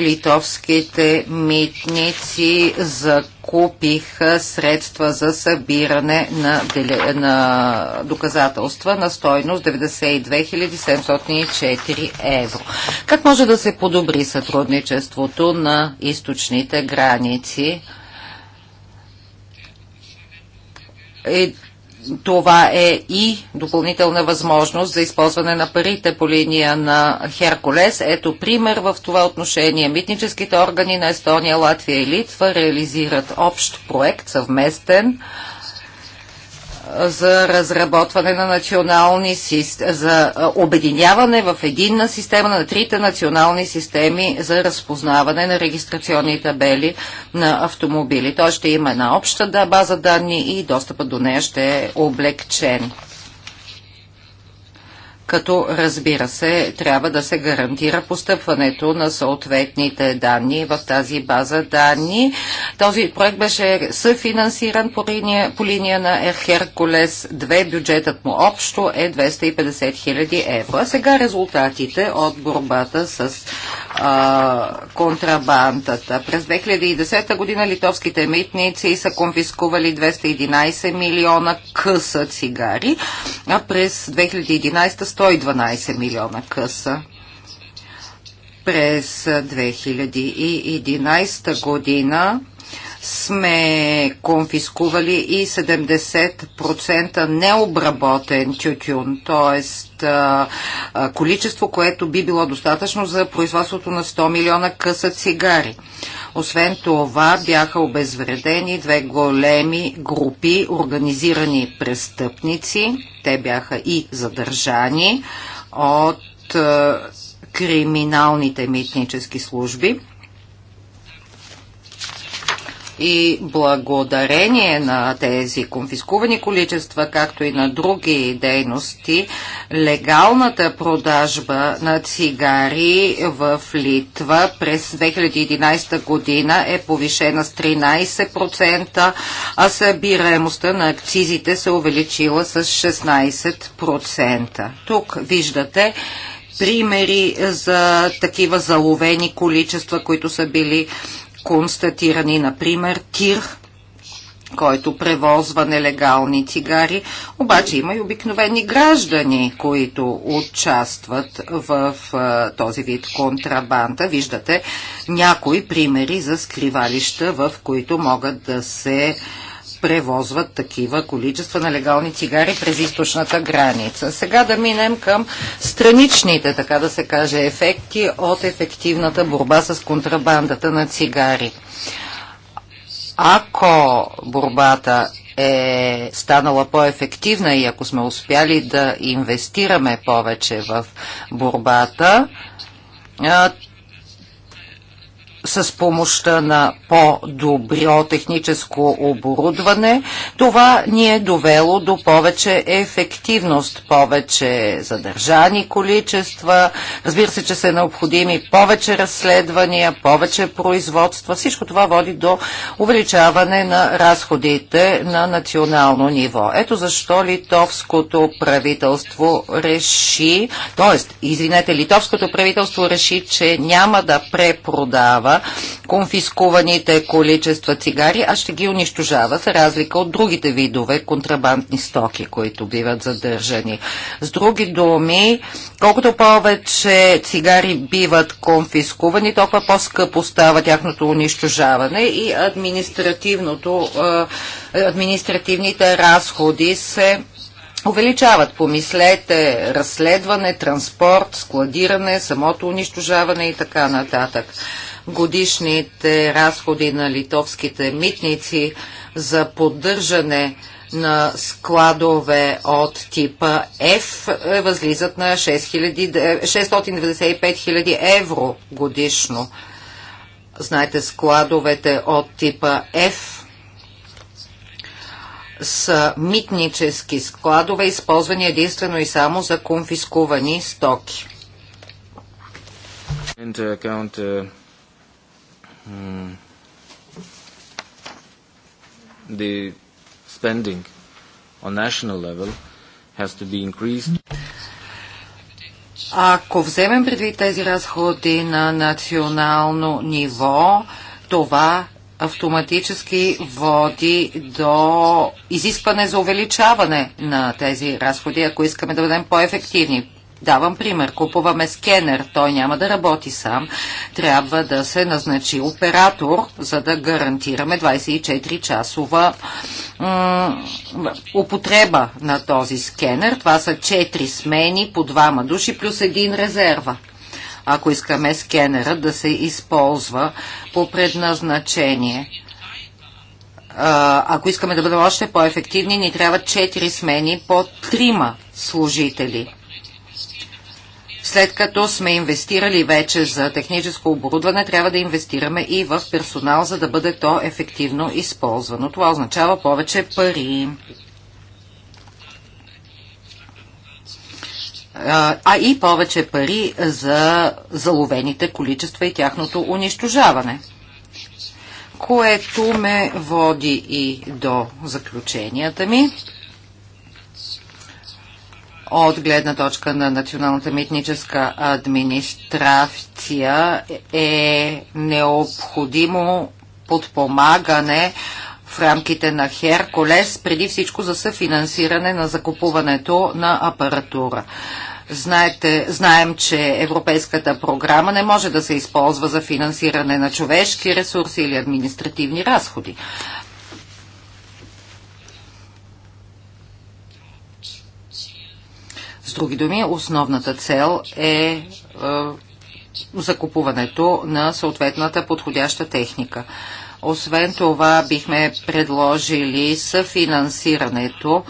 литовските митници закупиха средства за събиране на, деле, на доказателства на стойност 92 704 евро. Как може да се подобри сътрудничеството на източните граници? това е и допълнителна възможност за използване на парите по линия на Херкулес. Ето пример в това отношение. Митническите органи на Естония, Латвия и Литва реализират общ проект съвместен, за разработване на национални системи за обединяване в единна система на трите национални системи за разпознаване на регистрационни табели на автомобили. Той ще има една обща база данни и достъпът до нея ще е облегчен като разбира се трябва да се гарантира постъпването на съответните данни в тази база данни. Този проект беше съфинансиран по линия, по линия на Ерхеркулес 2. Бюджетът му общо е 250 000 евро. А сега резултатите от борбата с а, контрабандата. През 2010 година литовските митници са конфискували 211 милиона къса цигари, а през 2011 112 милиона къса през 2011 година сме конфискували и 70% необработен тютюн, т.е. количество, което би било достатъчно за производството на 100 милиона къса цигари. Освен това бяха обезвредени две големи групи организирани престъпници те бяха и задържани от е, криминалните митнически служби. И благодарение на тези конфискувани количества, както и на други дейности, легалната продажба на цигари в Литва през 2011 година е повишена с 13%, а събираемостта на акцизите се увеличила с 16%. Тук виждате примери за такива заловени количества, които са били констатирани, например, тир, който превозва нелегални цигари, обаче има и обикновени граждани, които участват в а, този вид контрабанда. Виждате някои примери за скривалища, в които могат да се а, превозват такива количества на легални цигари през източната граница. Сега да минем към страничните, така да се каже, ефекти от ефективната борба с контрабандата на цигари. Ако борбата е станала по-ефективна и ако сме успяли да инвестираме повече в борбата, с помощта на по-добро техническо оборудване. Това ни е довело до повече ефективност, повече задържани количества. Разбира се, че са необходими повече разследвания, повече производства. Всичко това води до увеличаване на разходите на национално ниво. Ето защо литовското правителство реши, т.е. извинете, литовското правителство реши, че няма да препродава продава конфискуваните количества цигари, а ще ги унищожава за разлика от другите видове контрабандни стоки, които биват задържани. С други думи, колкото повече цигари биват конфискувани, толкова по-скъпо става тяхното унищожаване и административното, административните разходи се увеличават. Помислете разследване, транспорт, складиране, самото унищожаване и така нататък годишните разходи на литовските митници за поддържане на складове от типа F е, възлизат на 695 000 евро годишно. Знаете, складовете от типа F са митнически складове, използвани единствено и само за конфискувани стоки. And, uh, count, uh um, the spending on national level has to be increased. Ако вземем предвид тези разходи на национално ниво, това автоматически води до изискване за увеличаване на тези разходи, ако искаме да бъдем по-ефективни. Давам пример. Купуваме скенер, той няма да работи сам. Трябва да се назначи оператор, за да гарантираме 24-часова употреба на този скенер. Това са 4 смени по двама души плюс един резерва ако искаме скенера да се използва по предназначение. Ако искаме да бъдем още по-ефективни, ни трябва 4 смени по 3 служители. След като сме инвестирали вече за техническо оборудване, трябва да инвестираме и в персонал, за да бъде то ефективно използвано. Това означава повече пари. а и повече пари за заловените количества и тяхното унищожаване. Което ме води и до заключенията ми от гледна точка на националната митническа администрация е необходимо подпомагане в рамките на Херкулес, преди всичко за съфинансиране на закупуването на апаратура. Знаете, знаем, че Европейската програма не може да се използва за финансиране на човешки ресурси или административни разходи. други думи, основната цел е, е закупуването на съответната подходяща техника. Освен това бихме предложили съфинансирането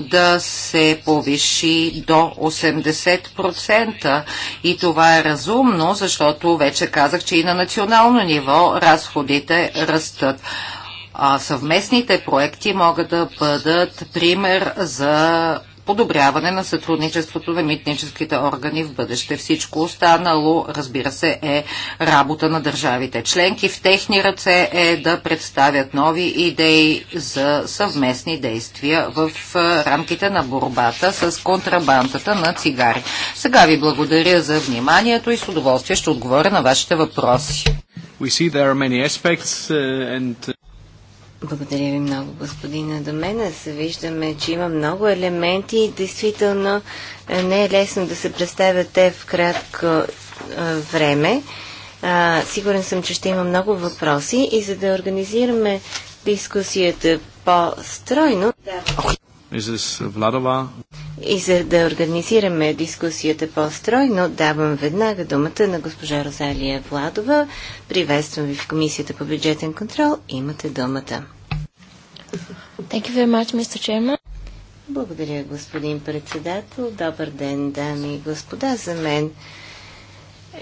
да се повиши до 80% и това е разумно, защото вече казах, че и на национално ниво разходите растат. А съвместните проекти могат да бъдат пример за подобряване на сътрудничеството на митническите органи в бъдеще. Всичко останало, разбира се, е работа на държавите членки. В техни ръце е да представят нови идеи за съвместни действия в рамките на борбата с контрабандата на цигари. Сега ви благодаря за вниманието и с удоволствие ще отговоря на вашите въпроси. We see there are many aspects uh, and uh, благодаря ви много, господина Домена. Се виждаме, че има много елементи и действително е, не е лесно да се представят те в кратко е, време. А, сигурен съм, че ще има много въпроси и за да организираме дискусията по-стройно, Да. И за да организираме дискусията по-стройно, давам веднага думата на госпожа Розалия Владова. Приветствам ви в Комисията по бюджетен контрол. Имате думата. Thank you very much, Mr. Chairman. Благодаря, господин председател. Добър ден, дами и господа. За мен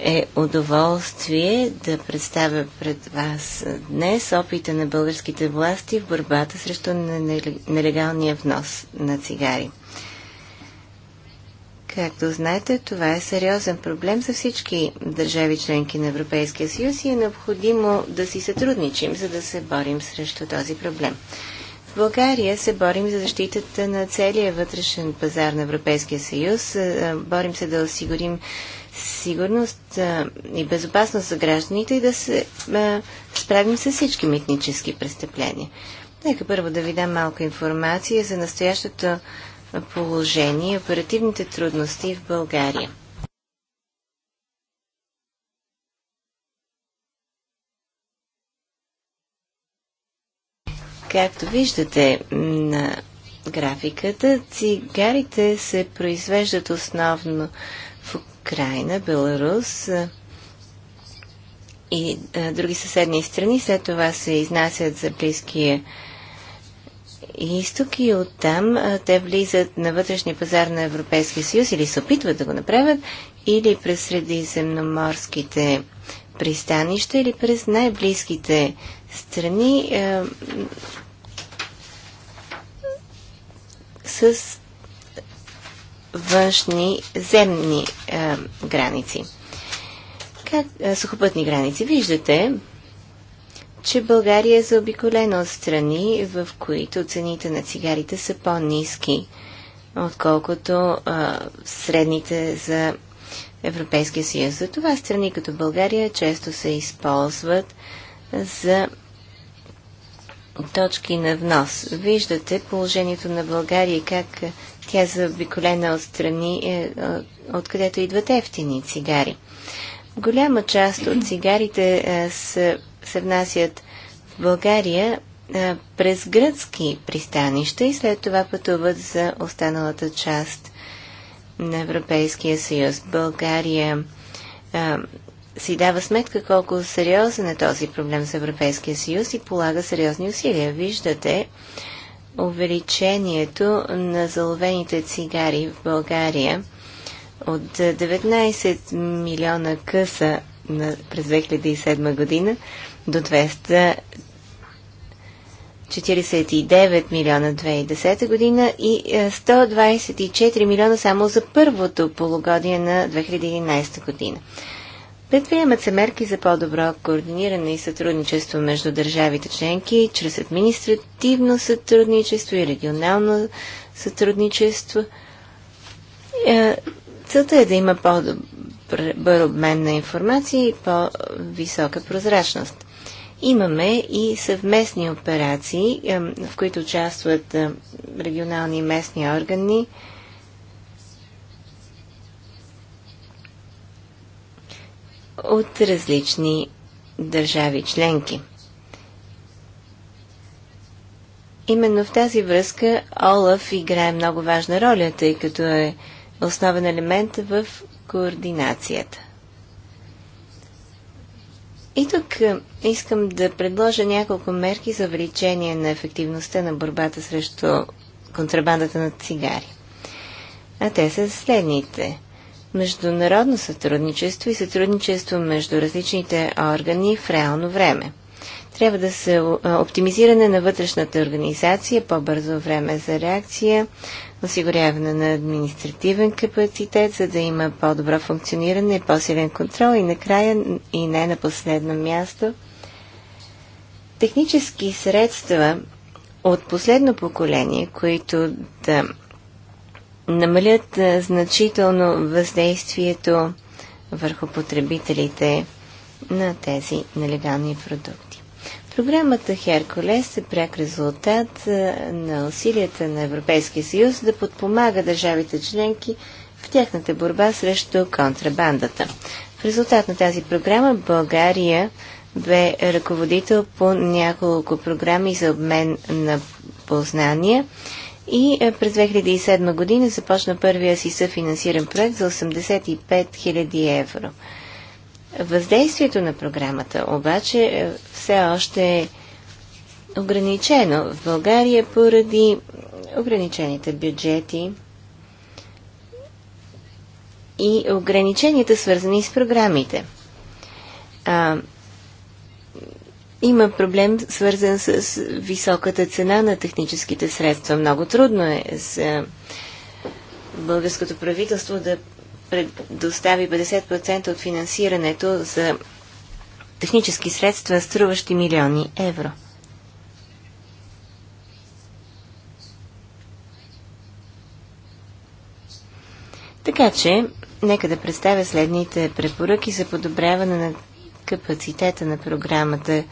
е удоволствие да представя пред вас днес опита на българските власти в борбата срещу нелегалния внос на цигари. Както знаете, това е сериозен проблем за всички държави членки на Европейския съюз и е необходимо да си сътрудничим, за да се борим срещу този проблем. В България се борим за защитата на целия вътрешен пазар на Европейския съюз. Е, е, борим се да осигурим сигурност а, и безопасност за гражданите и да се а, справим с всички митнически престъпления. Нека първо да ви дам малко информация за настоящото положение и оперативните трудности в България. Както виждате на графиката, цигарите се произвеждат основно Украина, Беларус и други съседни страни. След това се изнасят за близкия изток и оттам те влизат на вътрешния пазар на Европейския съюз или се опитват да го направят или през средиземноморските пристанища или през най-близките страни с външни земни е, граници. Как, е, сухопътни граници. Виждате, че България е заобиколена от страни, в които цените на цигарите са по-низки, отколкото е, средните за Европейския съюз. За това страни като България често се използват за точки на внос. Виждате положението на България как е, тя заобиколена от страни, е, откъдето идват ефтини цигари. Голяма част от цигарите се, се внасят в България е, през гръцки пристанища и след това пътуват за останалата част на Европейския съюз. България а, е, си дава сметка колко сериозен е този проблем за Европейския съюз и полага сериозни усилия. Виждате, увеличението на заловените цигари в България от 19 милиона къса на, през 2007 година до 249 милиона 2010 година и 124 е, милиона само за първото полугодие на 2011 година. Предприемат се мерки за по-добро координиране и сътрудничество между държавите членки чрез административно сътрудничество и регионално сътрудничество. Е, целта е да има по-добър обмен на информация и по-висока прозрачност. Имаме и съвместни операции, в които участват регионални и местни органи, от различни държави членки. Именно в тази връзка Олаф играе много важна роля, тъй като е основен елемент в координацията. И тук е, искам да предложа няколко мерки за увеличение на ефективността на борбата срещу контрабандата на цигари. А те са следните международно сътрудничество и сътрудничество между различните органи в реално време. Трябва да се оптимизиране на вътрешната организация, по-бързо време за реакция, осигуряване на административен капацитет, за да има по-добро функциониране и по-силен контрол и накрая и не на последно място технически средства от последно поколение, които да намалят значително въздействието върху потребителите на тези нелегални продукти. Програмата Херкулес е пряк резултат на усилията на Европейския съюз да подпомага държавите членки в тяхната борба срещу контрабандата. В резултат на тази програма България бе ръководител по няколко програми за обмен на познания и е, през 2007 година започна първия си съфинансиран проект за 85 000 евро. Въздействието на програмата обаче е, все още е ограничено в България поради ограничените бюджети и ограниченията свързани с програмите има проблем свързан с високата цена на техническите средства. Много трудно е за е, българското правителство да предостави 50% от финансирането за технически средства, струващи милиони евро. Така че, нека да представя следните препоръки за подобряване на капацитета на програмата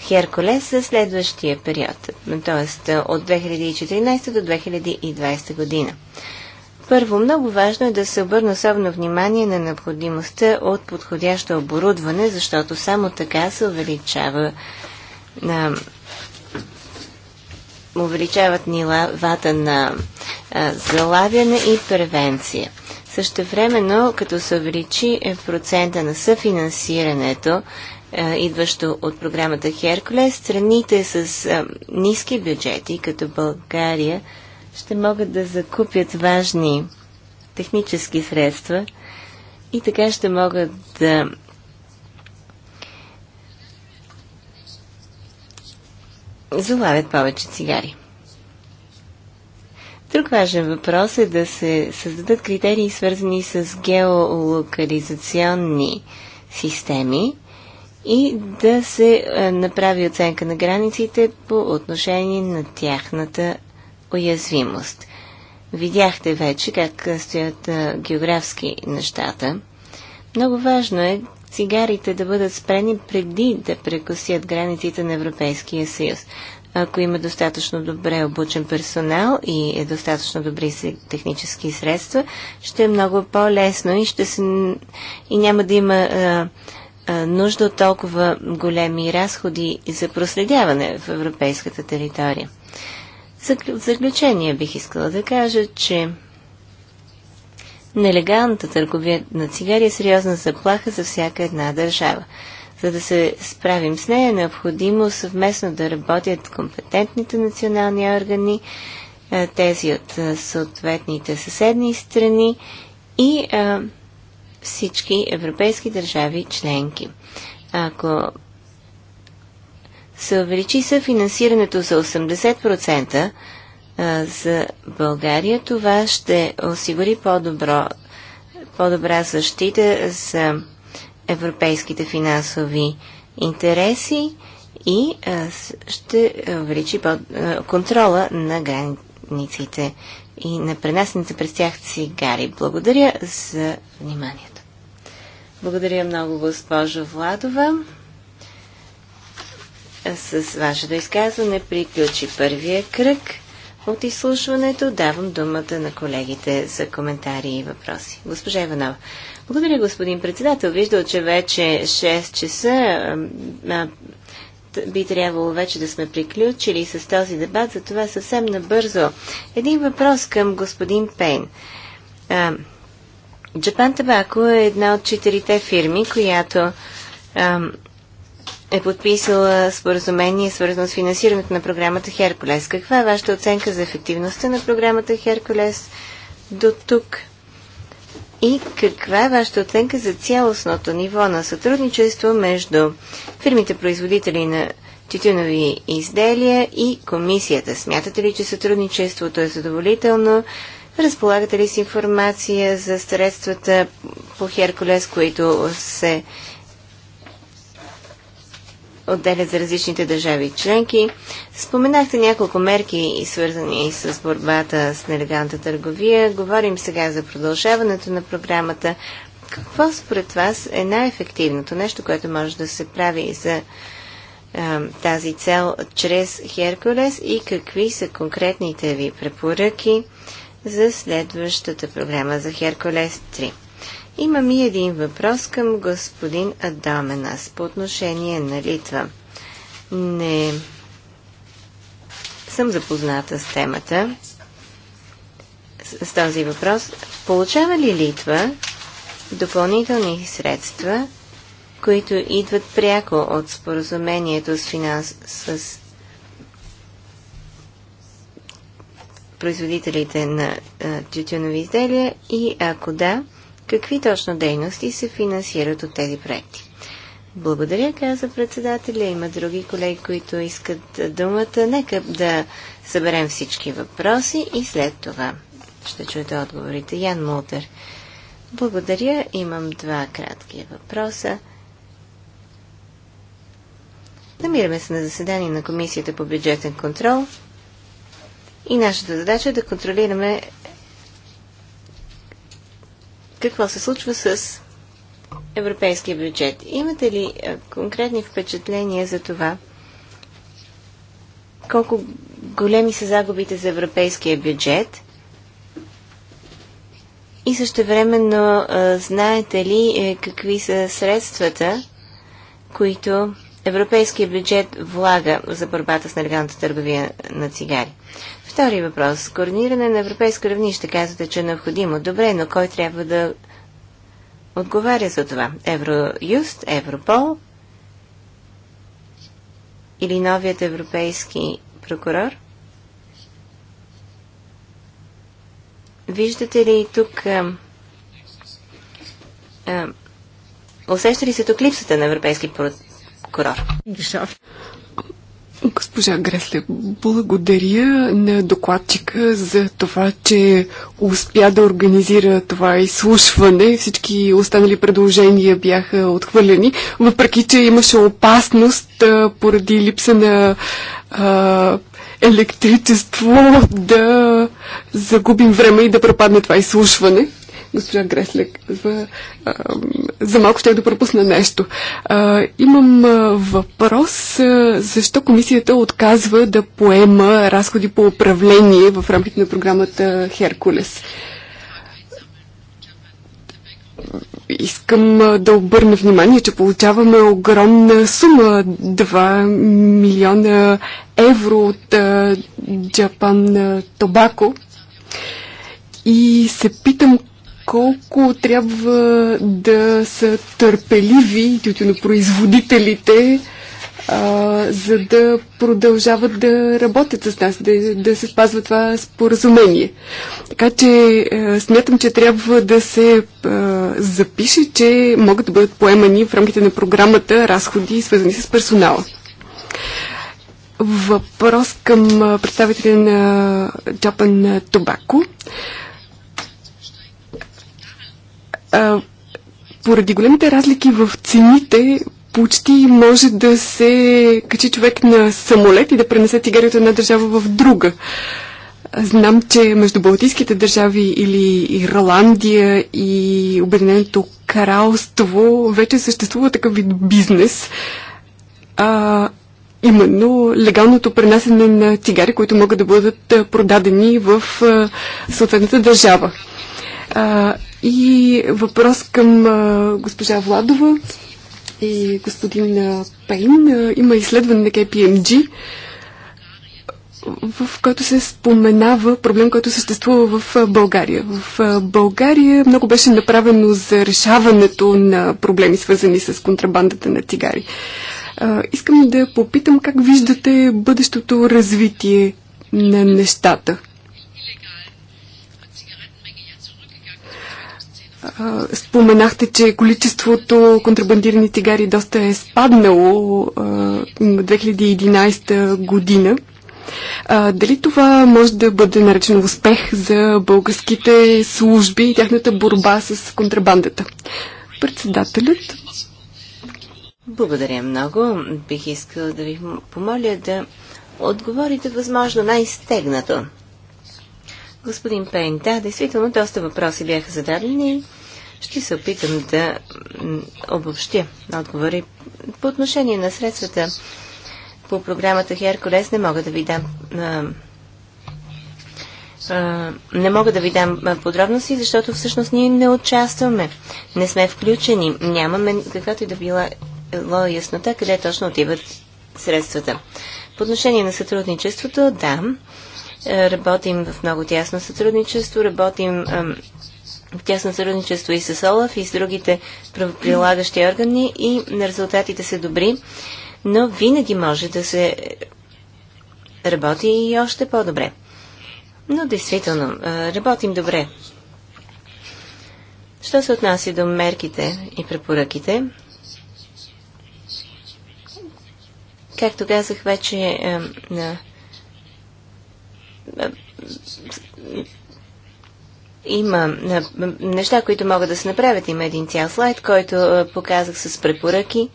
Херкулес за следващия период, т.е. от 2014 до 2020 година. Първо, много важно е да се обърне особено внимание на необходимостта от подходящо оборудване, защото само така се увеличава на увеличават нивата на а, залавяне и превенция. Също времено, като се увеличи е, процента на съфинансирането е, идващо от програмата Херкулес, страните с е, ниски бюджети, като България, ще могат да закупят важни технически средства и така ще могат да залавят повече цигари. Друг важен въпрос е да се създадат критерии, свързани с геолокализационни системи, и да се е, направи оценка на границите по отношение на тяхната уязвимост. Видяхте вече как е, стоят е, географски нещата. Много важно е цигарите да бъдат спрени преди да прекосят границите на Европейския съюз. Ако има достатъчно добре обучен персонал и е достатъчно добри технически средства, ще е много по-лесно и, ще се... и няма да има а, нужда от толкова големи разходи за проследяване в европейската територия. В заключение бих искала да кажа, че нелегалната търговия на цигари е сериозна заплаха за всяка една държава. За да се справим с нея е необходимо съвместно да работят компетентните национални органи, тези от съответните съседни страни и всички европейски държави членки. Ако се увеличи съфинансирането за 80% за България, това ще осигури по-добро, по-добра защита за европейските финансови интереси и ще увеличи контрола на границите и на пренасените през тях цигари. Благодаря за вниманието. Благодаря много, госпожо Владова. С вашето изказване приключи първия кръг от изслушването. Давам думата на колегите за коментари и въпроси. Госпожа Иванова. Благодаря, господин председател. Виждал, че вече 6 часа би трябвало вече да сме приключили с този дебат, затова съвсем набързо. Един въпрос към господин Пейн. А, Japan Tobacco е една от четирите фирми, която ам, е подписала споразумение, свързано с финансирането на програмата Херкулес. Каква е вашата оценка за ефективността на програмата Херкулес до тук? И каква е вашата оценка за цялостното ниво на сътрудничество между фирмите производители на тютюнови изделия и комисията? Смятате ли, че сътрудничеството е задоволително? Разполагате ли с информация за средствата по Херкулес, които се отделят за различните държави и членки? Споменахте няколко мерки, свързани с борбата с нелегалната търговия. Говорим сега за продължаването на програмата. Какво според вас е най-ефективното нещо, което може да се прави за тази цел чрез Херкулес и какви са конкретните ви препоръки за следващата програма за Херкулес 3. Имам и един въпрос към господин Адаменас по отношение на Литва. Не съм запозната с темата, с, този въпрос. Получава ли Литва допълнителни средства, които идват пряко от споразумението с, финанс, с производителите на тютюнови изделия и ако да, какви точно дейности се финансират от тези проекти? Благодаря, каза председателя. Има други колеги, които искат думата. Нека да съберем всички въпроси и след това ще чуете отговорите. Ян Мултер. Благодаря. Имам два кратки въпроса. Намираме се на заседание на Комисията по бюджетен контрол – и нашата задача е да контролираме какво се случва с европейския бюджет. Имате ли е, конкретни впечатления за това? Колко големи са загубите за европейския бюджет? И също времено е, знаете ли е, какви са средствата, които европейския бюджет влага за борбата с нелегалната търговия на цигари? Втори въпрос. Координиране на европейско равнище казвате, че е необходимо. Добре, но кой трябва да отговаря за това? Евроюст, Европол или новият европейски прокурор? Виждате ли тук... А, а, усеща ли се тук липсата на европейски прокурор? Госпожа Гресле, благодаря на докладчика за това, че успя да организира това изслушване. Всички останали предложения бяха отхвърлени, въпреки че имаше опасност а, поради липса на а, електричество да загубим време и да пропадне това изслушване госпожа Греслек. За, а, за малко ще да пропусна нещо. А, имам въпрос. защо комисията отказва да поема разходи по управление в рамките на програмата Херкулес? Искам да обърна внимание, че получаваме огромна сума 2 милиона евро от Джапан Тобако. и се питам колко трябва да са търпеливи тютюнопроизводителите, а, за да продължават да работят с нас, да, да се спазва това споразумение. Така че а, смятам, че трябва да се а, запише, че могат да бъдат поемани в рамките на програмата разходи, свързани с персонала. Въпрос към представителя на Japan Tobacco а, поради големите разлики в цените, почти може да се качи човек на самолет и да пренесе цигари от една държава в друга. Знам, че между Балтийските държави или Ирландия и Обединеното кралство вече съществува такъв вид бизнес. А, именно легалното пренасене на цигари, които могат да бъдат продадени в съответната държава. А, и въпрос към а, госпожа Владова и господин а, Пейн. А, има изследване на KPMG, в който се споменава проблем, който съществува в а, България. В а, България много беше направено за решаването на проблеми, свързани с контрабандата на цигари. А, искам да попитам как виждате бъдещото развитие на нещата. Споменахте, че количеството контрабандирани цигари доста е спаднало а, 2011 година. А, дали това може да бъде наречено успех за българските служби и тяхната борба с контрабандата? Председателят. Благодаря много. Бих искала да ви помоля да отговорите възможно най-стегнато. Господин Пейн, да, действително доста въпроси бяха зададени. Ще се опитам да обобщя отговори. По отношение на средствата по програмата Херкулес не мога да ви дам не мога да ви дам подробности, защото всъщност ние не участваме. Не сме включени. Нямаме каквато и да била яснота къде точно отиват средствата. По отношение на сътрудничеството, да, Работим в много тясно сътрудничество, работим в тясно сътрудничество и с ОЛАФ, и с другите прилагащи органи и резултатите са добри, но винаги може да се работи и още по-добре. Но действително, работим добре. Що се отнася до мерките и препоръките, както казах вече е, на има е, неща, които могат да се направят. Има един цял слайд, който е, показах с препоръки.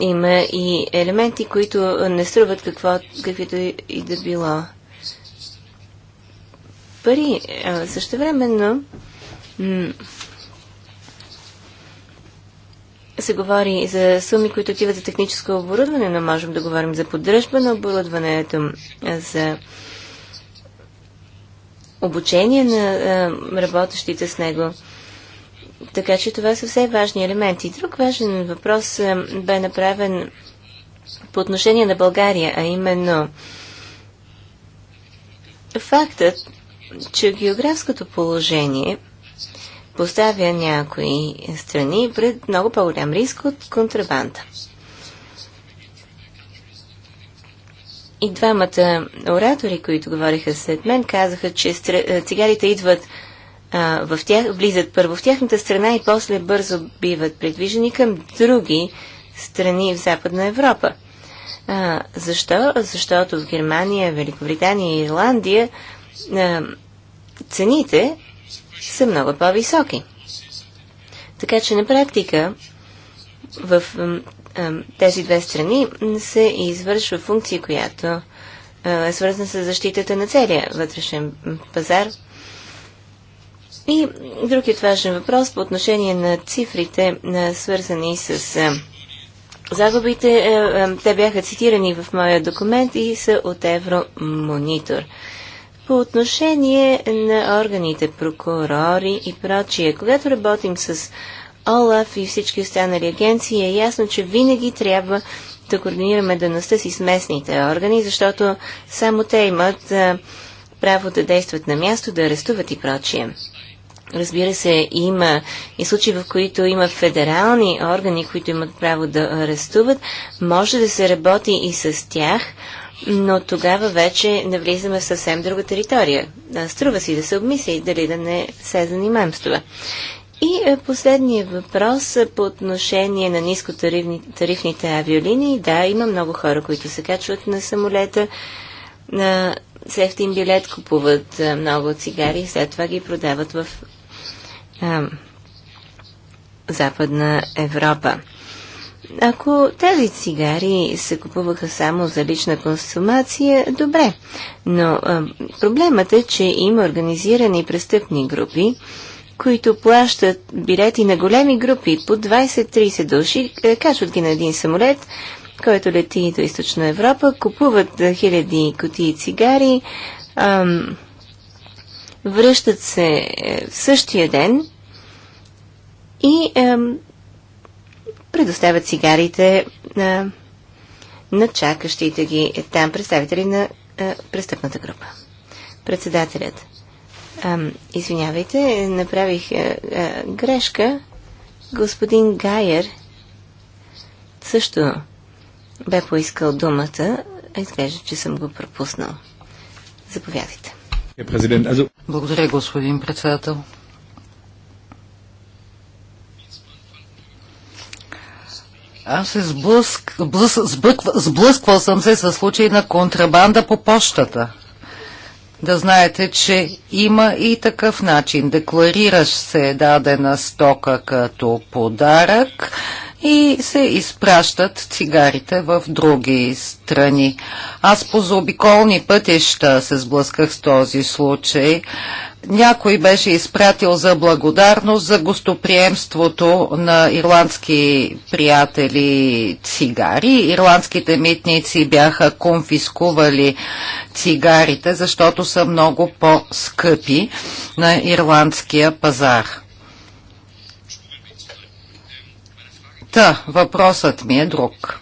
Има и елементи, които е, не струват какво, каквито и да било пари. Също времено се говори за суми, които отиват за техническо оборудване, но можем да говорим за поддръжба на оборудването, за обучение на е, работещите с него. Така че това са все важни елементи. Друг важен въпрос е, бе направен по отношение на България, а именно фактът, че географското положение поставя някои страни пред много по-голям риск от контрабанда. И двамата оратори, които говориха след мен, казаха, че е, цигарите идват а, в тях, влизат първо в тяхната страна и после бързо биват предвижени към други страни в Западна Европа. А, защо? Защото в Германия, Великобритания и Ирландия а, цените са много по-високи. Така че на практика в е, тези две страни се извършва функция, която е, е свързана с защитата на целия вътрешен пазар. И другият е важен въпрос по отношение на цифрите, свързани с загубите, те бяха цитирани в моя документ и са от Евромонитор. По отношение на органите, прокурори и прочие, когато работим с ОЛАФ и всички останали агенции, е ясно, че винаги трябва да координираме дъността си с местните органи, защото само те имат а, право да действат на място, да арестуват и прочие. Разбира се, има и случаи, в които има федерални органи, които имат право да арестуват. Може да се работи и с тях, но тогава вече навлизаме в съвсем друга територия. Струва си да се обмисли дали да не се занимаем с това. И е, последния въпрос е, по отношение на нискотарифните авиолинии. Да, има много хора, които се качват на самолета. На сефтин билет купуват е, много цигари и след това ги продават в а, Западна Европа. Ако тези цигари се купуваха само за лична консумация, добре. Но а, проблемът е, че има организирани престъпни групи, които плащат билети на големи групи по 20-30 души, е, качват ги на един самолет, който лети до източна Европа, купуват е, хиляди кутии цигари, ам, връщат се е, в същия ден и ам, предоставят цигарите на, на чакащите ги там представители на а, престъпната група. Председателят. Ам, извинявайте, направих а, е, а, е, грешка. Господин Гайер също бе поискал думата. Изглежда, че съм го пропуснал. Заповядайте. Благодаря, господин председател. Аз се сблъсквал съм се със случай на контрабанда по почтата да знаете, че има и такъв начин. Декларираш се дадена стока като подарък и се изпращат цигарите в други страни. Аз по заобиколни пътища се сблъсках с този случай някой беше изпратил за благодарност за гостоприемството на ирландски приятели цигари. Ирландските митници бяха конфискували цигарите, защото са много по-скъпи на ирландския пазар. Та, въпросът ми е друг.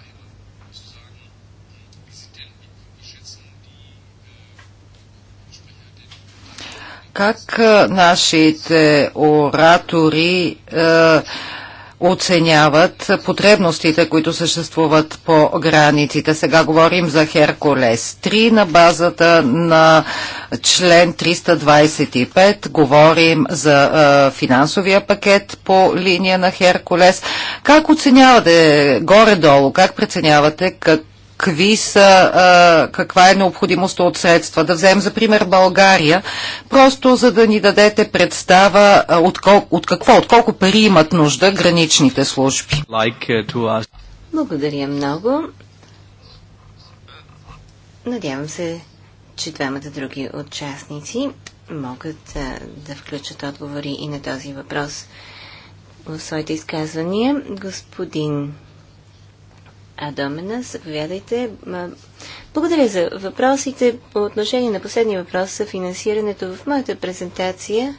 как нашите оратори е, оценяват потребностите, които съществуват по границите. Сега говорим за Херкулес 3 на базата на член 325. Говорим за е, финансовия пакет по линия на Херкулес. Как оценявате горе-долу, как преценявате като какви са, а, каква е необходимост от средства. Да вземем за пример България, просто за да ни дадете представа а, от, кол, от какво, от колко пари имат нужда граничните служби. Like uh, Благодаря много. Надявам се, че двамата други участници могат а, да включат отговори и на този въпрос в своите изказвания. Господин Адомена. Заповядайте. Благодаря за въпросите. По отношение на последния въпрос за финансирането в моята презентация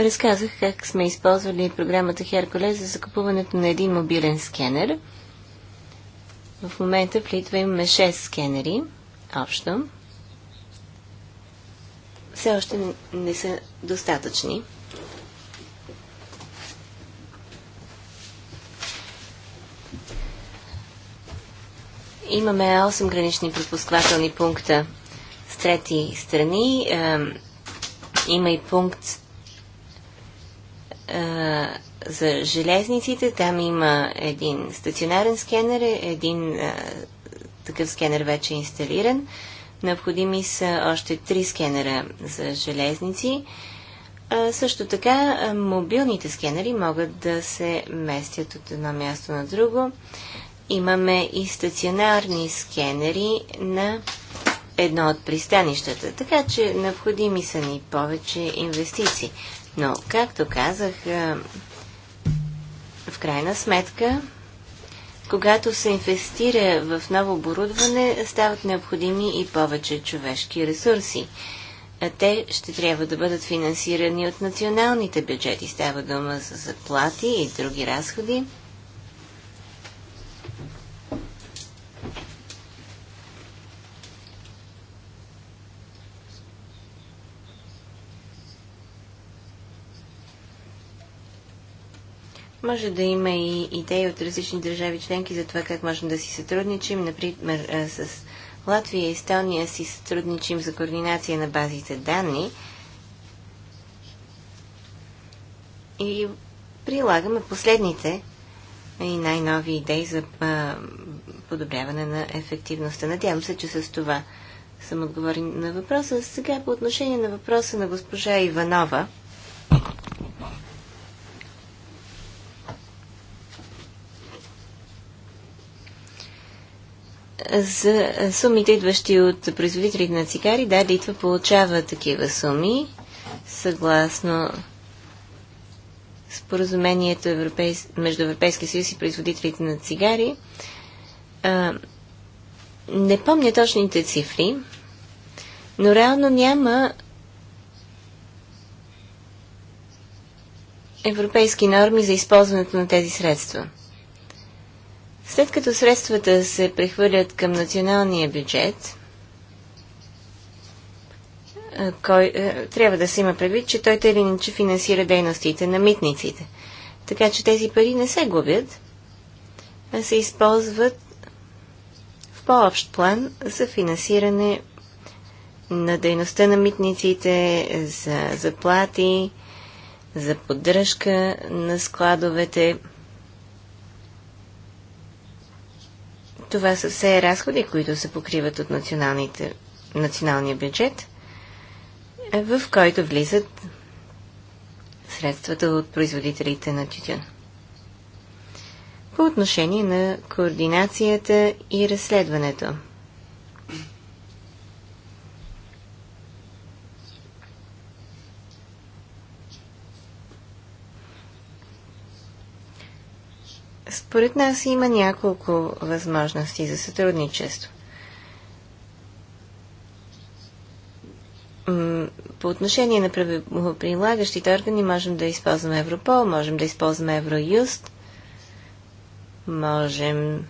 разказах как сме използвали програмата Херкулес за закупуването на един мобилен скенер. В момента в Литва имаме 6 скенери общо. Все още не са достатъчни. имаме 8 гранични пропусквателни пункта с трети страни. има и пункт за железниците. Там има един стационарен скенер, един такъв скенер вече е инсталиран. Необходими са още три скенера за железници. също така, мобилните скенери могат да се местят от едно място на друго имаме и стационарни скенери на едно от пристанищата, така че необходими са ни повече инвестиции. Но, както казах, в крайна сметка, когато се инвестира в ново оборудване, стават необходими и повече човешки ресурси. А те ще трябва да бъдат финансирани от националните бюджети. Става дума за заплати и други разходи. Може да има и идеи от различни държави членки за това как можем да си сътрудничим. Например, с Латвия и Естония си сътрудничим за координация на базите данни и прилагаме последните и най-нови идеи за подобряване на ефективността. Надявам се, че с това съм отговорен на въпроса. Сега по отношение на въпроса на госпожа Иванова за сумите, идващи от производителите на цигари. Да, Литва получава такива суми, съгласно споразумението Европейс... между Европейския съюз и производителите на цигари. А, не помня точните цифри, но реално няма европейски норми за използването на тези средства. След като средствата се прехвърлят към националния бюджет, кой, трябва да се има предвид, че той тъй иначе финансира дейностите на митниците. Така че тези пари не се губят, а се използват в по-общ план за финансиране на дейността на митниците, за заплати, за поддръжка на складовете – Това са все разходи, които се покриват от националния бюджет, в който влизат средствата от производителите на тютюн. По отношение на координацията и разследването – Според нас има няколко възможности за сътрудничество. По отношение на правоприлагащите органи можем да използваме Европол, можем да използваме Евроюст, можем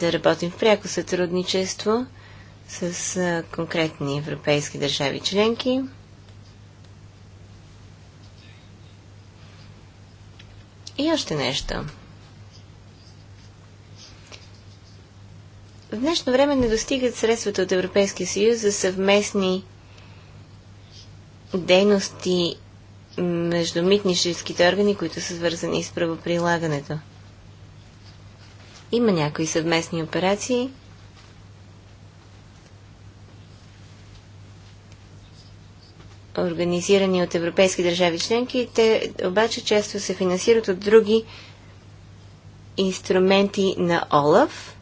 да работим в пряко сътрудничество с конкретни европейски държави членки. И още нещо – В днешно време не достигат средствата от Европейския съюз за съвместни дейности между митническите органи, които са свързани с правоприлагането. Има някои съвместни операции. организирани от европейски държави членки, те обаче често се финансират от други инструменти на ОЛАФ,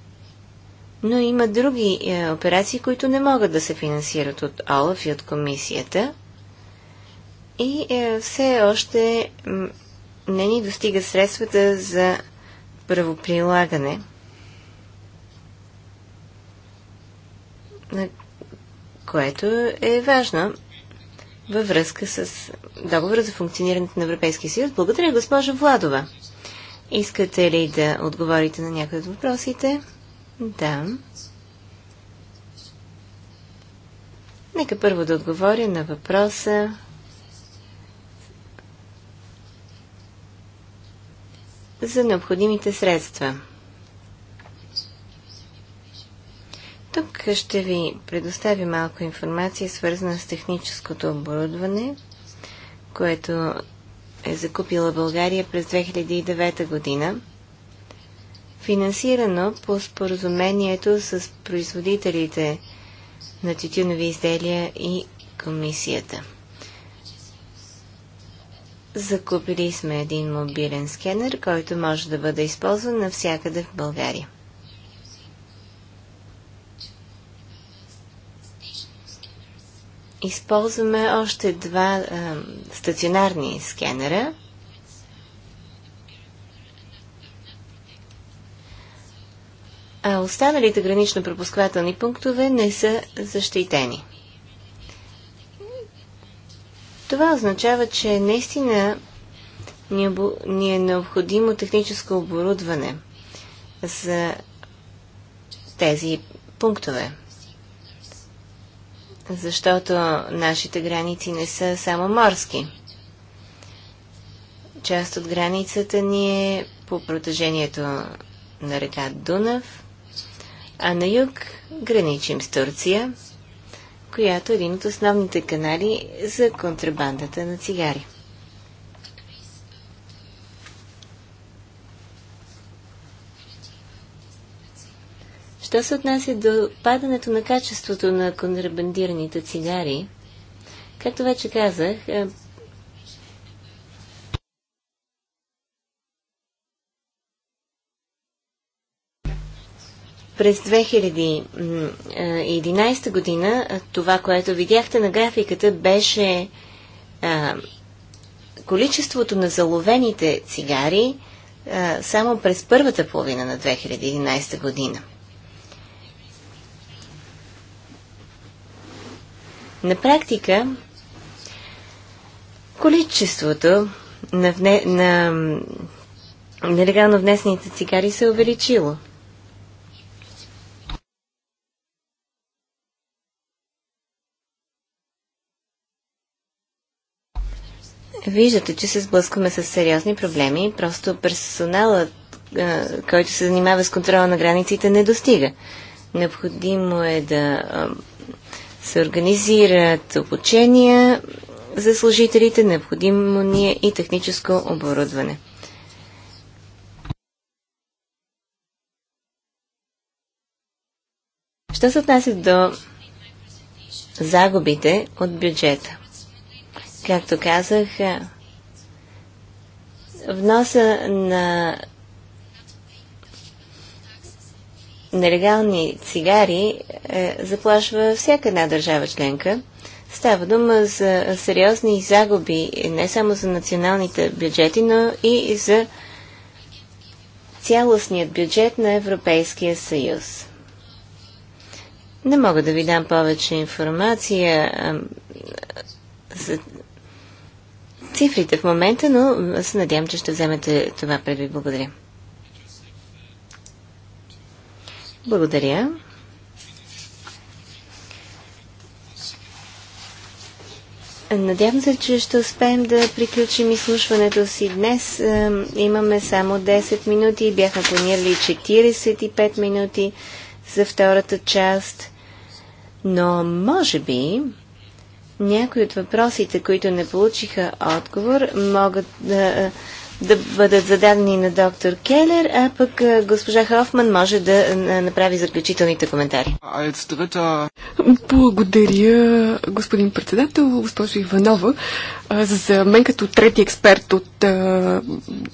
но има други е, операции, които не могат да се финансират от ОЛАФ и от комисията. И е, все още не ни достига средствата за правоприлагане. Което е важно във връзка с договора за функционирането на Европейския съюз. Благодаря, госпожа Владова. Искате ли да отговорите на някои от въпросите? Да. Нека първо да отговоря на въпроса за необходимите средства. Тук ще ви предоставя малко информация, свързана с техническото оборудване, което е закупила България през 2009 година финансирано по споразумението с производителите на тютюнови изделия и комисията. Закупили сме един мобилен скенер, който може да бъде използван навсякъде в България. Използваме още два а, стационарни скенера – а останалите гранично пропусквателни пунктове не са защитени. Това означава, че наистина ни е необходимо техническо оборудване за тези пунктове. Защото нашите граници не са само морски. Част от границата ни е по протежението на река Дунав, а на юг граничим с Турция, която е един от основните канали за контрабандата на цигари. Що се отнася до падането на качеството на контрабандираните цигари, както вече казах, През 2011 година това, което видяхте на графиката, беше а, количеството на заловените цигари а, само през първата половина на 2011 година. На практика количеството на, вне, на нелегално внесените цигари се е увеличило – Виждате, че се сблъскваме с сериозни проблеми. Просто персоналът, който се занимава с контрола на границите, не достига. Необходимо е да се организират обучения за служителите, необходимо ни е и техническо оборудване. Що се отнася до загубите от бюджета? Както казах, е, вноса на нелегални цигари е, заплашва всяка една държава членка. Става дума за сериозни загуби не само за националните бюджети, но и за цялостният бюджет на Европейския съюз. Не мога да ви дам повече информация за цифрите в момента, но се надявам, че ще вземете това предвид. Благодаря. Благодаря. Надявам се, че ще успеем да приключим изслушването си днес. Е, имаме само 10 минути. Бяхме планирали 45 минути за втората част. Но може би някои от въпросите, които не получиха отговор, могат да да бъдат зададени на доктор Келер, а пък госпожа Хофман може да направи заключителните коментари. Благодаря, господин председател, госпожо Иванова. За мен като трети експерт от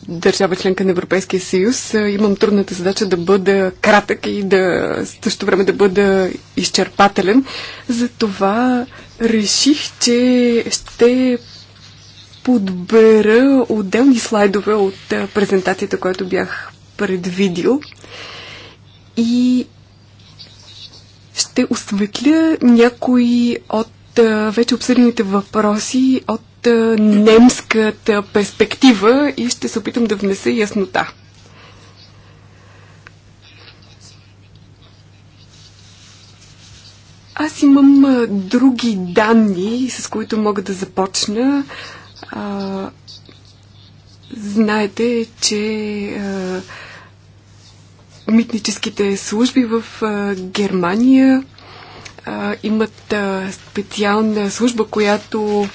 държава членка на Европейския съюз имам трудната задача да бъда кратък и да също време да бъда изчерпателен. Затова реших, че ще подбера отделни слайдове от презентацията, която бях предвидил. И ще осветля някои от вече обсъдените въпроси от немската перспектива и ще се опитам да внеса яснота. Аз имам други данни, с които мога да започна. А, знаете, че а, митническите служби в а, Германия а, имат а, специална служба, която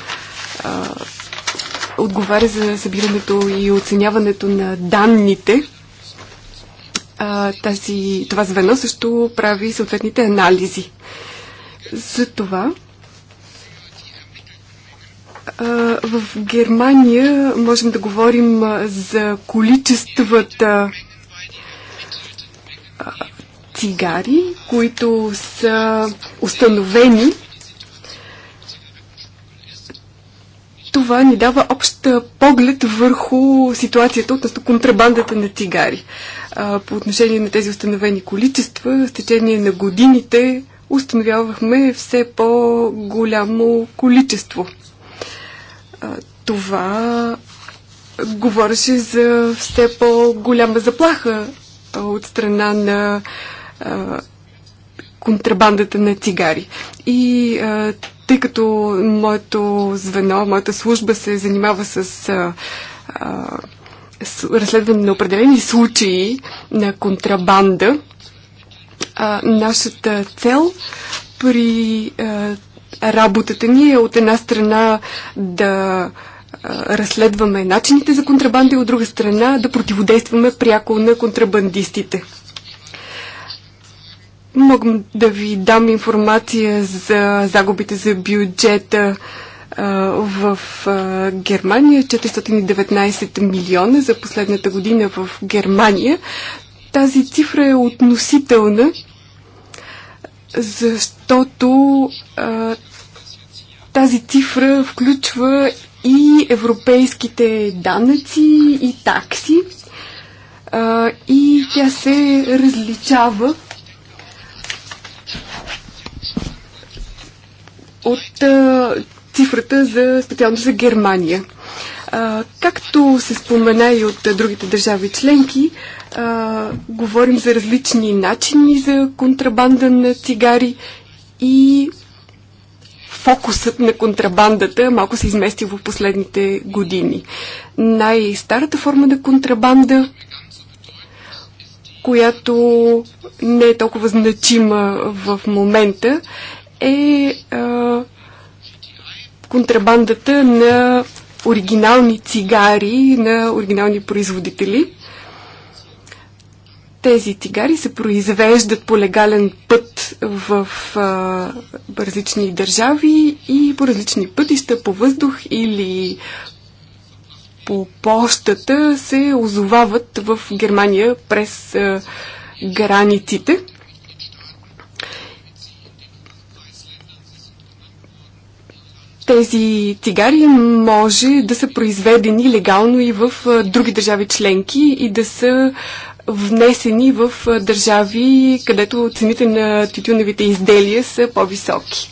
а, отговаря за събирането и оценяването на данните. А, тази, това звено също прави съответните анализи. За това в Германия можем да говорим за количествата цигари, които са установени. Това ни дава общ поглед върху ситуацията относно контрабандата на цигари. По отношение на тези установени количества, с течение на годините установявахме все по-голямо количество това говореше за все по-голяма заплаха от страна на контрабандата на цигари. И тъй като моето звено, моята служба се занимава с, а, с разследване на определени случаи на контрабанда, а, нашата цел при а, работата ни е от една страна да разследваме начините за контрабанда и от друга страна да противодействаме пряко на контрабандистите. Мога да ви дам информация за загубите за бюджета в Германия 419 милиона за последната година в Германия. Тази цифра е относителна, защото тази цифра включва и европейските данъци и такси и тя се различава от а, цифрата за, специално за Германия. А, както се спомена и от а, другите държави членки, а, говорим за различни начини за контрабанда на цигари и фокусът на контрабандата малко се измести в последните години. Най-старата форма на контрабанда, която не е толкова значима в момента, е а, контрабандата на оригинални цигари, на оригинални производители – тези цигари се произвеждат по легален път в а, различни държави и по различни пътища, по въздух или по почтата се озовават в Германия през а, границите. Тези цигари може да са произведени легално и в а, други държави членки и да са внесени в държави, където цените на тютюневите изделия са по-високи.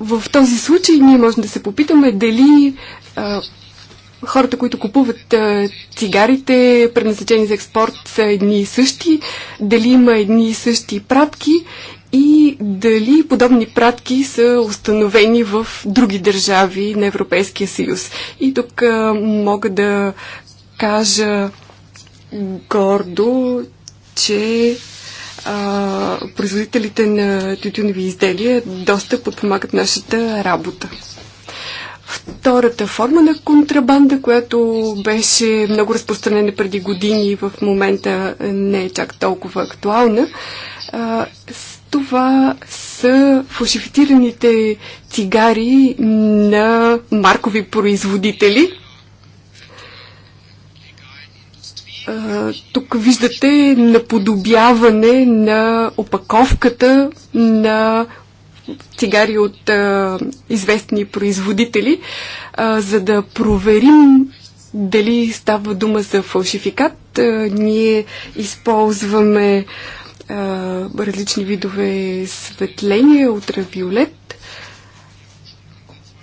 В този случай ние можем да се попитаме дали а, хората, които купуват а, цигарите, предназначени за експорт, са едни и същи, дали има едни и същи пратки и дали подобни пратки са установени в други държави на Европейския съюз. И тук а, мога да кажа гордо, че а, производителите на тютюнови изделия доста подпомагат нашата работа. Втората форма на контрабанда, която беше много разпространена преди години и в момента не е чак толкова актуална, а, това са фалшифицираните цигари на маркови производители тук виждате наподобяване на опаковката на цигари от а, известни производители, а, за да проверим дали става дума за фалшификат. А, ние използваме а, различни видове светление, ултравиолет,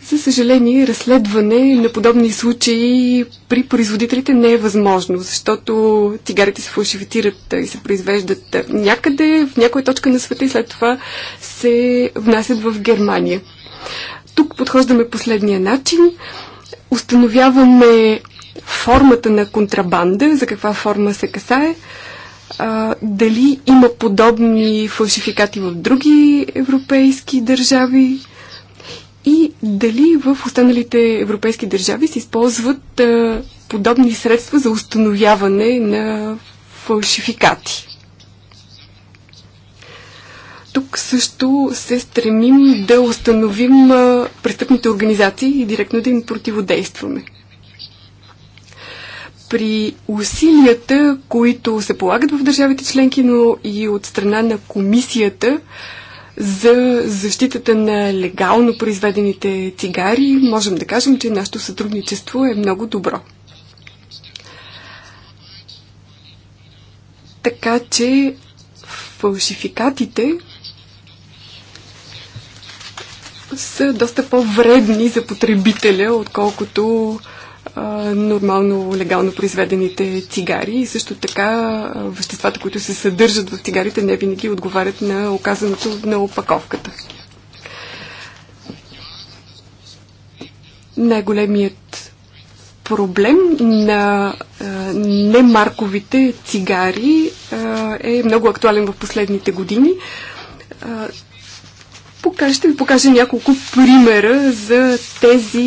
за съжаление, разследване на подобни случаи при производителите не е възможно, защото цигарите се фалшифицират и се произвеждат някъде, в някоя точка на света и след това се внасят в Германия. Тук подхождаме последния начин. Установяваме формата на контрабанда, за каква форма се касае, а, дали има подобни фалшификати в други европейски държави, и дали в останалите европейски държави се използват а, подобни средства за установяване на фалшификати. Тук също се стремим да установим престъпните организации и директно да им противодействаме. При усилията, които се полагат в държавите членки, но и от страна на комисията, а, за защитата на легално произведените цигари, можем да кажем, че нашето сътрудничество е много добро. Така че фалшификатите са доста по-вредни за потребителя, отколкото нормално, легално произведените цигари и също така веществата, които се съдържат в цигарите, не винаги отговарят на оказаното на опаковката. Най-големият проблем на а, немарковите цигари а, е много актуален в последните години. А, Пока ще ви покажа няколко примера за тези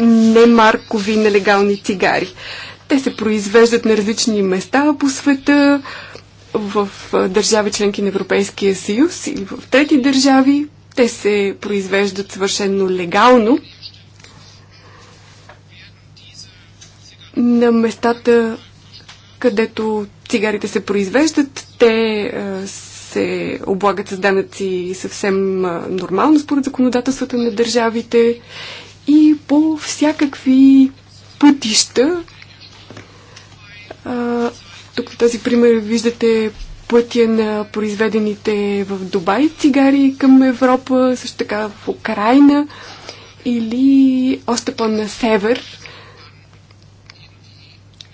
немаркови нелегални цигари. Те се произвеждат на различни места по света, в държави членки на Европейския съюз и в трети държави. Те се произвеждат съвършенно легално. На местата, където цигарите се произвеждат, те се облагат с данъци съвсем нормално според законодателството на държавите и по всякакви пътища. А, тук в този пример виждате пътя на произведените в Дубай цигари към Европа, също така в Украина или още по-на север.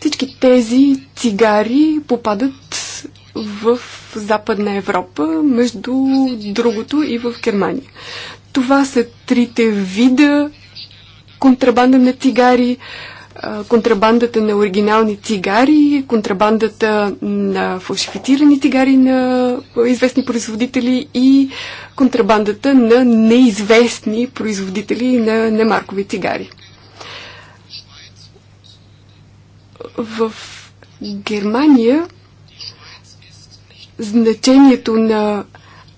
Всички тези цигари попадат в Западна Европа, между другото и в Германия. Това са трите вида контрабанда на цигари, контрабандата на оригинални цигари, контрабандата на фалшифицирани цигари на известни производители и контрабандата на неизвестни производители на немаркови цигари. В Германия значението на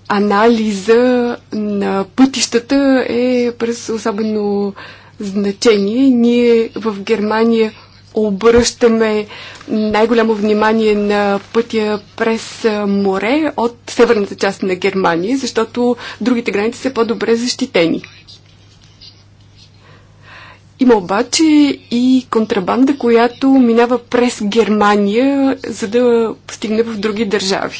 анализа на пътищата е през особено значение. Ние в Германия обръщаме най-голямо внимание на пътя през море от северната част на Германия, защото другите граници са по-добре защитени. Има обаче и контрабанда, която минава през Германия, за да стигне в други държави.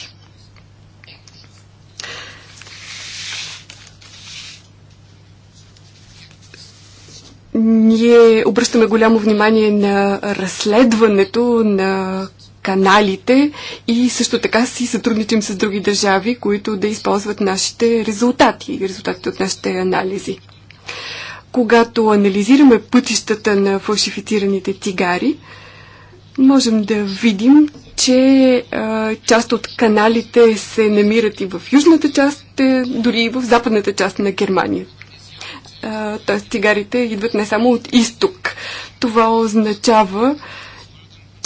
Ние обръщаме голямо внимание на разследването на каналите и също така си сътрудничим с други държави, които да използват нашите резултати и резултатите от нашите анализи когато анализираме пътищата на фалшифицираните цигари, можем да видим, че а, част от каналите се намират и в южната част, е, дори и в западната част на Германия. Т.е. цигарите идват не само от изток. Това означава,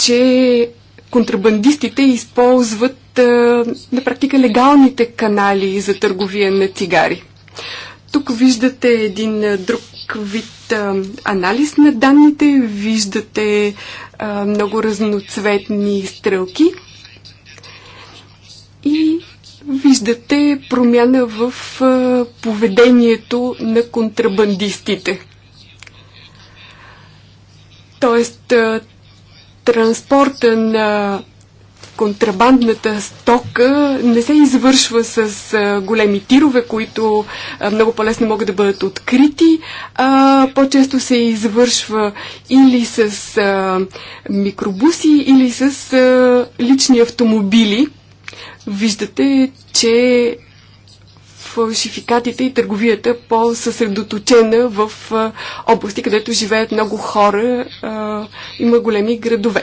че контрабандистите използват а, на практика легалните канали за търговия на цигари. Тук виждате един друг вид а, анализ на данните, виждате а, много разноцветни стрелки и виждате промяна в а, поведението на контрабандистите. Тоест, транспорта на контрабандната стока не се извършва с а, големи тирове, които а, много по-лесно могат да бъдат открити, а по-често се извършва или с а, микробуси, или с а, лични автомобили. Виждате, че фалшификатите и търговията по-съсредоточена в а, области, където живеят много хора, а, има големи градове.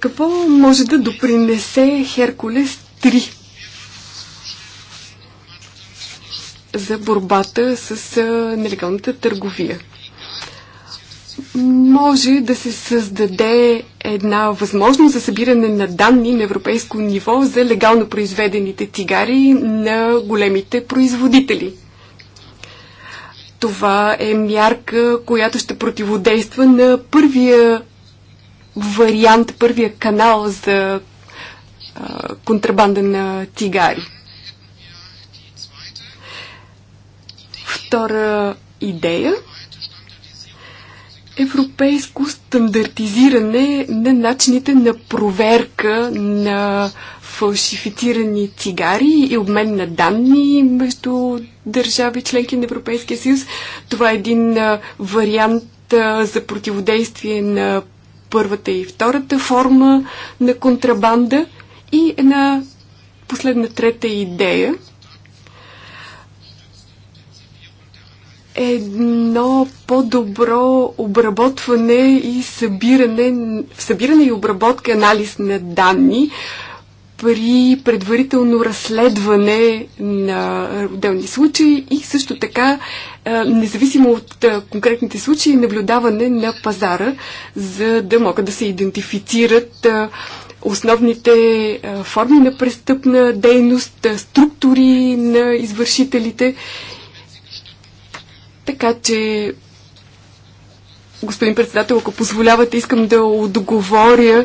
Какво може да допринесе Херкулес 3 за борбата с нелегалната търговия? може да се създаде една възможност за събиране на данни на европейско ниво за легално произведените цигари на големите производители. Това е мярка, която ще противодейства на първия вариант, първия канал за а, контрабанда на цигари. Втора идея европейско стандартизиране на начините на проверка на фалшифицирани цигари и обмен на данни между държави членки на Европейския съюз. Това е един вариант за противодействие на първата и втората форма на контрабанда и една последна трета идея. Едно по-добро обработване и събиране, събиране и обработка, анализ на данни при предварително разследване на отделни случаи и също така е, независимо от е, конкретните случаи, наблюдаване на пазара, за да могат да се идентифицират е, основните форми на престъпна дейност, структури на извършителите. Така че, господин председател, ако позволявате, искам да отговоря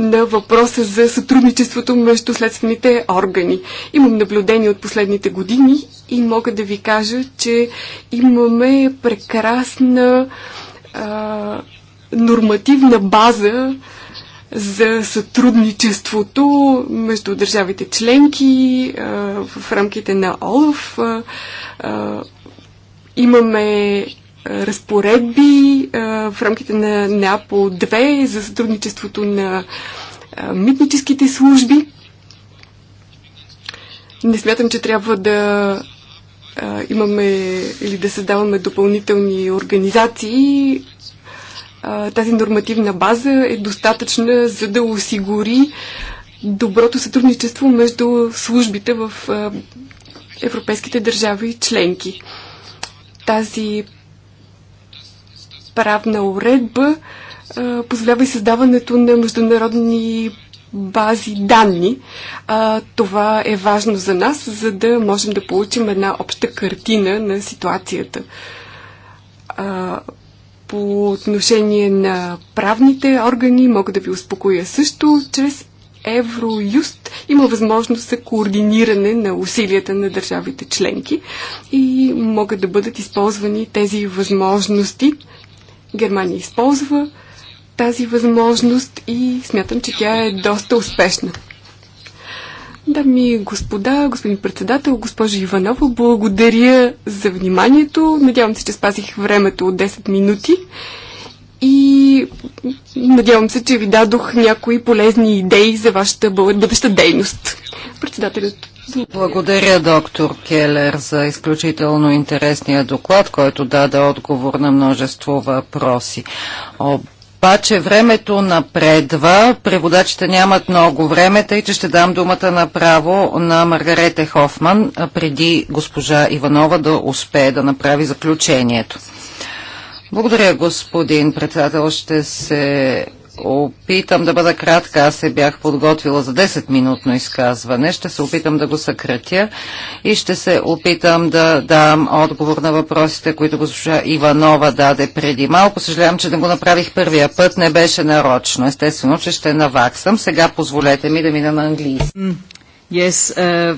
на въпроса за сътрудничеството между следствените органи. Имам наблюдение от последните години и мога да ви кажа, че имаме прекрасна а, нормативна база за сътрудничеството между държавите членки а, в рамките на ОЛОВ. А, а, имаме разпоредби в рамките на НАПО 2 за сътрудничеството на митническите служби. Не смятам, че трябва да имаме или да създаваме допълнителни организации. Тази нормативна база е достатъчна, за да осигури доброто сътрудничество между службите в европейските държави и членки. Тази правна уредба а, позволява и създаването на международни бази данни. А, това е важно за нас, за да можем да получим една обща картина на ситуацията. А, по отношение на правните органи мога да ви успокоя също, чрез Евроюст има възможност за координиране на усилията на държавите членки и могат да бъдат използвани тези възможности Германия използва тази възможност и смятам, че тя е доста успешна. Дами и господа, господин председател, госпожа Иванова, благодаря за вниманието. Надявам се, че спасих времето от 10 минути и надявам се, че ви дадох някои полезни идеи за вашата бъдеща дейност. Председателят благодаря, доктор Келер, за изключително интересния доклад, който даде отговор на множество въпроси. Обаче времето напредва, преводачите нямат много време, тъй че ще дам думата направо на Маргарете Хофман, преди госпожа Иванова да успее да направи заключението. Благодаря, господин председател. Ще се опитам да бъда кратка. Аз се бях подготвила за 10-минутно изказване. Ще се опитам да го съкратя и ще се опитам да дам отговор на въпросите, които госпожа Иванова даде преди малко. Съжалявам, че не го направих първия път. Не беше нарочно. Естествено, че ще наваксам. Сега позволете ми да мина на английски. Yes, uh...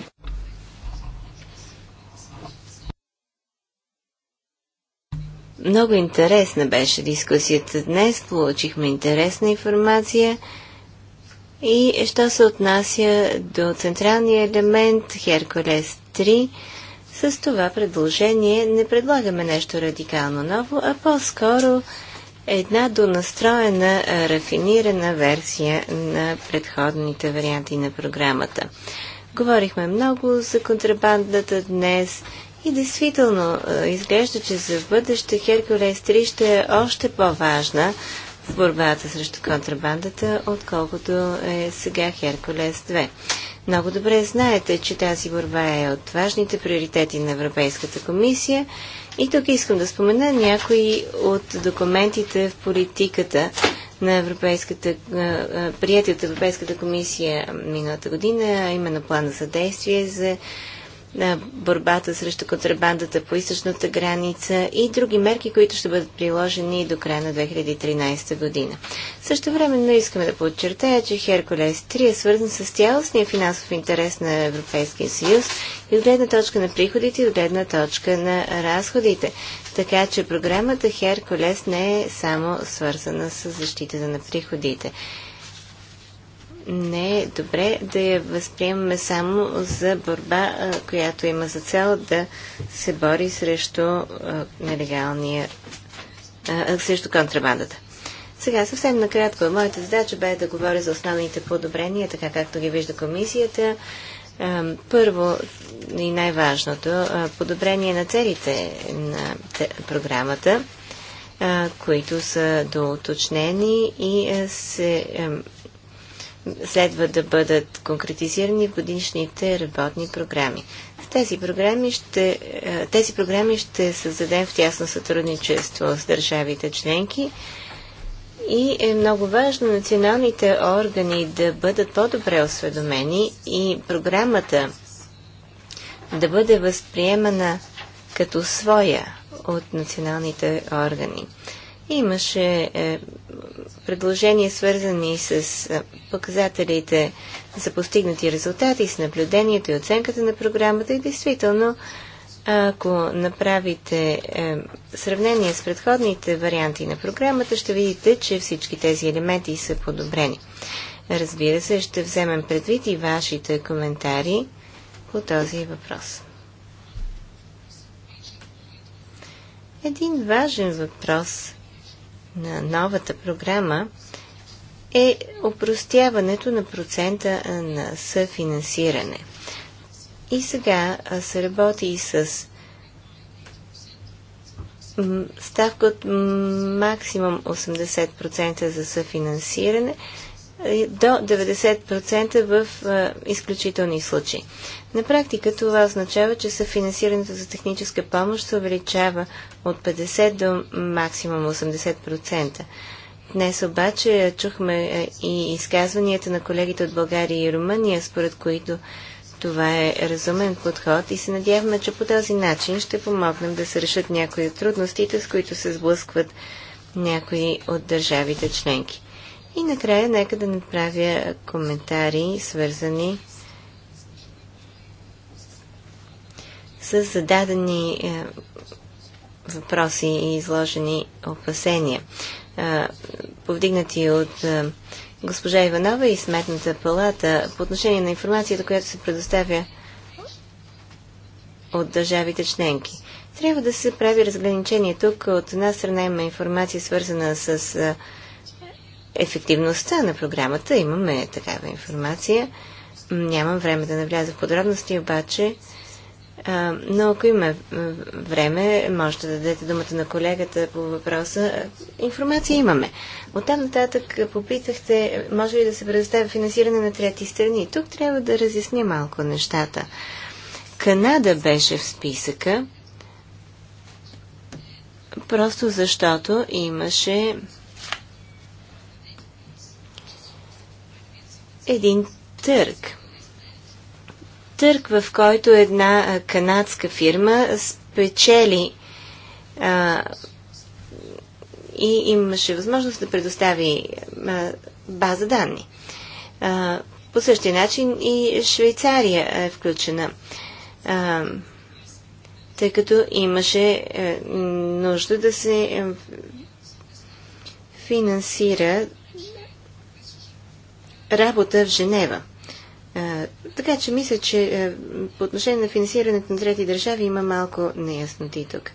Много интересна беше дискусията днес, получихме интересна информация. И що се отнася до централния елемент Херкулес 3, с това предложение не предлагаме нещо радикално ново, а по-скоро една донастроена, рафинирана версия на предходните варианти на програмата. Говорихме много за контрабандата днес и действително, е, изглежда, че за бъдеще Херкулес 3 ще е още по-важна в борбата срещу контрабандата, отколкото е сега Херкулес 2. Много добре знаете, че тази борба е от важните приоритети на Европейската комисия и тук искам да спомена някои от документите в политиката на Европейската, е, е, прияти от Европейската комисия миналата година, а именно плана за действие за на борбата срещу контрабандата по източната граница и други мерки, които ще бъдат приложени до края на 2013 година. Също времено искаме да подчертая, че Херкулес 3 е свързан с цялостния финансов интерес на Европейския съюз и от гледна точка на приходите и от гледна точка на разходите. Така че програмата Херкулес не е само свързана с защитата на приходите не е добре да я възприемаме само за борба, която има за цел да се бори срещу нелегалния, срещу контрабандата. Сега съвсем накратко. Моята задача бе да говоря за основните подобрения, така както ги вижда комисията. Първо и най-важното подобрение на целите на програмата, които са доуточнени и се следва да бъдат конкретизирани годишните работни програми. В тези програми ще, е, тези програми ще създадем в тясно сътрудничество с държавите членки и е много важно националните органи да бъдат по-добре осведомени и програмата да бъде възприемана като своя от националните органи. Имаше е, предложения, свързани с е, показателите за постигнати резултати, с наблюдението и оценката на програмата и действително, ако направите е, сравнение с предходните варианти на програмата, ще видите, че всички тези елементи са подобрени. Разбира се, ще вземем предвид и вашите коментари по този въпрос. Един важен въпрос на новата програма е опростяването на процента на съфинансиране. И сега се работи и с ставка от максимум 80% за съфинансиране – е, до 90% в а, е, изключителни случаи. На практика това означава, че съфинансирането за техническа помощ се увеличава от 50 до максимум 80%. Днес обаче е, чухме и изказванията на колегите от България и Румъния, според които това е разумен подход и се надяваме, че по този начин ще помогнем да се решат някои от трудностите, с които се сблъскват някои от държавите членки. И накрая нека да направя коментари, свързани с зададени е, въпроси и изложени опасения, е, повдигнати от е, госпожа Иванова и Сметната палата по отношение на информацията, която се предоставя от държавите членки. Трябва да се прави разграничение тук. От една страна има информация свързана с ефективността на програмата. Имаме такава информация. Нямам време да навляза в подробности, обаче, но ако има време, можете да дадете думата на колегата по въпроса. Информация имаме. От там нататък попитахте, може ли да се предоставя финансиране на трети страни. Тук трябва да разясня малко нещата. Канада беше в списъка, просто защото имаше един търг. Търг, в който една канадска фирма спечели а, и имаше възможност да предостави а, база данни. А, по същия начин и Швейцария е включена, а, тъй като имаше а, е, нужда да се а, е, финансира работа в Женева. така че мисля, че по отношение на финансирането на трети държави има малко неясноти тук.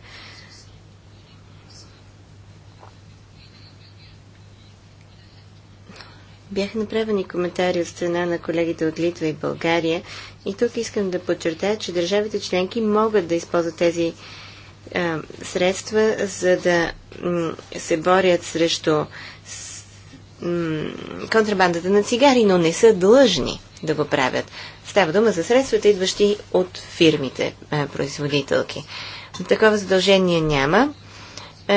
Бяха направени коментари от страна на колегите от Литва и България и тук искам да подчертая, че държавите членки могат да използват тези средства, за да се борят срещу контрабандата на цигари, но не са длъжни да го правят. Става дума за средствата, идващи от фирмите е, производителки. Такова задължение няма. Е,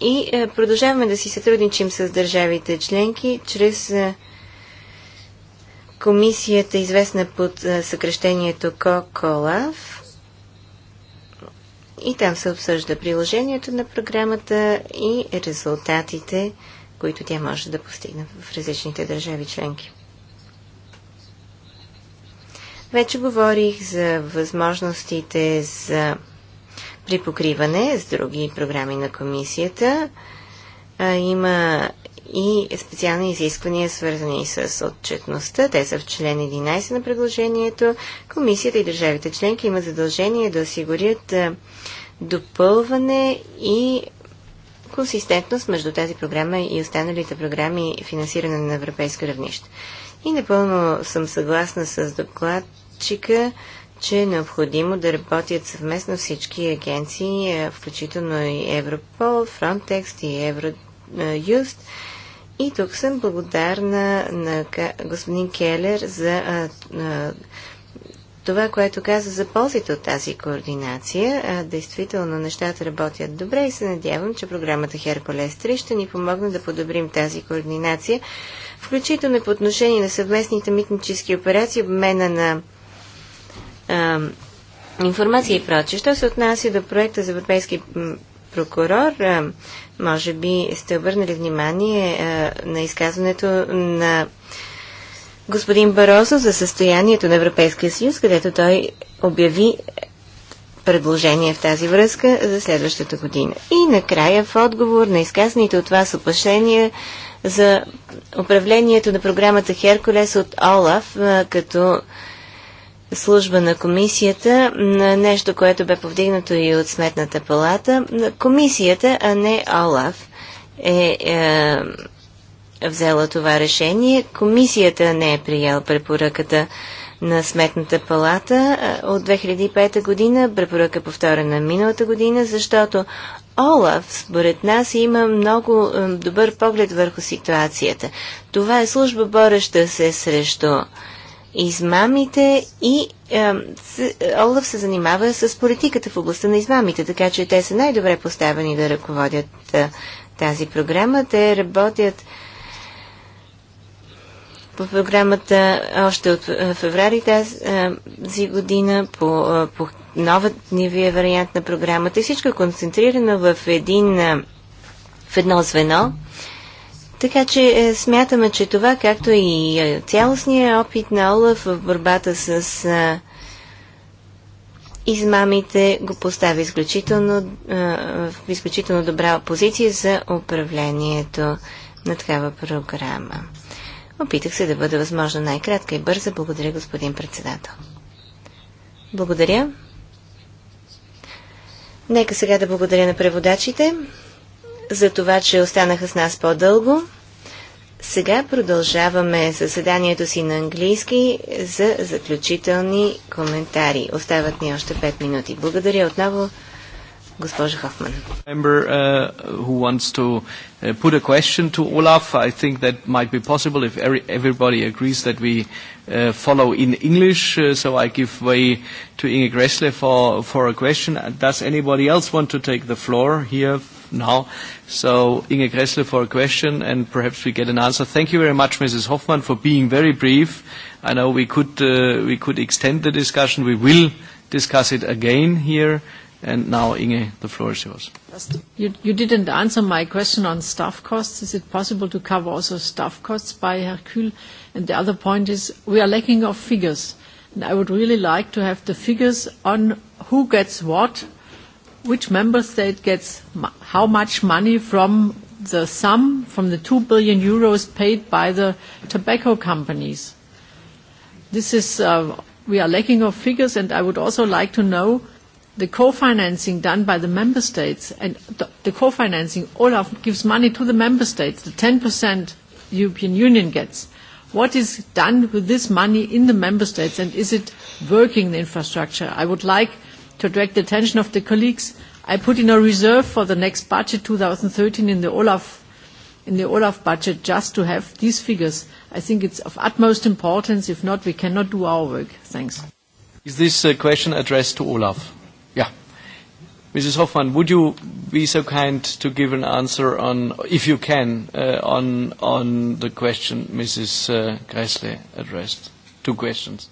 и е, продължаваме да си сътрудничим с държавите членки чрез комисията, известна под съкрещението КОКОЛАВ и там се обсъжда приложението на програмата и резултатите, които тя може да постигне в различните държави членки. Вече говорих за възможностите за припокриване с други програми на комисията. Има и специални изисквания, свързани с отчетността. Те са в член 11 на предложението. Комисията и държавите членки имат задължение да осигурят допълване и консистентност между тази програма и останалите програми, финансиране на европейско равнище. И напълно съм съгласна с докладчика, че е необходимо да работят съвместно всички агенции, включително и Европол, Frontex и Евроюст. И тук съм благодарна на господин Келер за това, което каза за ползите от тази координация. А, действително нещата работят добре и се надявам, че програмата Херкулес 3 ще ни помогне да подобрим тази координация, включително по отношение на съвместните митнически операции, обмена на а, информация и прочее. Що се отнася до проекта за европейски прокурор, а, може би сте обърнали внимание а, на изказването на господин Барозо за състоянието на Европейския съюз, където той обяви предложение в тази връзка за следващата година. И накрая в отговор на изказаните от вас опашения за управлението на програмата Херкулес от ОЛАФ като служба на комисията, на нещо, което бе повдигнато и от Сметната палата. Комисията, а не ОЛАФ е, е е взела това решение. Комисията не е приела препоръката на Сметната палата от 2005 година, препоръка повторена миналата година, защото Олаф, според нас, има много добър поглед върху ситуацията. Това е служба, бореща се срещу измамите и е, Олаф се занимава с политиката в областта на измамите, така че те са най-добре поставени да ръководят е, тази програма. Те работят по програмата още от е, феврари е, тази година, по, е, по новът нивия вариант на програмата и всичко е концентрирано в, един, в едно звено. Така че смятаме, че това, както и цялостният опит на Олаф в борбата с измамите, го постави изключително, в изключително добра позиция за управлението на такава програма. Опитах се да бъда възможно най-кратка и бърза. Благодаря, господин председател. Благодаря. Нека сега да благодаря на преводачите за това, че останаха с нас по-дълго. Сега продължаваме заседанието си на английски за заключителни коментари. Остават ни още 5 минути. Благодаря отново. Госпожа Хафман. Member uh, who wants to uh, put a question to Olaf, I think that might be possible if every, everybody agrees that we uh, follow in English. Uh, so I give way to Inge Gressle for, for a question. Does anybody else want to take the floor here now. So Inge Gressle for a question, and perhaps we get an answer. Thank you very much, Mrs. Hoffman, for being very brief. I know we could uh we could extend the discussion. We will discuss it again here And now, Inge, the floor is yours. You, didn't answer my question on staff costs. Is it possible to cover also staff costs by Hercule? And the other point is we are lacking of figures. And I would really like to have the figures on who gets what, which member state gets how much money from the sum, from the 2 billion euros paid by the tobacco companies. This is, uh, we are lacking of figures, and I would also like to know the co-financing done by the member states and the, the co-financing, Olaf gives money to the member states, the 10% European Union gets. What is done with this money in the member states and is it working the infrastructure? I would like to direct the attention of the colleagues. I put in a reserve for the next budget 2013 in the Olaf in the Olaf budget just to have these figures. I think it's of utmost importance. If not, we cannot do our work. Thanks. Is this question addressed to Olaf? Yeah. Mrs. Hoffmann, would you be so kind to give an answer on, if you can, uh, on, on the question Mrs. Uh, Gressle addressed? Two questions.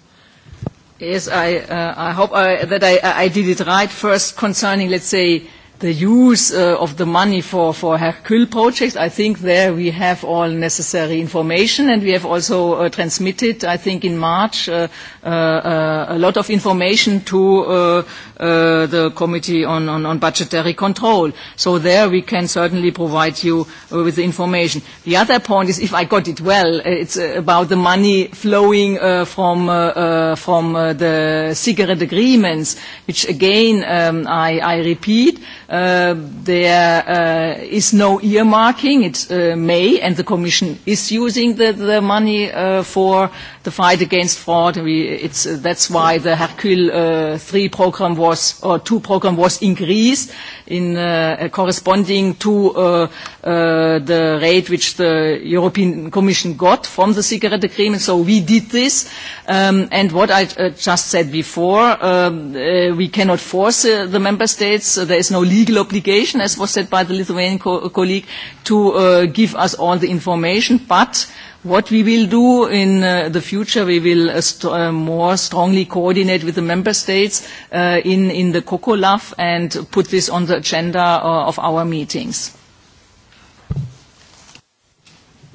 Yes, I, uh, I hope I, that I, I did it right. First, concerning, let's say, the use uh, of the money for, for Hercule projects. I think there we have all necessary information and we have also uh, transmitted, I think in March, uh, uh, uh, a lot of information to uh, the Committee on, on, on Budgetary Control. So there we can certainly provide you uh, with the information. The other point is, if I got it well, it's about the money flowing uh, from, uh, uh, from uh, the cigarette agreements, which again, um, I, I repeat, uh, there uh, is no earmarking. It's uh, May, and the Commission is using the, the money uh, for the fight against fraud. We, it's, uh, that's why the Hercule uh, 3 program was, or 2 program was increased in uh, corresponding to uh, uh, the rate which the European Commission got from the cigarette agreement. So we did this. Um, and what I uh, just said before, um, uh, we cannot force uh, the member states. Uh, there is no legal obligation, as was said by the Lithuanian co colleague, to uh, give us all the information. But What we will do in uh, the future, we will uh, st uh, more strongly coordinate with the member states uh, in, in the COCOLAF and put this on the agenda uh, of our meetings.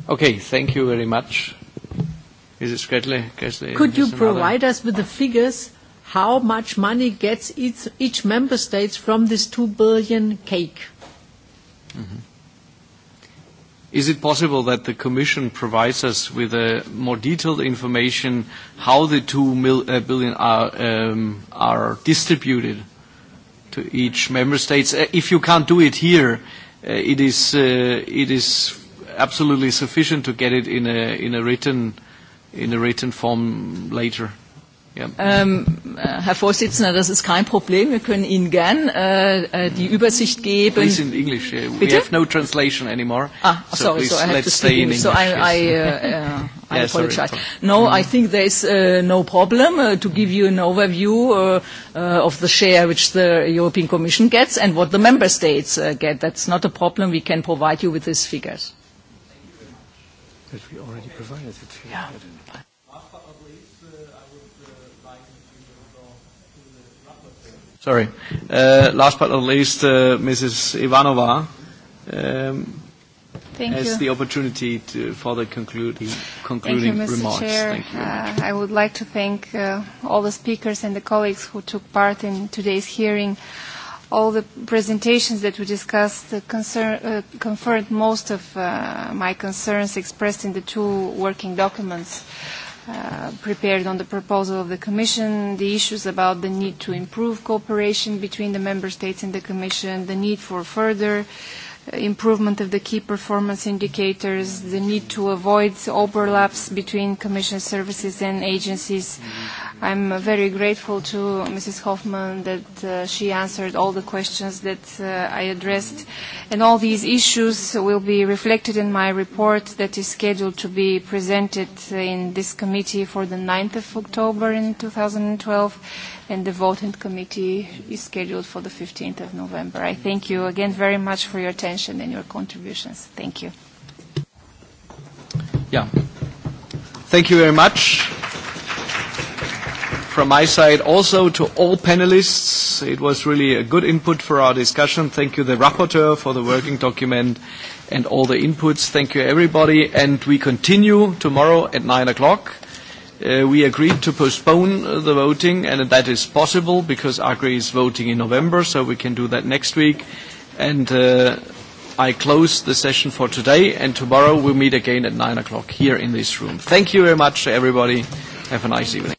Okay, thank you very much. Is it Gretle, Could you provide us with the figures how much money gets each, each member state from this two billion cake? Mm-hmm. Is it possible that the Commission provides us with more detailed information how the 2 billion are distributed to each member states? If you can't do it here, it is absolutely sufficient to get it in a written form later. Ähm, Herr Vorsitzender, das ist kein Problem. Wir können Ihnen gern äh, die Übersicht geben. Please in English. We have no translation anymore. Ah, so sorry. so I have to stay in English. So I, I, uh, I yeah, apologize. Sorry. No, I think there is uh, no problem uh, to give you an overview uh, uh, of the share which the European Commission gets and what the member states uh, get. That's not a problem. We can provide you with these figures. But we already provided it. Yeah. Sorry. Uh, last but not least, uh, Mrs. Ivanova. Um, Thank you. the opportunity to, for the concluding, concluding thank you, Mr. remarks. Chair. Thank you. Uh, I would like to thank uh, all the speakers and the colleagues who took part in today's hearing. All the presentations that we discussed concern, uh, confirmed most of uh, my concerns expressed in the two working documents. Uh, uh, prepared on the proposal of the Commission, the issues about the need to improve cooperation between the Member States and the Commission, the need for further uh, improvement of the key performance indicators, the need to avoid overlaps between commission services and agencies. I'm very grateful to Mrs. Hoffman that uh, she answered all the questions that uh, I addressed. And all these issues will be reflected in my report that is scheduled to be presented in this committee for the 9th of October in 2012 and the vote in committee is scheduled for the 15th of November. I thank you again very much for your attention and your contributions. Thank you. Yeah. Thank you very much. From my side also to all panelists, it was really a good input for our discussion. Thank you, the rapporteur, for the working document and all the inputs. Thank you, everybody. And we continue tomorrow at 9 o'clock we agreed to postpone the voting, and that is possible because Agri is voting in November, so we can do that next week. And I close the session for today, and tomorrow we'll meet again at nine o'clock here in this room. Thank you very much, everybody. Have a nice evening.